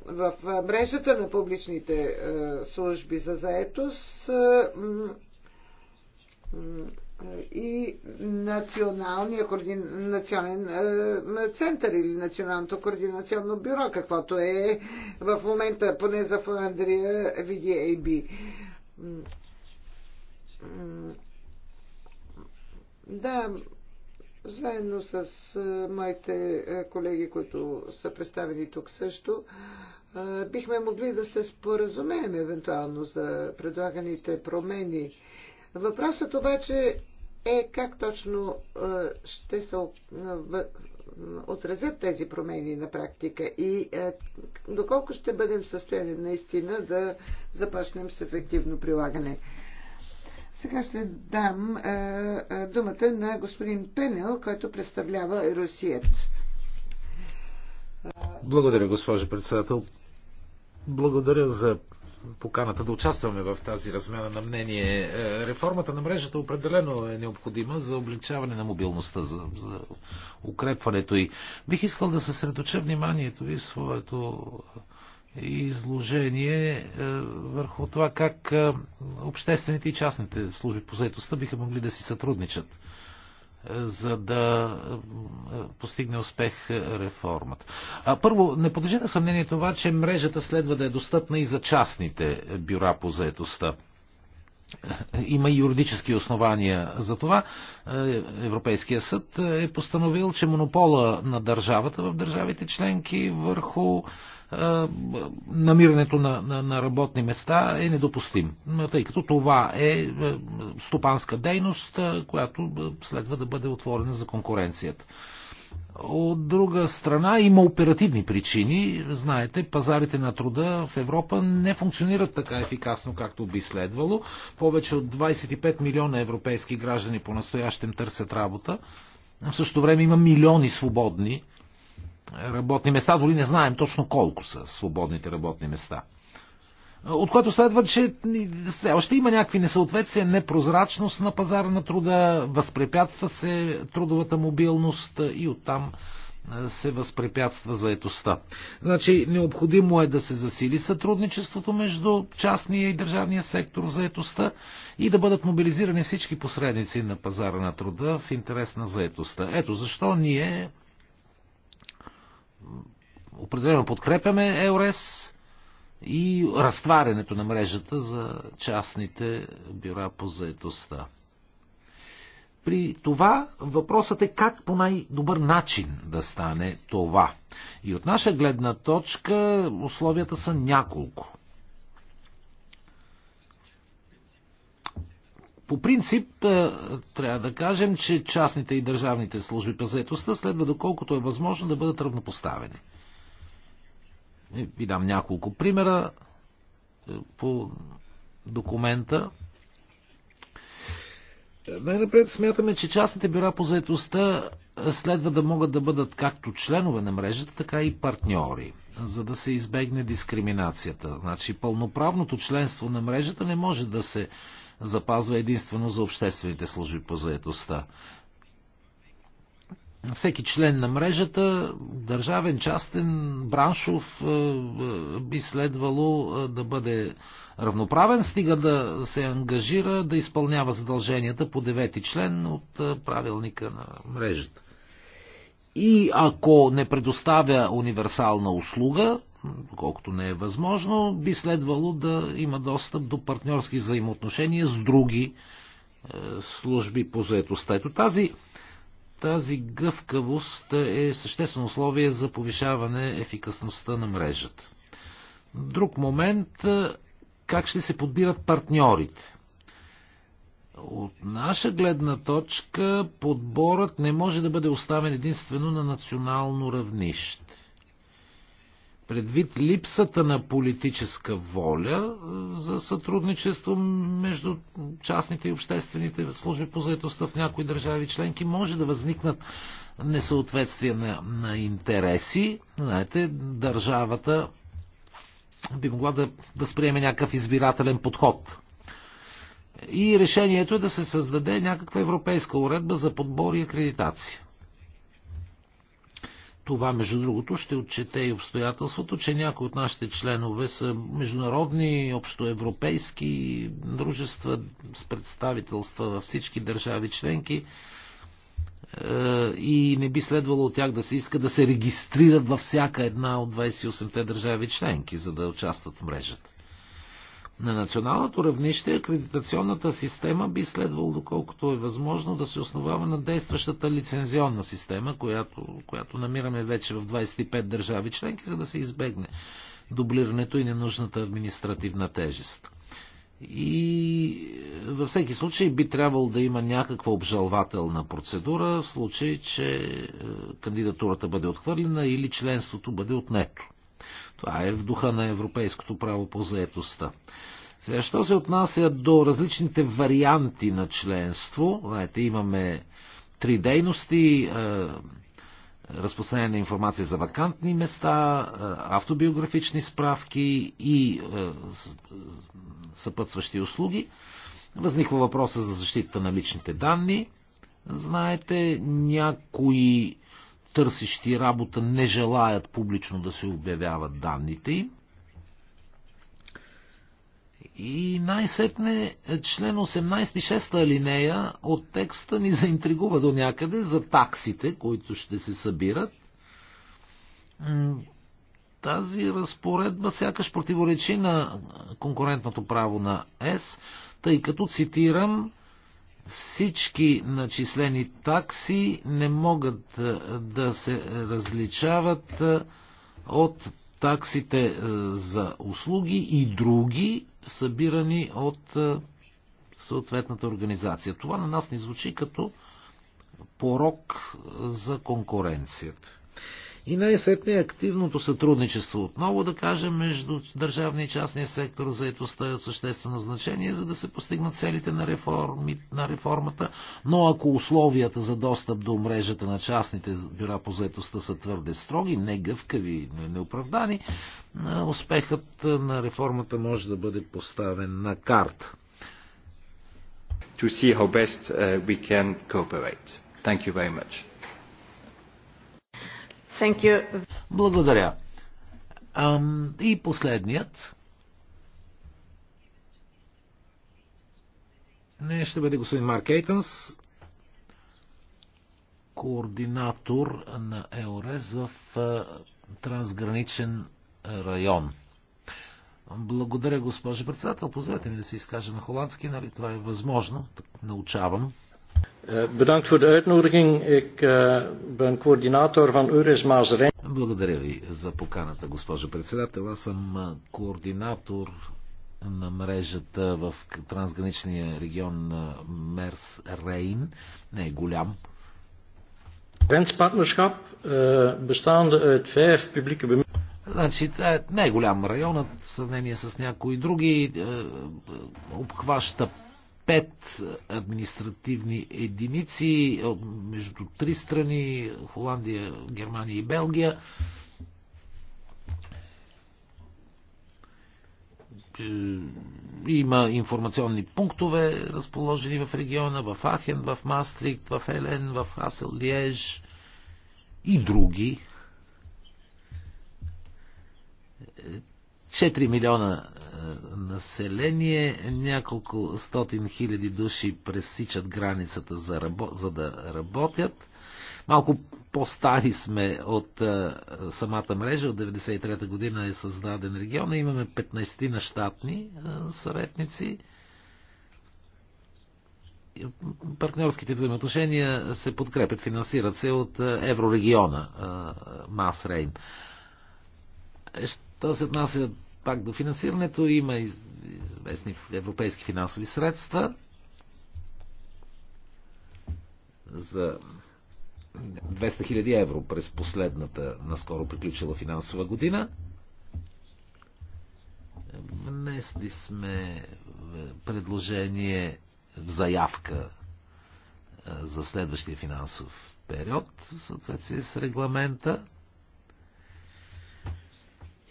в мрежата на публичните служби за заетост и националния координ... национален е, център или националното координационно бюро, каквото е в момента, поне за Фландрия VDAB. Да, заедно с е, моите е, колеги, които са представени тук също, бихме могли да се споразумеем евентуално за предлаганите промени Въпросът обаче е как точно е, ще се е, отразят тези промени на практика и е, доколко ще бъдем в състояние наистина да започнем с ефективно прилагане. Сега ще дам думата на господин Пенел, който представлява Русиец.
Благодаря, госпожо председател. Благодаря за поканата да участваме в тази размяна на мнение. Е, реформата на мрежата определено е необходима за обличаване на мобилността, за, за укрепването и бих искал да съсредоча вниманието ви в своето изложение е, върху това как е, обществените и частните служби по заедостта биха могли да си сътрудничат за да е, постигне успех е, реформата. А, първо, не подлежи на съмнение това, че мрежата следва да е достъпна и за частните бюра по заетостта. Има и юридически основания за това. Е, Европейския съд е постановил, че монопола на държавата в държавите членки върху намирането на, на, на работни места е недопустим, тъй като това е, е стопанска дейност, която следва да бъде отворена за конкуренцията. От друга страна има оперативни причини. Знаете, пазарите на труда в Европа не функционират така ефикасно, както би следвало. Повече от 25 милиона европейски граждани по-настоящем търсят работа. В същото време има милиони свободни работни места, дори не знаем точно колко са свободните работни места. От което следва, че все още има някакви несъответствия, непрозрачност на пазара на труда, възпрепятства се трудовата мобилност и оттам е, се възпрепятства заетостта. Значи, необходимо е да се засили сътрудничеството между частния и държавния сектор в заетостта и да бъдат мобилизирани всички посредници на пазара на труда в интерес на заетостта. Ето защо ние определено подкрепяме ЕОРЕС и разтварянето на мрежата за частните бюра по заедостта. При това въпросът е как по най-добър начин да стане това. И от наша гледна точка условията са няколко. По принцип, е, трябва да кажем, че частните и държавните служби по заетостта следва доколкото е възможно да бъдат равнопоставени. Ви дам няколко примера е, по документа. Е, най-напред смятаме, че частните бюра по заетостта следва да могат да бъдат както членове на мрежата, така и партньори, за да се избегне дискриминацията. Значи пълноправното членство на мрежата не може да се запазва единствено за обществените служби по заедостта. Всеки член на мрежата, държавен, частен, браншов, е, е, би следвало е, да бъде равноправен, стига да се ангажира да изпълнява задълженията по девети член от правилника на мрежата. И ако не предоставя универсална услуга, доколкото не е възможно, би следвало да има достъп до партньорски взаимоотношения с други е, служби по заедостта. Ето тази, тази гъвкавост е съществено условие за повишаване ефикасността на мрежата. Друг момент, е, как ще се подбират партньорите? От наша гледна точка подборът не може да бъде оставен единствено на национално равнище предвид липсата на политическа воля за сътрудничество между частните и обществените служби по заедостта в някои държави членки, може да възникнат несъответствия на, на интереси. Знаете, държавата би могла да възприеме да някакъв избирателен подход. И решението е да се създаде някаква европейска уредба за подбор и акредитация. Това, между другото, ще отчете и обстоятелството, че някои от нашите членове са международни, общоевропейски дружества с представителства във всички държави членки е, и не би следвало от тях да се иска да се регистрират във всяка една от 28-те държави членки, за да участват в мрежата. На националното равнище акредитационната система би следвало, доколкото е възможно, да се основава на действащата лицензионна система, която, която намираме вече в 25 държави членки, за да се избегне дублирането и ненужната административна тежест. И е, във всеки случай би трябвало да има някаква обжалвателна процедура в случай, че е, кандидатурата бъде отхвърлена или членството бъде отнето. Това е в духа на европейското право по заетостта. Сега, що се отнася до различните варианти на членство, знаете, имаме три дейности, е, разпространение на информация за вакантни места, е, автобиографични справки и е, съпътстващи услуги. Възниква въпроса за защита на личните данни. Знаете, някои търсещи работа не желаят публично да се обявяват данните им. И най-сетне член 18.6 алинея от текста ни заинтригува до някъде за таксите, които ще се събират. Тази разпоредба сякаш противоречи на конкурентното право на ЕС, тъй като, цитирам, всички начислени такси не могат е, да се различават е, от таксите е, за услуги и други, събирани от съответната организация. Това на нас ни звучи като порок за конкуренцията. И най-сетне активното сътрудничество, отново да кажем, между държавния и частния сектор за ето е от съществено значение, за да се постигнат целите на, реформи, на реформата, но ако условията за достъп до мрежата на частните бюра по заетостта са твърде строги, не гъвкави, неоправдани, успехът на реформата може да бъде поставен на карта to see how best uh, we can cooperate. Thank you very much. Thank you. Благодаря. Um, и последният. Не, ще бъде господин Марк Ейтънс, координатор на ЕОРЕС в трансграничен район. Благодаря, госпожо председател. Позволете ми да се изкажа на холандски, нали това е възможно. Так, научавам. Eh, bedankt voor de uitnodiging. Ik uh, ben coördinator van Uris Mazerijn. Благодаря ви за поканата, госпожо председател. Аз съм координатор на мрежата в трансграничния регион Мерс Рейн. Не е голям. Grenspartnerschap, eh, bestaande uit vijf publieke bemiddelingen. Значи, е, не е голям районът в сравнение с някои други. Е, е, обхваща пет административни единици между три страни Холандия, Германия и Белгия. Е, има информационни пунктове, разположени в региона, в Ахен, в Мастрикт, в Елен, в Хасел, Лиеж и други. 4 е, милиона население. Няколко стотин хиляди души пресичат границата за, за да работят. Малко по-стари сме от а, самата мрежа. От 1993 година е създаден регион. Имаме 15 на щатни а, съветници. Партньорските взаимоотношения се подкрепят, финансират се от еврорегиона Мас Рейн. Що се отнася пак до финансирането има известни европейски финансови средства за 200 000 евро през последната наскоро приключила финансова година. Внесли сме е, предложение в заявка е, за следващия финансов период в съответствие с регламента.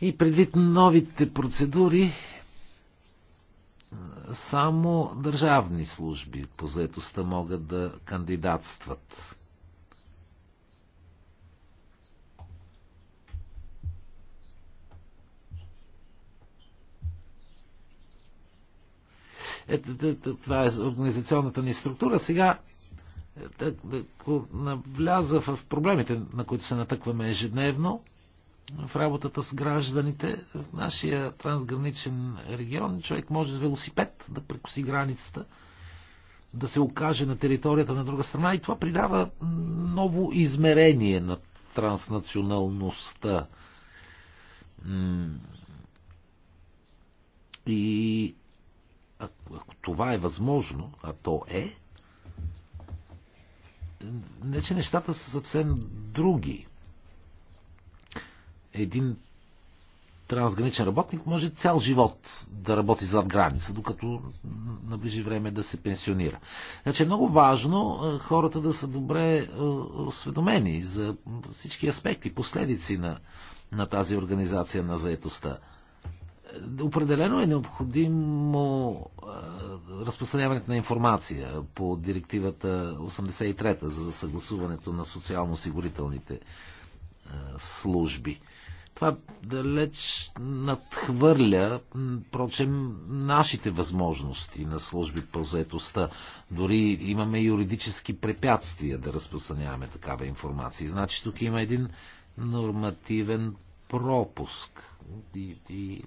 И предвид новите процедури, само държавни служби по заетостта могат да кандидатстват. Ето, ето, това е организационната ни структура. Сега, е, ако навляза в проблемите, на които се натъкваме ежедневно, в работата с гражданите. В нашия трансграничен регион човек може с велосипед да прекоси границата, да се окаже на територията на друга страна и това придава ново измерение на транснационалността. И ако, ако това е възможно, а то е, не че нещата са съвсем други един трансграничен работник може цял живот да работи зад граница, докато наближи време да се пенсионира. Значи е много важно е, хората да са добре е, осведомени за всички аспекти, последици на, на тази организация на заетостта. Определено е необходимо е, разпространяването на информация по директивата 83 за съгласуването на социално-осигурителните служби това далеч надхвърля, прочем, нашите възможности на служби по заетостта. Дори имаме юридически препятствия да разпространяваме такава информация. Значи тук има един нормативен пропуск. И, и,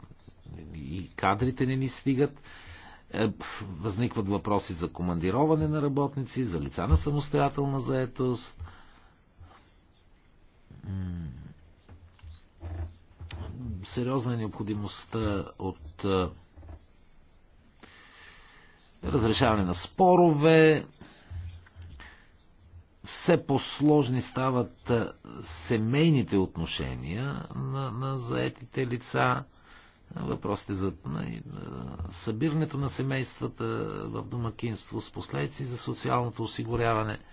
и кадрите не ни стигат. Е, възникват въпроси за командироване на работници, за лица на самостоятелна заетост Сериозна е необходимостта от разрешаване на спорове. Все по-сложни стават семейните отношения на, на заетите лица. Въпросите за събирането на семействата в домакинство с последици за социалното осигуряване –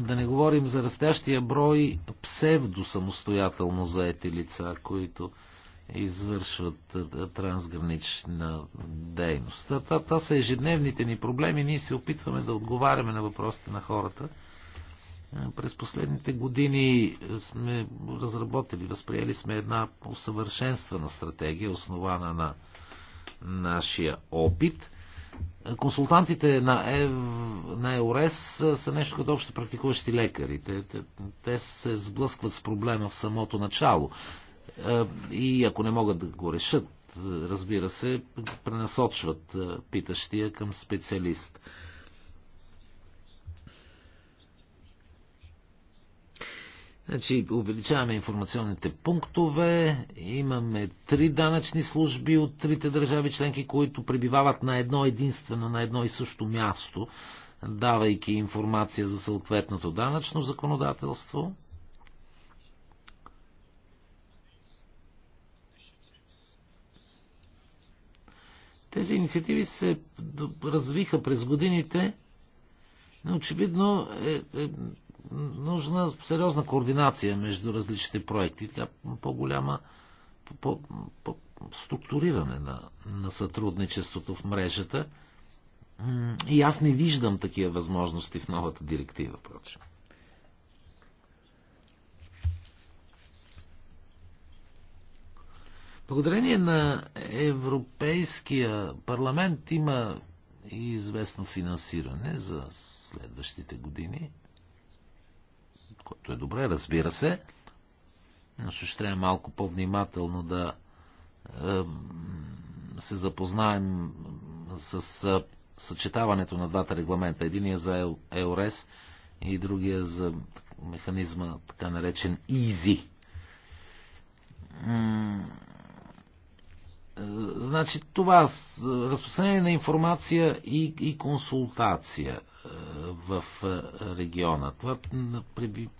да не говорим за растящия брой псевдосамостоятелно заети лица, които извършват е, трансгранична дейност. Това, това са ежедневните ни проблеми. Ние се опитваме да отговаряме на въпросите на хората. Е, през последните години сме разработили, възприели сме една усъвършенствана стратегия, основана на нашия опит консултантите на, Ев, на ЕОРЕС са нещо като общо практикуващи лекари. Те, те, те се сблъскват с проблема в самото начало. Е, и ако не могат да го решат, е, разбира се, пренасочват е, питащия към специалист. Значи, увеличаваме информационните пунктове, имаме три данъчни служби от трите държави членки, които пребивават на едно единствено, на едно и също място, давайки информация за съответното данъчно законодателство. Тези инициативи се развиха през годините, но очевидно е, е, нужна сериозна координация между различните проекти, по-голяма по, по, структуриране на, на сътрудничеството в мрежата. И аз не виждам такива възможности в новата директива, прочим. Благодарение на Европейския парламент има и известно финансиране за следващите години което е добре, разбира се, но ще трябва малко по-внимателно да се запознаем с е, съчетаването на двата регламента. Единия за ЕОРЕС и другия за механизма, така наречен ИЗИ. Е, значи това разпространение на информация и, и консултация в региона. Това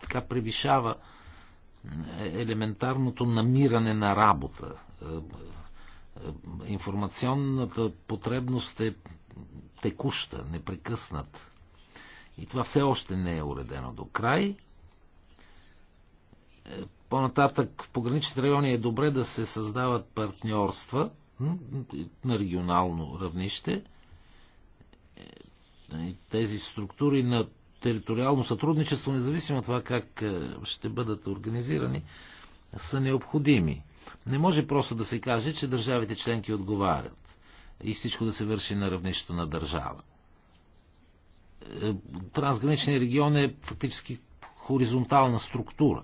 така превишава е, елементарното намиране на работа. Е, е, информационната потребност е текуща, непрекъсната. И това все още не е уредено до край. По-нататък в пограничните райони е добре да се създават партньорства на регионално равнище. Нали, тези структури на териториално сътрудничество, независимо от това как е, ще бъдат организирани, са необходими. Не може просто да се каже, че държавите членки отговарят и всичко да се върши на равнището на държава. Е, трансграничният регион е фактически хоризонтална структура.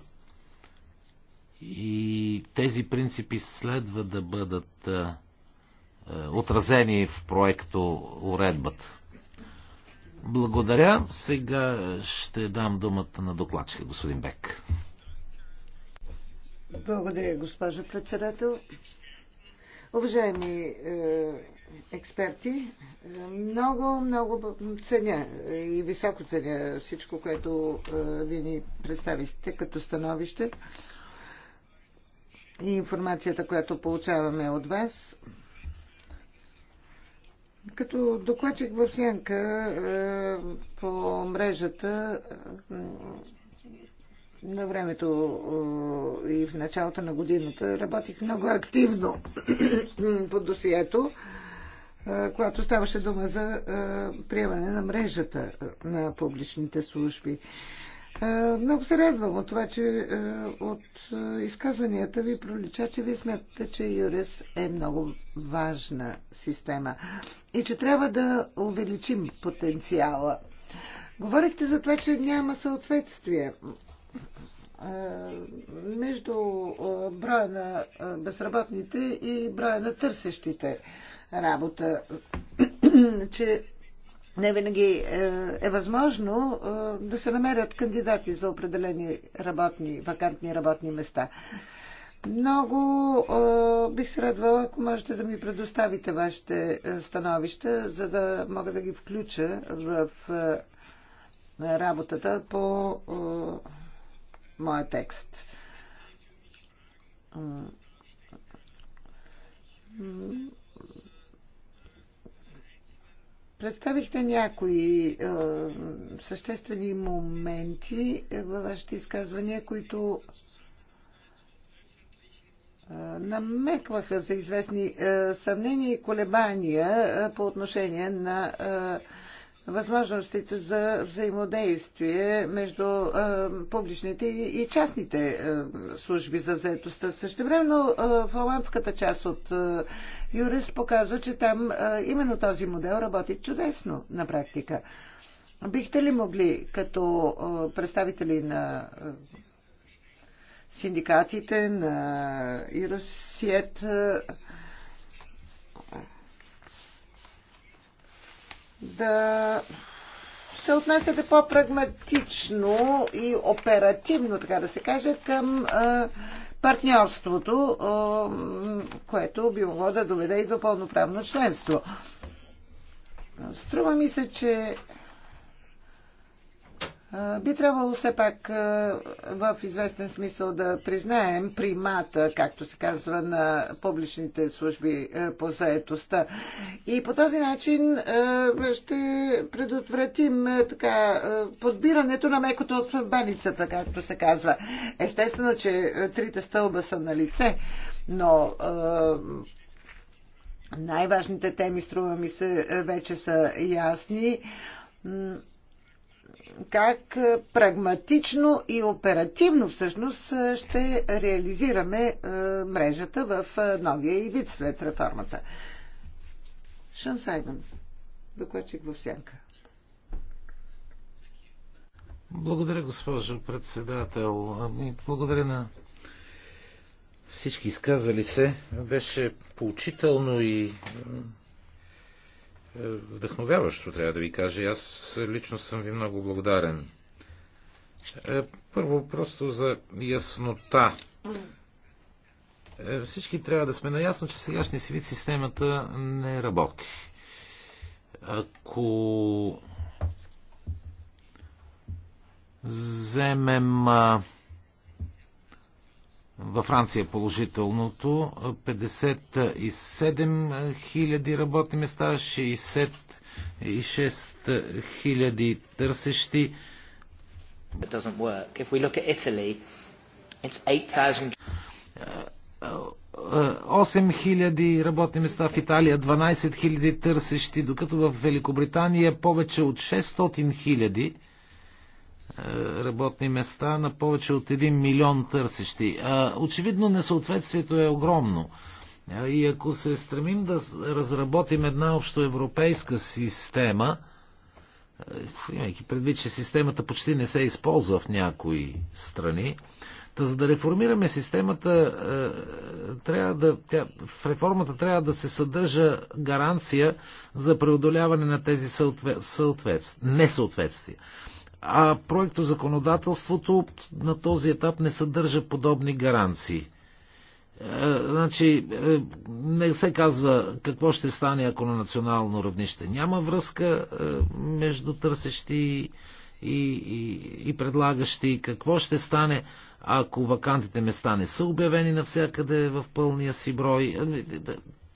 И тези принципи следва да бъдат е, отразени в проекто уредбата. Благодаря. Сега ще дам думата на докладчика, господин Бек.
Благодаря, госпожо председател. Уважаеми е, експерти, много, много ценя и високо ценя всичко, което е, ви ни представихте като становище и информацията, която получаваме от вас. Като докладчик в Сянка е, по мрежата е, на времето е, и в началото на годината работих много активно по досието, когато ставаше дума за приемане на мрежата на публичните служби. Е, много се радвам от това, че е, от е, изказванията ви пролича, че вие смятате, че Юрис е много важна система и че трябва да увеличим потенциала. Говорихте за това, че няма съответствие между броя на безработните и броя на търсещите работа, че не винаги е, е възможно е, да се намерят кандидати за определени работни, вакантни работни места. Много е, бих се радвала, ако можете да ми предоставите вашите е, становища, за да мога да ги включа в е, работата по е, моя текст. Представихте някои е, съществени моменти във вашите изказвания, които е, намекваха за известни е, съмнения и колебания е, по отношение на е, възможностите за взаимодействие между а, публичните и, частните а, служби за заедостта. Същевременно а, фламандската част от а, Юрис показва, че там а, именно този модел работи чудесно на практика. Бихте ли могли като а, представители на а, синдикатите на Иросиет а, да се отнасяте по-прагматично и оперативно, така да се каже, към партньорството, което би могло да доведе и до пълноправно членство. Струва ми се, че би трябвало все пак в известен смисъл да признаем примата, както се казва, на публичните служби по заетостта. И по този начин ще предотвратим така подбирането на мекото от баницата, както се казва. Естествено, че трите стълба са на лице, но най-важните теми, струва ми се, вече са ясни как прагматично и оперативно всъщност ще реализираме мрежата в новия и вид след реформата. Шан Саймон, докладчик в сянка.
Благодаря, госпожо председател. Ами, благодаря на всички изказали се. Беше поучително и е, вдъхновяващо, трябва да ви кажа. Аз лично съм ви много благодарен. Е, първо, просто за яснота. Е, всички трябва да сме наясно, че в сегашния си вид системата не работи. Ако вземем във Франция е положителното 57 хиляди работни места, 60 6 000 търсещи. It 8 8000 работни места в Италия, 12 000 търсещи, докато в Великобритания повече от 600 000 е, работни места на повече от 1 милион търсещи. Очевидно несъответствието е огромно. И ако се стремим да разработим една общоевропейска система, е, имайки предвид, че системата почти не се използва в някои страни, Та за да реформираме системата, е, трябва да, тя, в реформата трябва да се съдържа гаранция за преодоляване на тези съответ, съответ, несъответствия а проекто законодателството на този етап не съдържа подобни гаранции. Е, значи, е, не се казва какво ще стане, ако на национално равнище няма връзка е, между търсещи и, и, и предлагащи, какво ще стане, ако вакантите места не са обявени навсякъде в пълния си брой.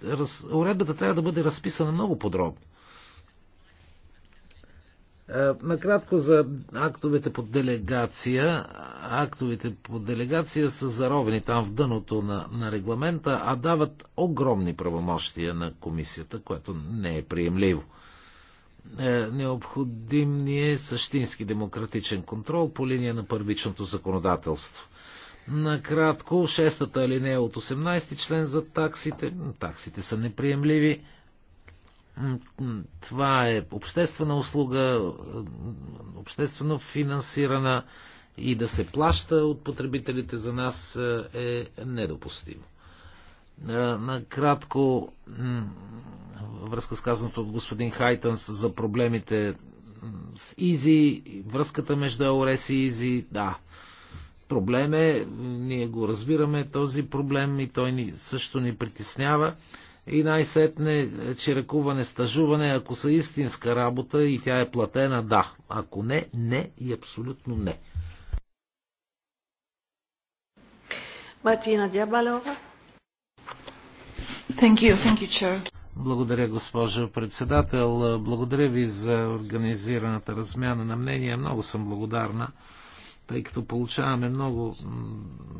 Раз, уредбата трябва да бъде разписана много подробно. Е, накратко за актовете по делегация. Актовете по делегация са заровени там в дъното на, на регламента, а дават огромни правомощия на комисията, което не е приемливо. Е, необходим ни е същински демократичен контрол по линия на първичното законодателство. Накратко, шестата алинея от 18 член за таксите. Таксите са неприемливи това е обществена услуга, обществено финансирана и да се плаща от потребителите за нас е недопустимо. Накратко, връзка с казаното от господин Хайтънс за проблемите с Изи, връзката между ОРС и Изи, да, проблем е, ние го разбираме този проблем и той ни, също ни притеснява и най-сетне е, чиракуване, стажуване, ако са истинска работа и тя е платена, да. Ако не, не и абсолютно не.
Мартина Дябалова. Thank you, thank you, Chair.
Благодаря, госпожо председател. Благодаря ви за организираната размяна на мнения. Много съм благодарна, тъй като получаваме много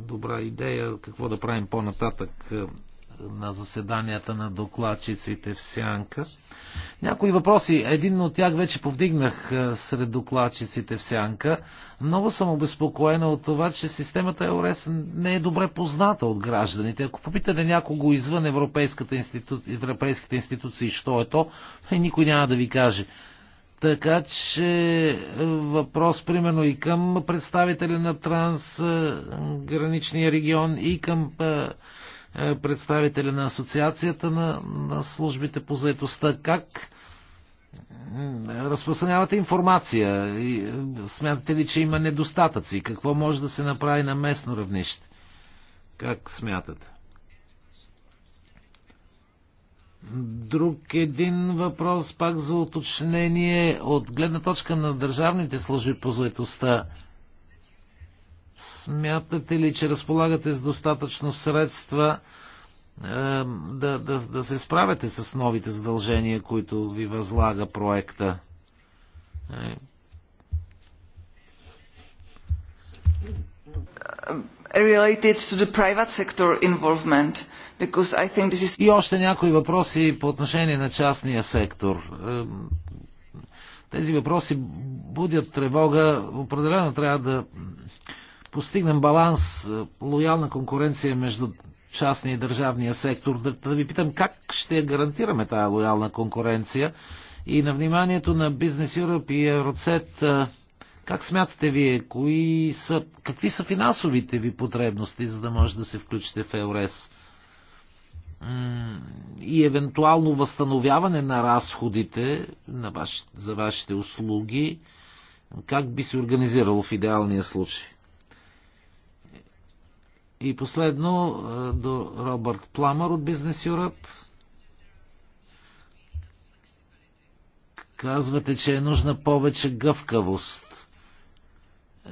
добра идея какво да правим по-нататък на заседанията на докладчиците в Сянка. Някои въпроси, един от тях вече повдигнах е, сред докладчиците в Сянка. Много съм обезпокоена от това, че системата ЕОРЕС не е добре позната от гражданите. Ако попитате някого извън европейската институ... европейските институции, що е то, е, никой няма да ви каже. Така че е, въпрос примерно и към представители на трансграничния регион, и към е, представителя на Асоциацията на, на службите по заедостта. Как разпространявате информация? И, е, смятате ли, че има недостатъци? Какво може да се направи на местно равнище? Как смятате? Друг един въпрос пак за уточнение от гледна точка на държавните служби по заедостта. Смятате ли, че разполагате с достатъчно средства е, да, да, да се справяте с новите задължения, които ви възлага проекта? Е.
Related to the private sector involvement. Because I think this is... И още някои
въпроси по отношение на частния сектор. Е, тези въпроси будят тревога. Определено трябва да постигнем баланс, е, лоялна конкуренция между частния и държавния сектор, да, да ви питам как ще гарантираме тая лоялна конкуренция и на вниманието на Бизнес Europe и Евроцет, как смятате вие, кои са, какви са финансовите ви потребности, за да може да се включите в ЕОРЕС? И евентуално възстановяване на разходите на ваш, за вашите услуги, как би се организирало в идеалния случай? И последно е, до Робърт Пламър от Бизнес Юръп. Казвате, че е нужна повече гъвкавост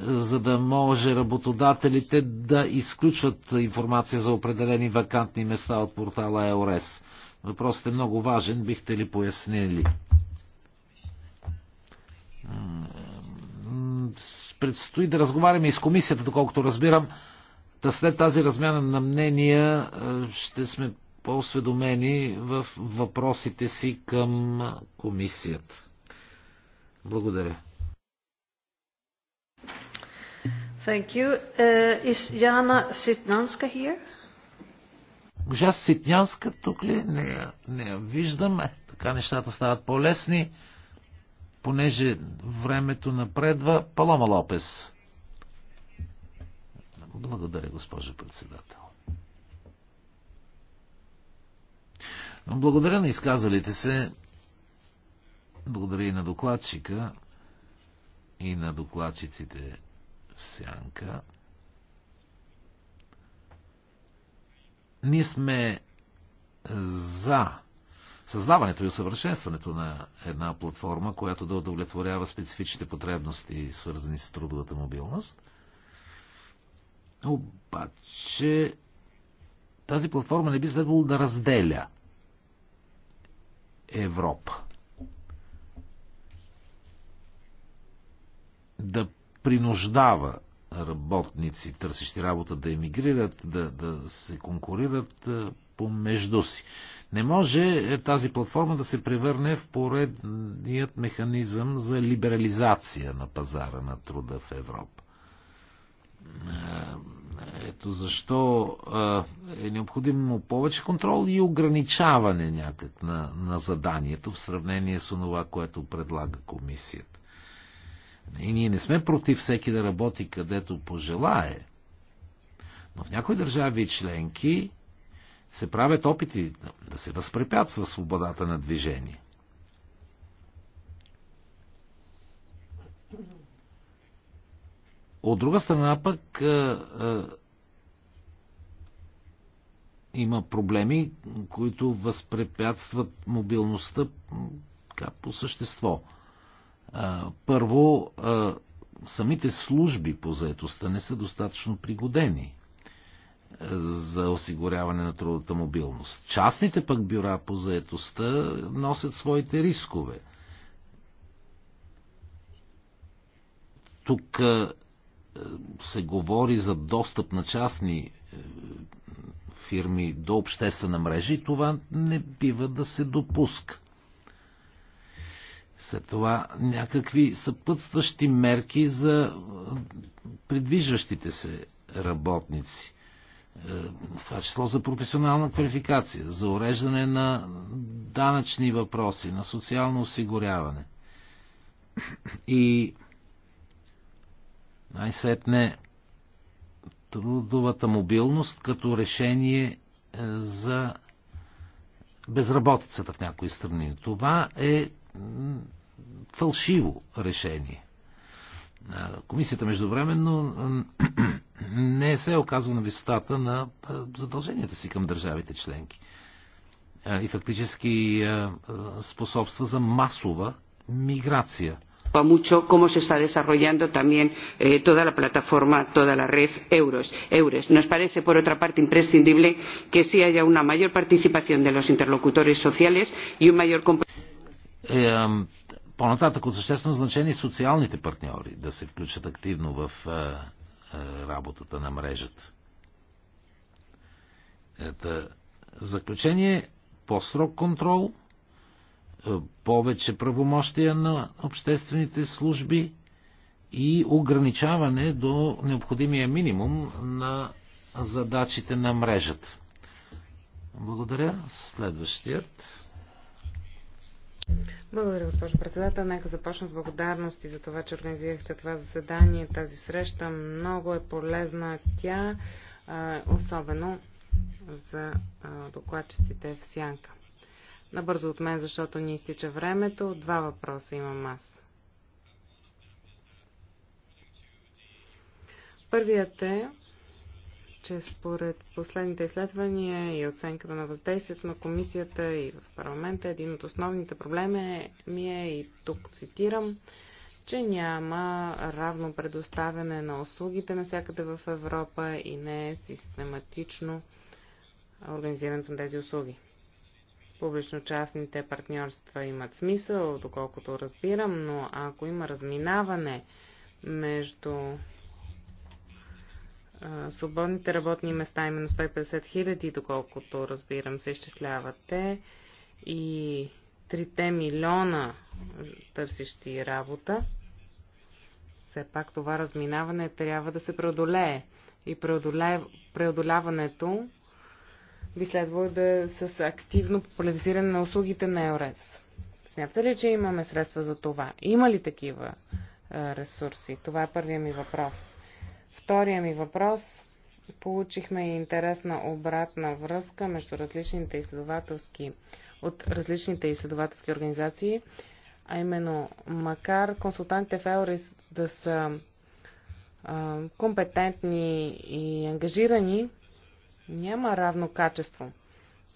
за да може работодателите да изключват информация за определени вакантни места от портала ЕОРЕС. Въпросът е много важен, бихте ли пояснили? Предстои да разговаряме и с комисията, доколкото разбирам, Та след тази размяна на мнения ще сме по-осведомени в въпросите си към комисията. Благодаря.
Thank you. Uh, is Jana Sitnanska here?
Госпожа Ситнянска тук ли? Не я, не я виждам. Е, така нещата стават по-лесни, понеже времето напредва. Палома Лопес. Благодаря, госпожо председател. Благодаря на изказалите се. Благодаря и на докладчика и на докладчиците в сянка. Ние сме за създаването и усъвършенстването на една платформа, която да удовлетворява специфичните потребности, свързани с трудовата мобилност – обаче тази платформа не би следвало да разделя Европа. Да принуждава работници, търсещи работа, да емигрират, да, да се конкурират помежду си. Не може е, тази платформа да се превърне в поредният механизъм за либерализация на пазара на труда в Европа. Е, ето защо е необходимо повече контрол и ограничаване някак на, на заданието в сравнение с това, което предлага комисията. И ние не сме против всеки да работи където пожелае. Но в някои държави и членки се правят опити да се възпрепятства свободата на движение. От друга страна пък а, е, а, е, има проблеми, които възпрепятстват мобилността така, по същество. А, е, първо, а, самите служби по заетостта не са достатъчно пригодени за осигуряване на трудата мобилност. Частните пък бюра по заетостта носят своите рискове. Тук се говори за достъп на частни е, фирми до обществена мрежа и това не бива да се допуска. След това някакви съпътстващи мерки за е, придвижващите се работници. Е, това число за професионална квалификация, за уреждане на данъчни въпроси, на социално осигуряване. И най-сетне трудовата мобилност като решение е, за безработицата в някои страни. Това е фалшиво решение. Комисията междувременно не се е оказва на висотата на задълженията си към държавите членки и фактически способства за масова миграция –
preocupa mucho cómo se está desarrollando también toda la plataforma, toda la red EURES.
Nos parece, por otra parte, imprescindible que sí haya una mayor participación de los interlocutores sociales y un mayor
по-нататък от съществено значение социалните партньори да се включат активно в работата на мрежата. Ето, заключение, по контрол – повече правомощия на обществените служби и ограничаване до необходимия минимум на задачите на мрежата. Благодаря. Следващият.
Благодаря, госпожо председател. Нека започна с благодарности за това, че организирахте това заседание, тази среща. Много е полезна тя, особено за докладчиците в Сянка. Набързо от мен, защото ни изтича времето. Два въпроса имам аз. Първият е, че според последните изследвания и оценката на въздействието на комисията и в парламента, един от основните проблеми е, ми е, и тук цитирам, че няма равно предоставяне на услугите навсякъде в Европа и не е систематично организирането на тези услуги. Публично-частните партньорства имат смисъл, доколкото разбирам, но ако има разминаване между свободните работни места, именно 150 хиляди, доколкото разбирам, се изчисляват те, и 3 милиона търсещи работа, все пак това разминаване трябва да се преодолее. И преодоляването би следвало да с активно популяризиране на услугите на ЕОРЕС. Смятате ли, че имаме средства за това? Има ли такива ресурси? Това е първият ми въпрос. Втория ми въпрос. Получихме и интересна обратна връзка между различните изследователски, от различните изследователски организации, а именно, макар консултантите в ЕОРЕС да са компетентни и ангажирани, няма равно качество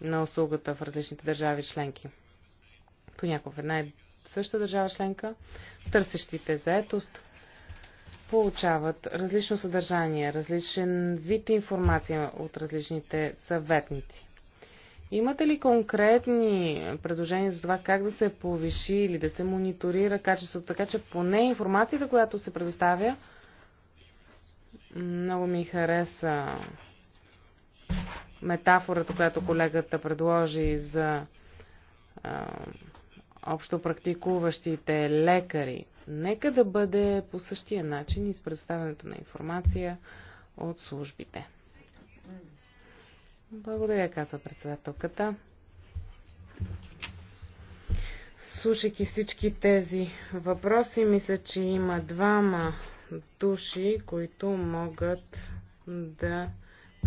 на услугата в различните държави членки. Понякога в една и съща държава членка търсещите заетост получават различно съдържание, различен вид информация от различните съветници. Имате ли конкретни предложения за това как да се повиши или да се мониторира качеството, така че поне информацията, която се предоставя, много ми хареса метафората, която колегата предложи за а, общо практикуващите лекари, нека да бъде по същия начин и с предоставянето на информация от службите. Благодаря, каза председателката. Слушайки всички тези въпроси, мисля, че има двама души, които могат да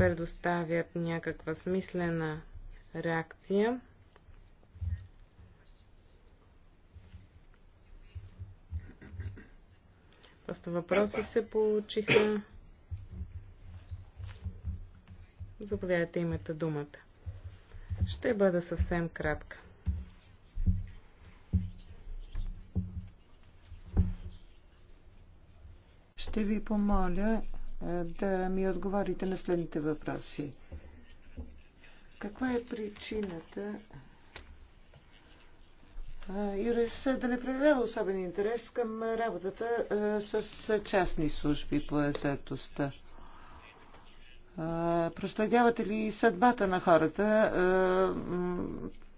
предоставят някаква смислена реакция. Просто въпроси се получиха. Заповядайте, имате думата. Ще бъда съвсем кратка.
Ще ви помоля да ми отговорите на следните въпроси. Каква е причината Юрис да не предаде особен интерес към работата с частни служби по езетостта? Проследявате ли съдбата на хората,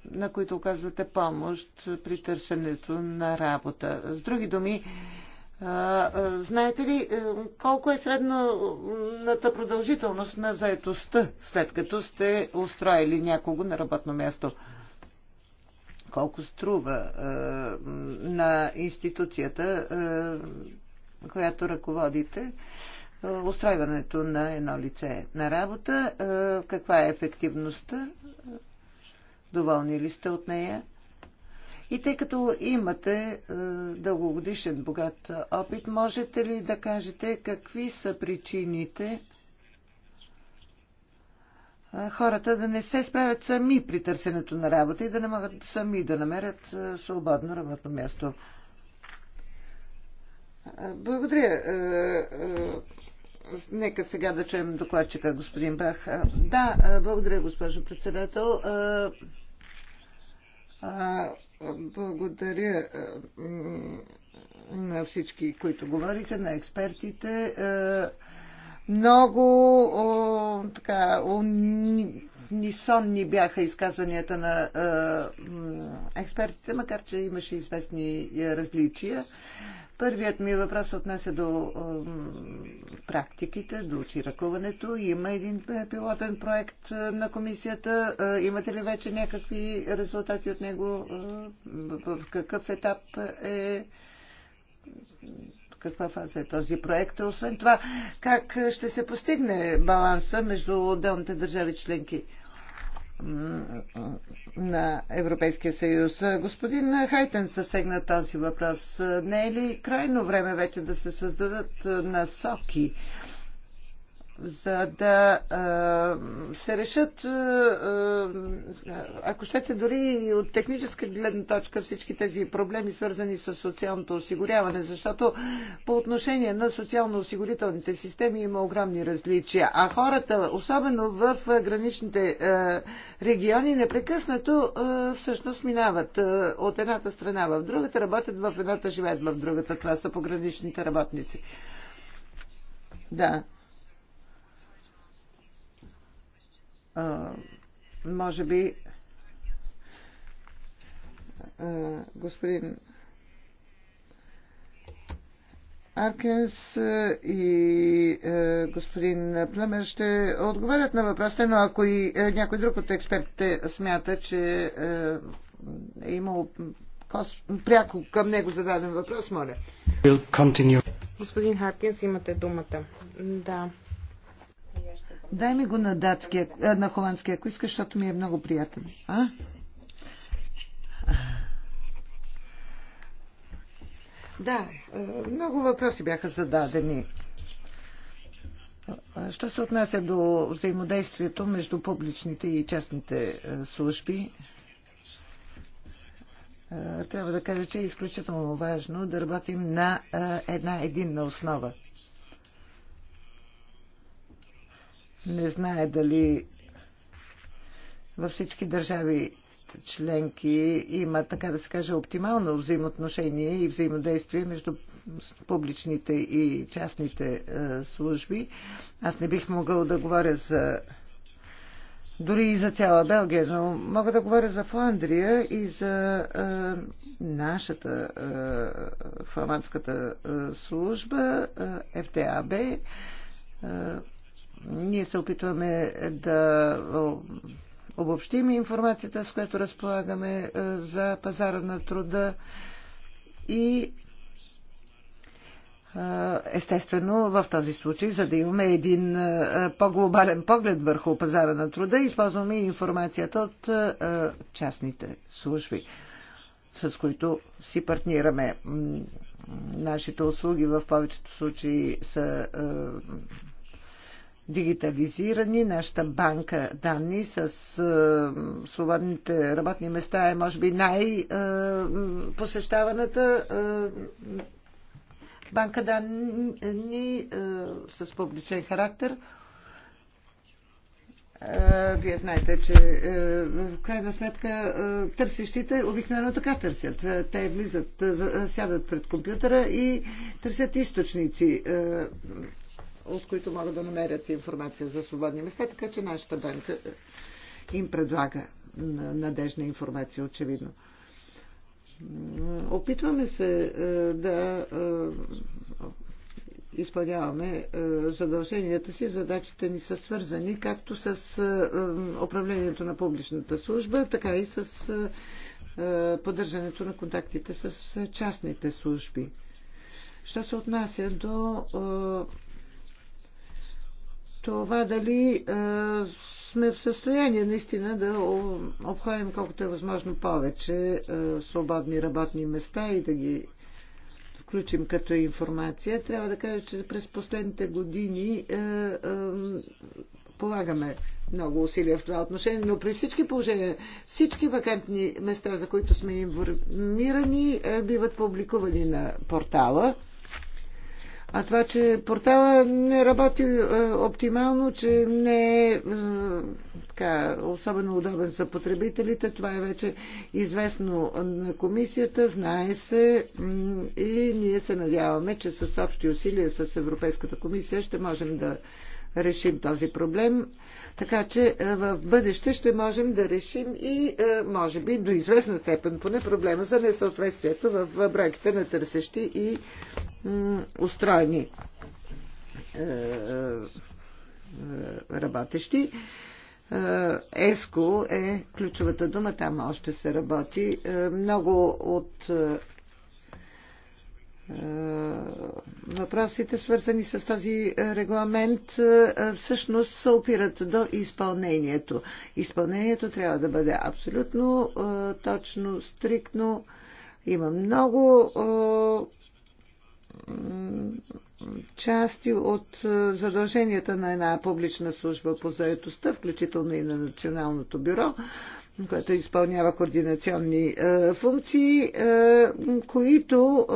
на които оказвате помощ при търсенето на работа? С други думи, а, а, знаете ли е, колко е средната продължителност на заетостта, след като сте устроили някого на работно място? Колко струва а, е, на институцията, а, е, която ръководите, устройването на едно лице на работа? А, каква е ефективността? Доволни ли сте от нея? И тъй като имате е, дългогодишен богат опит, можете ли да кажете какви са причините е, хората да не се справят сами при търсенето на работа и да не могат сами да намерят е, свободно работно място? Е, благодаря. Е, е, нека сега да чуем докладчика, господин Бах. Да, благодаря, госпожо председател. Благодаря е, на всички, които говориха, на експертите. Е, много така, унисонни бяха изказванията на е, експертите, макар че имаше известни различия. Първият ми въпрос отнася до практиките, до очиракуването. Има един пилотен проект на комисията. Имате ли вече някакви резултати от него? В какъв етап е? Каква фаза е този проект? Освен това, как ще се постигне баланса между отделните държави членки? на Европейския съюз. Господин Хайтен съсегна този въпрос. Не е ли крайно време вече да се създадат насоки за да а, се решат, а, ако щете дори и от техническа гледна точка, всички тези проблеми, свързани с социалното осигуряване, защото по отношение на социално-осигурителните системи има огромни различия. А хората, особено в граничните а, региони, непрекъснато а, всъщност минават а, от едната страна в другата, работят в едната, живеят в другата. Това са пограничните работници. Да. може би господин Аркенс и господин Племер ще отговарят на въпросите, но ако и някой друг от експертите смята, че е имал пряко към него зададен въпрос, моля. Господин Харкинс, имате думата. Да, Дай ми го на, датския, е, на холандския, ако искаш, защото ми е много приятен. А? Да, е, много въпроси бяха зададени. Що се отнася до взаимодействието между публичните и частните е, служби, трябва да кажа, че е изключително важно да работим на една единна основа. Не знае дали във всички държави членки има, така да се каже, оптимално взаимоотношение и взаимодействие между публичните и частните е, служби. Аз не бих могъл да говоря за дори и за цяла Белгия, но мога да говоря за Фландрия и за е, нашата е, фламандската е, служба, е, ФТАБ. Е, ние се опитваме да обобщим информацията, с която разполагаме е, за пазара на труда и е, Естествено, в този случай, за да имаме един е, по-глобален поглед върху пазара на труда, използваме информацията от частните служби, с които си партнираме. Нашите услуги в повечето случаи са дигитализирани. Нашата банка данни с е, свободните работни места е може би най-посещаваната е, е, банка данни е, с публичен характер. Е, вие знаете, че е, в крайна сметка е, търсещите обикновено така търсят. Те влизат, сядат пред компютъра и търсят източници от които могат да намерят информация за свободни места, така че нашата банка им предлага надежна информация, очевидно. Опитваме се е, да е, изпълняваме е, задълженията си. Задачите ни са свързани както с управлението на публичната служба, така и с поддържането на контактите с частните служби. Що се отнася до това дали сме в състояние наистина да обходим колкото е възможно повече свободни работни места и да ги включим като информация. Трябва да кажа, че през последните години полагаме много усилия в това отношение, но при всички положения всички вакантни места, за които сме информирани, биват публикувани на портала. А това, че портала не работи е, оптимално, че не е, е така, особено удобен за потребителите, това е вече известно на комисията, знае се и ние се надяваме, че с общи усилия с Европейската комисия ще можем да решим този проблем. Така че е, в бъдеще ще можем да решим и, е, може би, до известна степен поне проблема за несъответствието в бройките на търсещи и устроени е, е, е, работещи. ЕСКО е ключовата дума, там още се работи. Много от въпросите, свързани с този регламент, всъщност се опират до изпълнението. Изпълнението трябва да бъде абсолютно точно, стриктно. Има много части от е, задълженията на една публична служба по заедостта, включително и на Националното бюро, което изпълнява координационни е, функции, е, които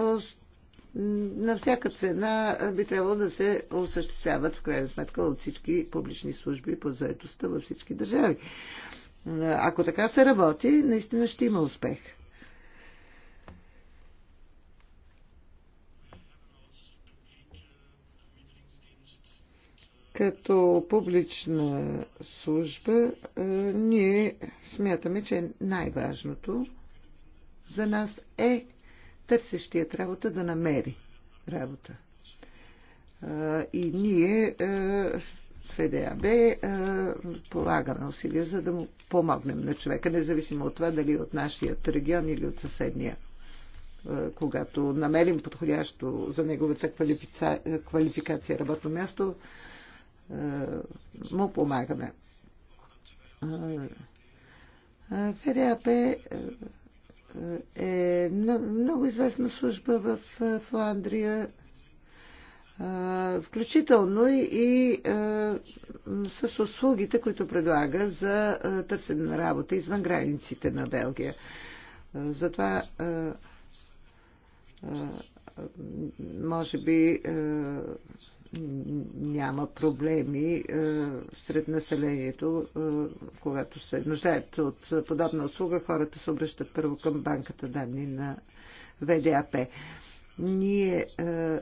на всяка цена би трябвало да се осъществяват в крайна сметка от всички публични служби по заедостта във всички държави. Ако така се работи, наистина ще има успех. Като публична служба е, ние смятаме, че най-важното за нас е търсещият работа да намери работа. Е, и ние е, в ЕДАБ полагаме усилия, за да му помогнем на човека, независимо от това дали от нашия регион или от съседния когато намерим подходящо за неговата квалификация, квалификация работно място, е, му помагаме. Е, ФДАП е, е много известна служба в Фландрия, включително и с услугите, които предлага за търсене на работа извън границите на Белгия. Затова може би няма проблеми е, сред населението, е, когато се нуждаят от подобна услуга, хората се обръщат първо към банката данни на ВДАП. Ние е,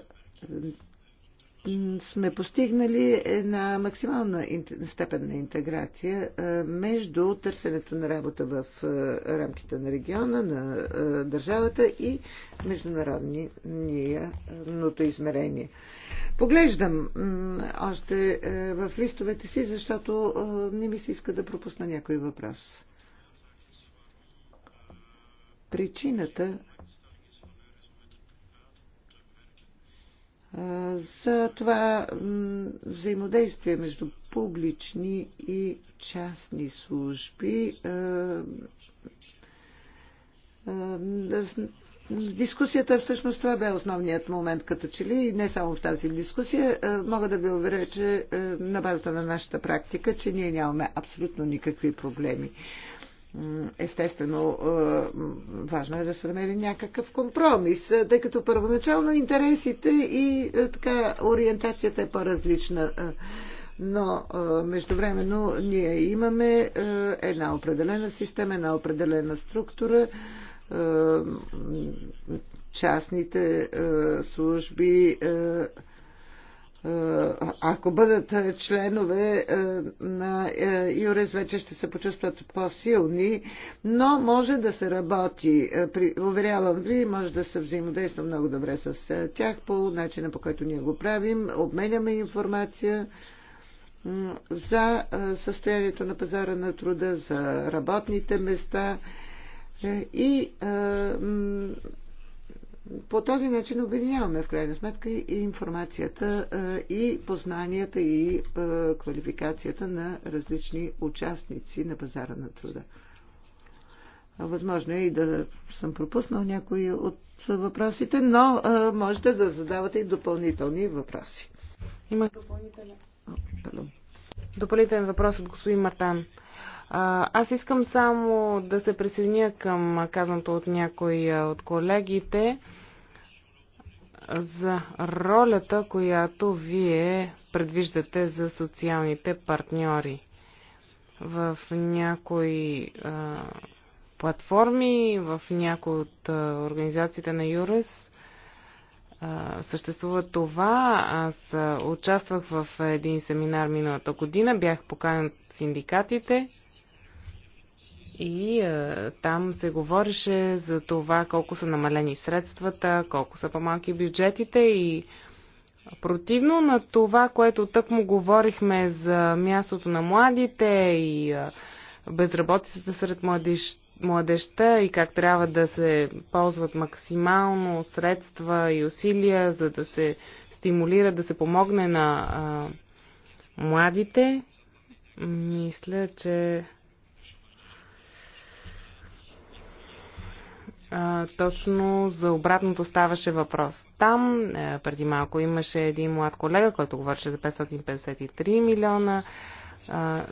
сме постигнали една максимална степен на интеграция между търсенето на работа в рамките на региона, на държавата и международното измерение. Поглеждам още е, в листовете си, защото е, не ми се иска да пропусна някой въпрос. Причината е, за това взаимодействие между публични и частни служби дискусията всъщност това бе основният момент като че ли и не само в тази дискусия. Е, мога да ви уверя, че е, на базата на нашата практика, че ние нямаме абсолютно никакви проблеми. Естествено, е, важно е да се намери някакъв компромис, тъй като първоначално интересите и така ориентацията е по-различна но междувременно ние имаме една определена система, една определена структура е, частните е, служби е, ако бъдат членове на ЮРЕС, вече ще се почувстват по-силни, но може да се работи, уверявам ви, може да се взаимодейства много добре с тях по начина по който ние го правим, обменяме информация за състоянието на пазара на труда, за работните места е, и е, по този начин обединяваме в крайна сметка и информацията, е, и познанията, и квалификацията на различни участници на пазара на труда. Възможно е и да съм пропуснал някои от въпросите, но можете да задавате и допълнителни въпроси. Има допълнителен. Допълнителен
въпрос от господин Мартан. Аз искам само да се присъединя към казаното от някои от колегите за ролята, която вие предвиждате за социалните партньори. В някои а, платформи, в някои от а, организациите на Юрес съществува това. Аз а, участвах в един семинар миналата година, бях поканен от синдикатите и е, там се говореше за това колко са намалени средствата, колко са по-малки бюджетите и противно на това, което тък му говорихме за мястото на младите и е, безработицата сред младеж, младежта и как трябва да се ползват максимално средства и усилия, за да се стимулира, да се помогне на е, младите, мисля, че точно за обратното ставаше въпрос. Там е, преди малко имаше един млад колега, който говореше за 553 милиона,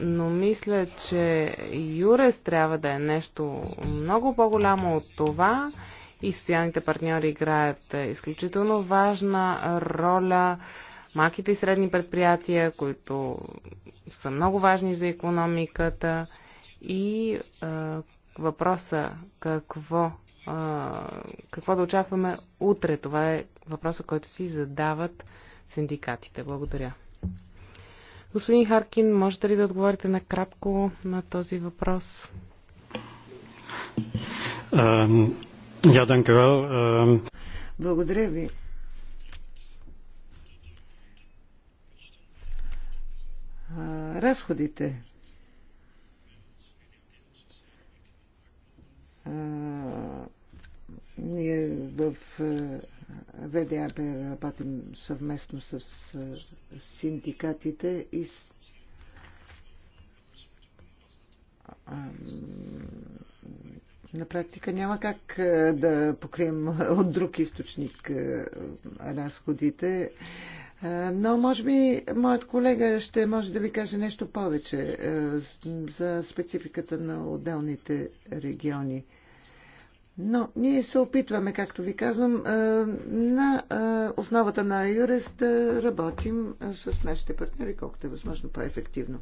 но мисля, че Юрес трябва да е нещо много по-голямо от това и социалните партньори играят е, изключително важна роля. Малките и средни предприятия, които са много важни за економиката и е, въпроса какво а, какво да очакваме утре. Това е въпросът, който си задават синдикатите. Благодаря. Господин Харкин, можете ли да отговорите накратко на този въпрос?
Я, данкевел.
Благодаря ви. Разходите. Ние в е, ВДАП работим съвместно с е, синдикатите и с на практика няма как е, да покрием от друг източник разходите. Но може би моят колега ще може да ви каже нещо повече за спецификата на отделните региони. Но ние се опитваме, както ви казвам, на основата на Юрес да работим с нашите партньори колкото е възможно по-ефективно.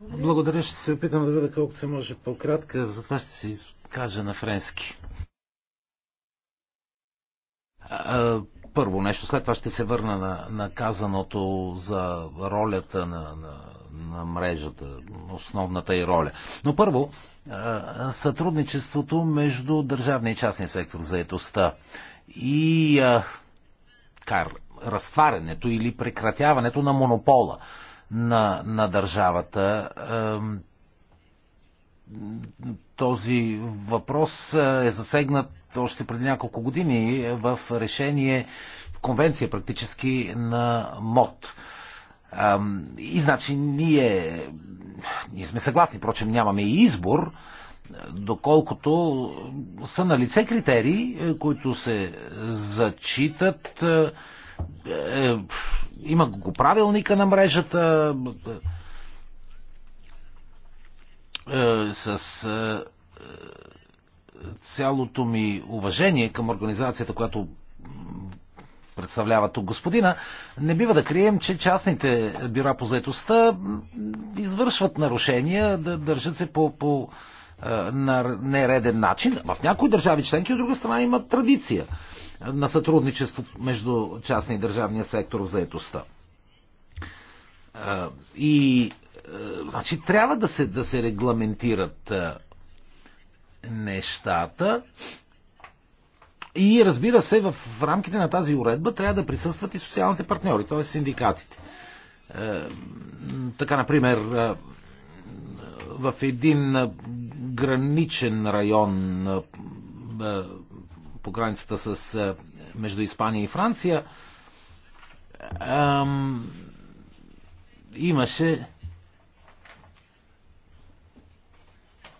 Благодаря, ще се опитам да бъда колкото се може по-кратка, затова ще се изкажа на френски. Първо нещо, след това ще се върна на, на казаното за ролята на, на на мрежата, основната и роля. Но първо, е, сътрудничеството между държавния и частния сектор за етостта и е, кар, разтварянето или прекратяването на монопола на, на държавата. Е, този въпрос е засегнат още преди няколко години в решение, в конвенция практически на МОД и значи ние, ние сме съгласни, впрочем нямаме и избор, доколкото са на лице критерии, е, които се зачитат. Е, е, има го правилника на мрежата с цялото ми уважение към организацията, която представлява тук господина, не бива да крием, че частните бюра по заетостта извършват нарушения, да държат се по, по е, на нереден начин. В някои държави членки, от друга страна, имат традиция на сътрудничество между частни и държавния сектор в заетостта. Е, и е, значи, трябва да се, да се регламентират нещата и разбира се, в рамките на тази уредба трябва да присъстват и социалните партньори, т.е. синдикатите. Е, така, например, е, в един граничен район е, по границата с, между Испания и Франция имаше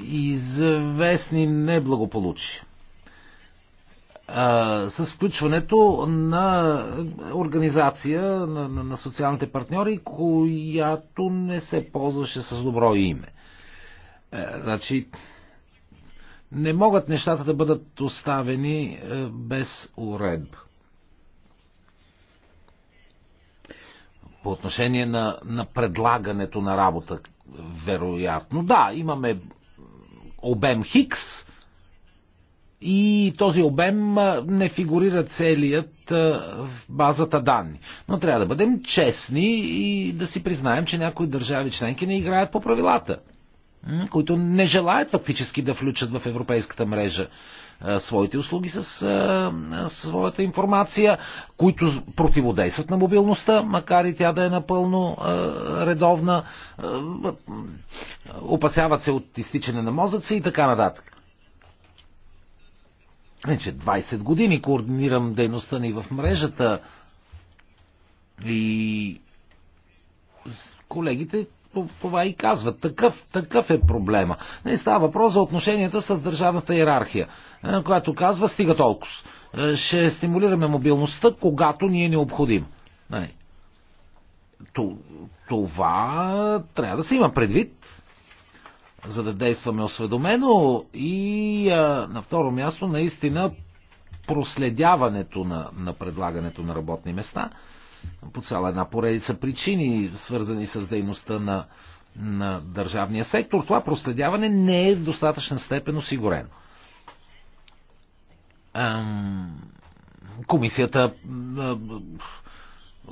известни неблагополучия с включването на организация на, на, на социалните партньори, която не се ползваше с добро име. Е, значи, не могат нещата да бъдат оставени е, без уредба. По отношение на, на предлагането на работа, вероятно, да, имаме обем Хикс, и този обем не фигурира целият в базата данни. Но трябва да бъдем честни и да си признаем, че някои държави членки не играят по правилата, които не желаят фактически да включат в европейската мрежа своите услуги с своята информация, които противодействат на мобилността, макар и тя да е напълно редовна, опасяват се от изтичане на мозъци и така нататък вече 20 години координирам дейността ни в мрежата и колегите това и казват. Такъв, такъв е проблема. Не става въпрос за отношенията с държавната иерархия, е, която казва стига толкова. Е, ще стимулираме мобилността, когато ни е необходим. Нали? Това трябва да се има предвид за да действаме осведомено и а, на второ място наистина проследяването на, на предлагането на работни места по цяла една поредица причини, свързани с дейността на, на държавния сектор. Това проследяване не е в достатъчна степен осигурено. Ам... Комисията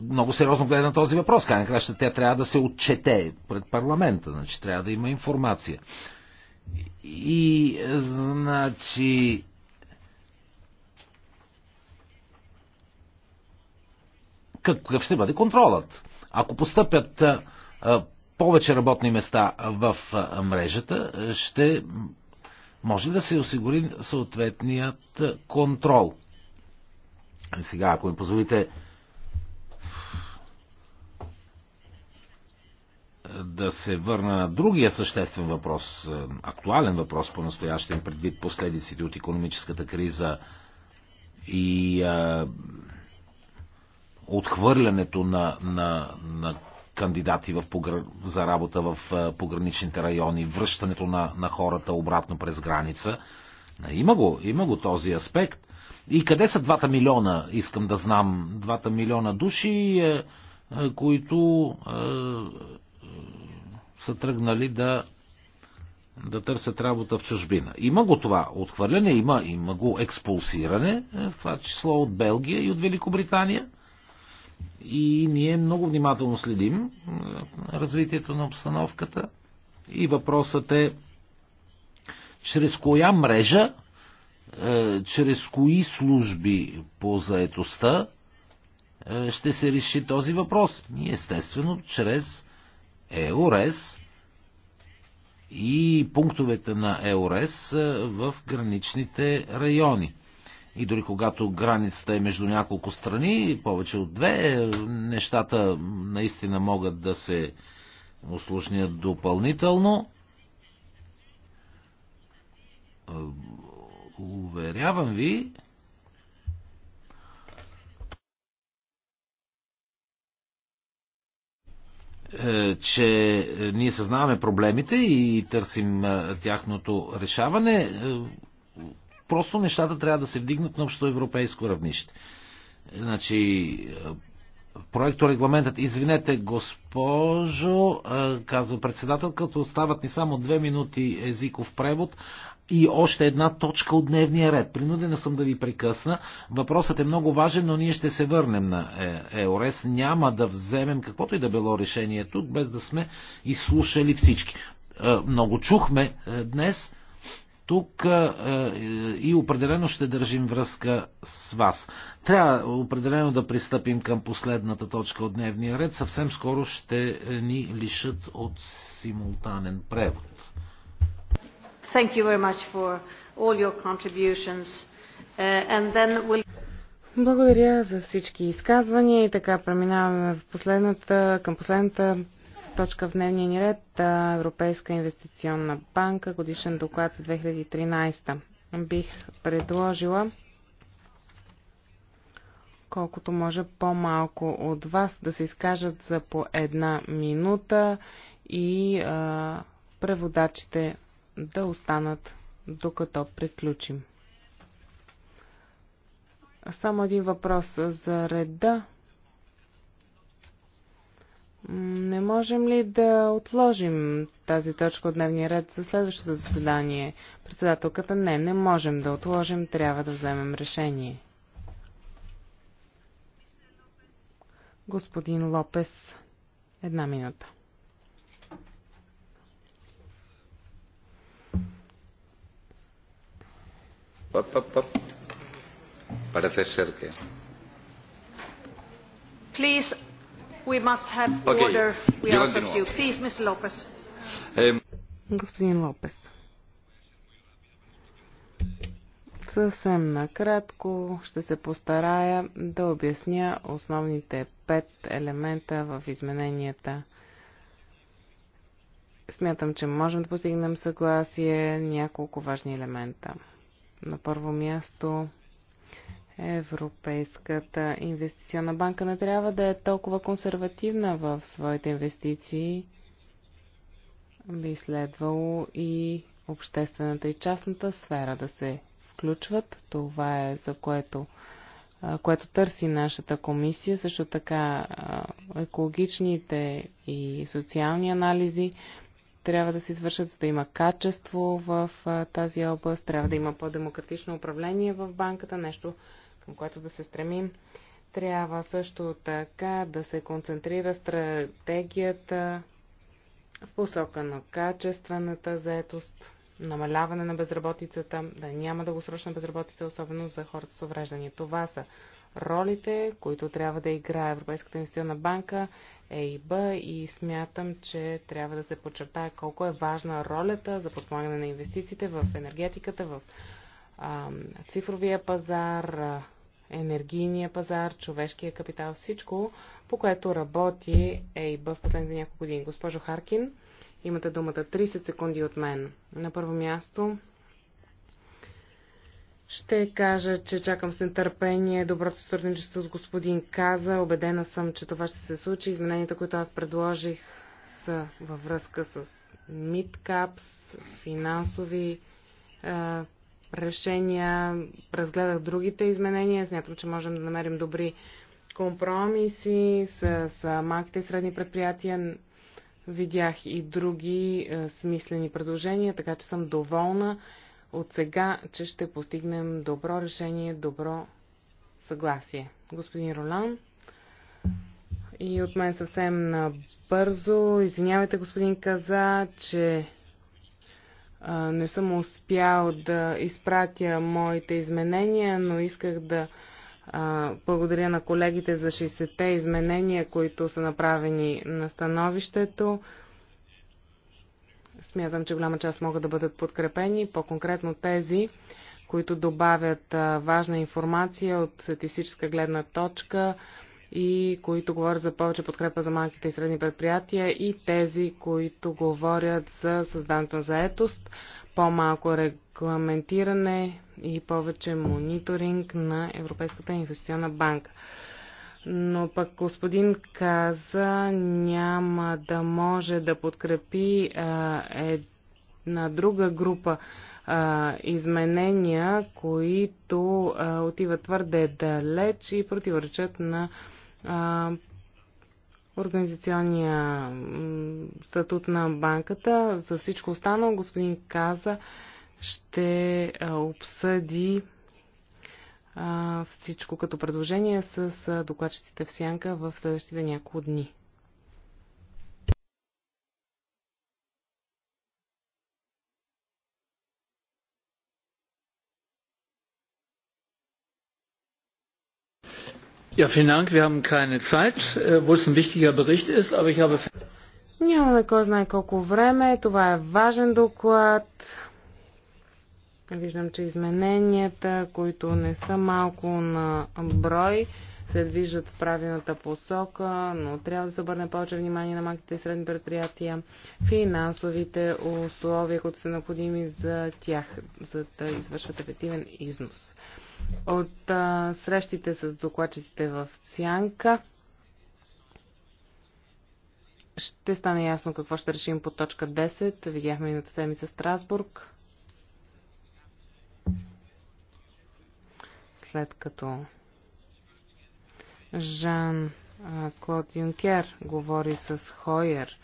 много сериозно гледа на този въпрос. Край на краща тя трябва да се отчете пред парламента, значи трябва да има информация. И, значи, какъв ще бъде контролът? Ако постъпят а, повече работни места в а, мрежата, ще може да се осигури съответният контрол. Сега, ако ми позволите, да се върна на другия съществен въпрос, е, актуален въпрос по-настоящен, предвид последиците от економическата криза и а, е, отхвърлянето на, на, на кандидати в погр... за работа в е, пограничните райони, връщането на, на хората обратно през граница. Има го, има го този аспект. И къде са двата милиона, искам да знам, двата милиона души, които са тръгнали да, да търсят работа в чужбина. Има го това отхвърляне, има, има го експулсиране, е, в това число от Белгия и от Великобритания. И ние много внимателно следим е, развитието на обстановката. И въпросът е чрез коя мрежа, е, чрез кои служби по заетостта ще се реши този въпрос? Ние естествено чрез ЕОРЕС и пунктовете на ЕОРЕС в граничните райони. И дори когато границата е между няколко страни, повече от две, е, нещата наистина могат да се усложнят допълнително. Е, уверявам ви, Е, че е, ние съзнаваме проблемите и търсим е, тяхното решаване, просто нещата трябва да се вдигнат на европейско равнище. Значи, проекторегламентът. Извинете, госпожо, казва председател, като остават ни само две минути езиков превод и още една точка от дневния ред. Принудена съм да ви прекъсна. Въпросът е много важен, но ние ще се върнем на е, ЕОРЕС. Няма да вземем каквото и да било решение тук, без да сме изслушали всички. Много чухме днес тук а, е, е, и определено ще държим връзка с вас. Трябва определено да пристъпим към последната точка от дневния ред. Съвсем скоро ще е, ни лишат от симултанен превод.
Thank you very much for all your contributions. Uh, and then we'll... Благодаря
за всички изказвания и така преминаваме в последната, към последната точка в дневния ни ред Европейска инвестиционна банка, годишен доклад за 2013. Бих предложила колкото може по-малко от вас да се изкажат за по една минута и а, преводачите да останат докато приключим. Само един въпрос за реда. Не можем ли да отложим тази точка от дневния ред за следващото заседание? Председателката не, не можем да отложим, трябва да вземем решение. Господин Лопес, една минута.
Parece ser que.
Please We must have order. We Please, Mr. Lopez.
Господин Лопес. Съвсем накратко ще се постарая да обясня основните пет елемента в измененията. Смятам, че можем да постигнем съгласие няколко важни елемента. На първо място Европейската инвестиционна банка не трябва да е толкова консервативна в своите инвестиции. Би следвало и обществената и частната сфера да се включват. Това е за което, което търси нашата комисия. Също така екологичните и социални анализи трябва да се извършат, за да има качество в тази област, трябва да има по-демократично управление в банката, нещо, към което да се стремим. Трябва също така да се концентрира стратегията в посока на качествената заетост, намаляване на безработицата, да няма дългосрочна безработица, особено за хората с увреждания. Това са ролите, които трябва да играе Европейската инвестиционна банка, ЕИБ и смятам, че трябва да се подчертая колко е важна ролята за подпомагане на инвестициите в енергетиката, в а, цифровия пазар, а, енергийния пазар, човешкия капитал, всичко, по което работи ЕИБ в последните няколко години. Госпожо Харкин, имате думата 30 секунди от мен. На първо място ще кажа, че чакам с нетърпение доброто сътрудничество с господин Каза. Обедена съм, че това ще се случи. Измененията, които аз предложих, са във връзка с мидкапс, финансови е, решения, разгледах другите изменения, смятам, че можем да намерим добри компромиси с, с малките и средни предприятия. Видях и други е, смислени предложения, така че съм доволна от сега, че ще постигнем добро решение, добро съгласие. Господин Ролан. И от мен съвсем бързо. Извинявайте, господин Каза, че не съм успял да изпратя моите изменения, но исках да благодаря на колегите за 60-те изменения, които са направени на становището. Смятам, че голяма част могат да бъдат подкрепени, по-конкретно тези, които добавят важна информация от статистическа гледна точка, и които говорят за повече подкрепа за малките и средни предприятия и тези, които говорят за създаването на заетост, по-малко регламентиране и повече мониторинг на Европейската инвестиционна банка. Но пък господин каза, няма да може да подкрепи а, е, на друга група а, изменения, които а, отиват твърде далеч и противоречат на а, а, организационния статут на банката. За всичко останало господин Каза ще обсъди а, всичко като предложение с докладчиците в Сянка в следващите няколко дни.
Äh,
Нямаме кой знае колко време. Това е важен доклад. Виждам, че измененията, които не са малко на брой, се движат в правилната посока, но трябва да се обърне повече внимание на малките и средни предприятия, финансовите условия, които са необходими за тях, за да извършват ефективен износ от а, срещите с докладчиците в Цянка. Ще стане ясно какво ще решим по точка 10. Видяхме и миналата седмица Страсбург. След като Жан Клод Юнкер говори с Хойер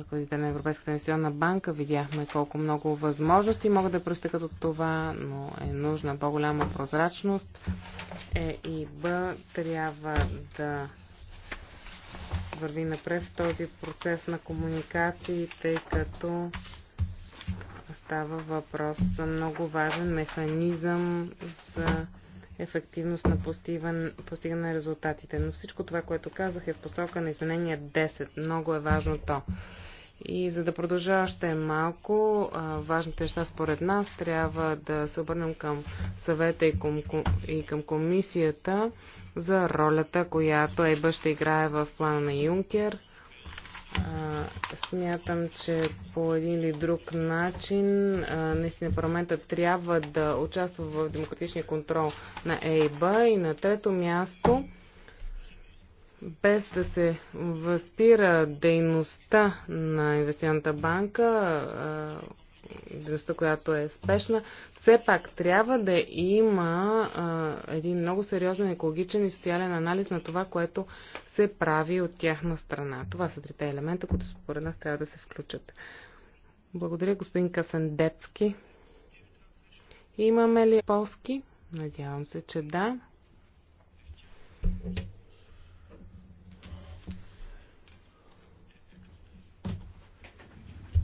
ръководител на Европейската инвестиционна банка. Видяхме колко много възможности могат да пристъкат от това, но е нужна по-голяма прозрачност. Е Б трябва да върви напред в този процес на комуникации, тъй като става въпрос за много важен механизъм за ефективност на постигане на резултатите. Но всичко това, което казах е в посока на изменение 10. Много е важно то. И за да продължа още малко, важните неща според нас трябва да се обърнем към съвета и към, и към комисията за ролята, която ЕБА ще играе в плана на Юнкер а, смятам, че по един или друг начин а, наистина парламента трябва да участва в демократичния контрол на ЕИБ и на трето място без да се възпира дейността на инвестиционната банка, а, дейността, която е спешна, все пак трябва да има а, един много сериозен екологичен и социален анализ на това, което се прави от тяхна страна. Това са трите елемента, които според нас трябва да се включат. Благодаря, господин Касандецки. Имаме ли полски? Надявам се, че да.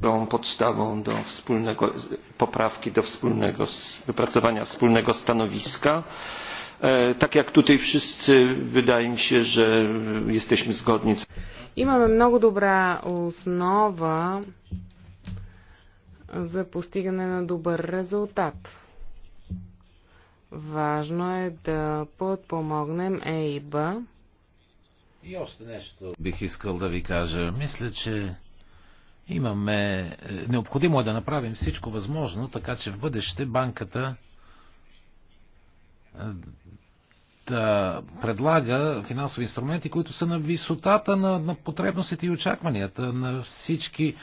dobrą podstawą do wspólnego poprawki do wspólnego wypracowania wspólnego stanowiska. Tak jak tutaj wszyscy, wydaje mi się, że jesteśmy zgodni.
I mamy mnogo dobra основа за постигане на добър резултат. Важно е да подпомогнем ЕИБА.
И още нещо бих искал да ви кажа. Мисля, че Имаме, е, необходимо е да направим всичко възможно, така че в бъдеще банката е, да предлага финансови инструменти, които са на висотата на, на потребностите и очакванията на всички е,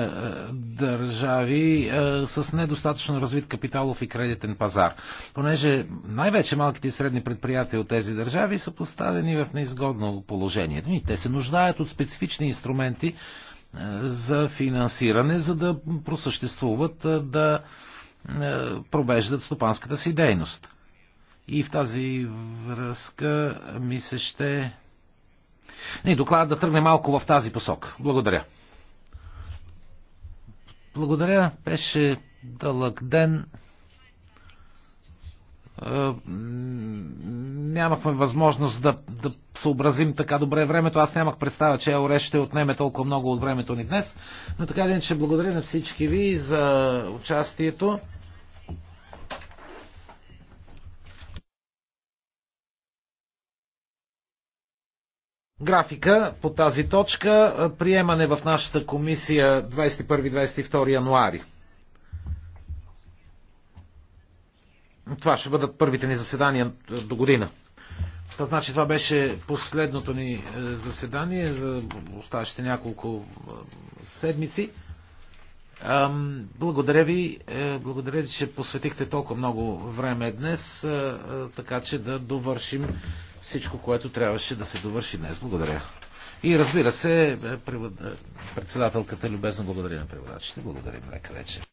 е, държави е, с недостатъчно развит капиталов и кредитен пазар. Понеже най-вече малките и средни предприятия от тези държави са поставени в неизгодно положение. И те се нуждаят от специфични инструменти, е, за финансиране, за да просъществуват, е, да е, провеждат стопанската си дейност. И в тази връзка ми се ще... Не, доклада да тръгне малко в тази посока. Благодаря. Благодаря. Беше дълъг ден. Е, нямахме възможност да, да съобразим така добре времето. Аз нямах представа, че Еоре ще отнеме толкова много от времето ни днес. Но така ден, че благодаря на всички ви за участието. Графика по тази точка приемане в нашата комисия 21-22 януари. Това ще бъдат първите ни заседания е, до година. Това значи, това беше последното ни е, заседание за оставащите няколко е, седмици. Благодаря ви, благодаря че посветихте толкова много време днес, така че да довършим всичко, което трябваше да се довърши днес. Благодаря. И разбира се, председателката любезно благодаря на преводачите. Благодарим лека вечер.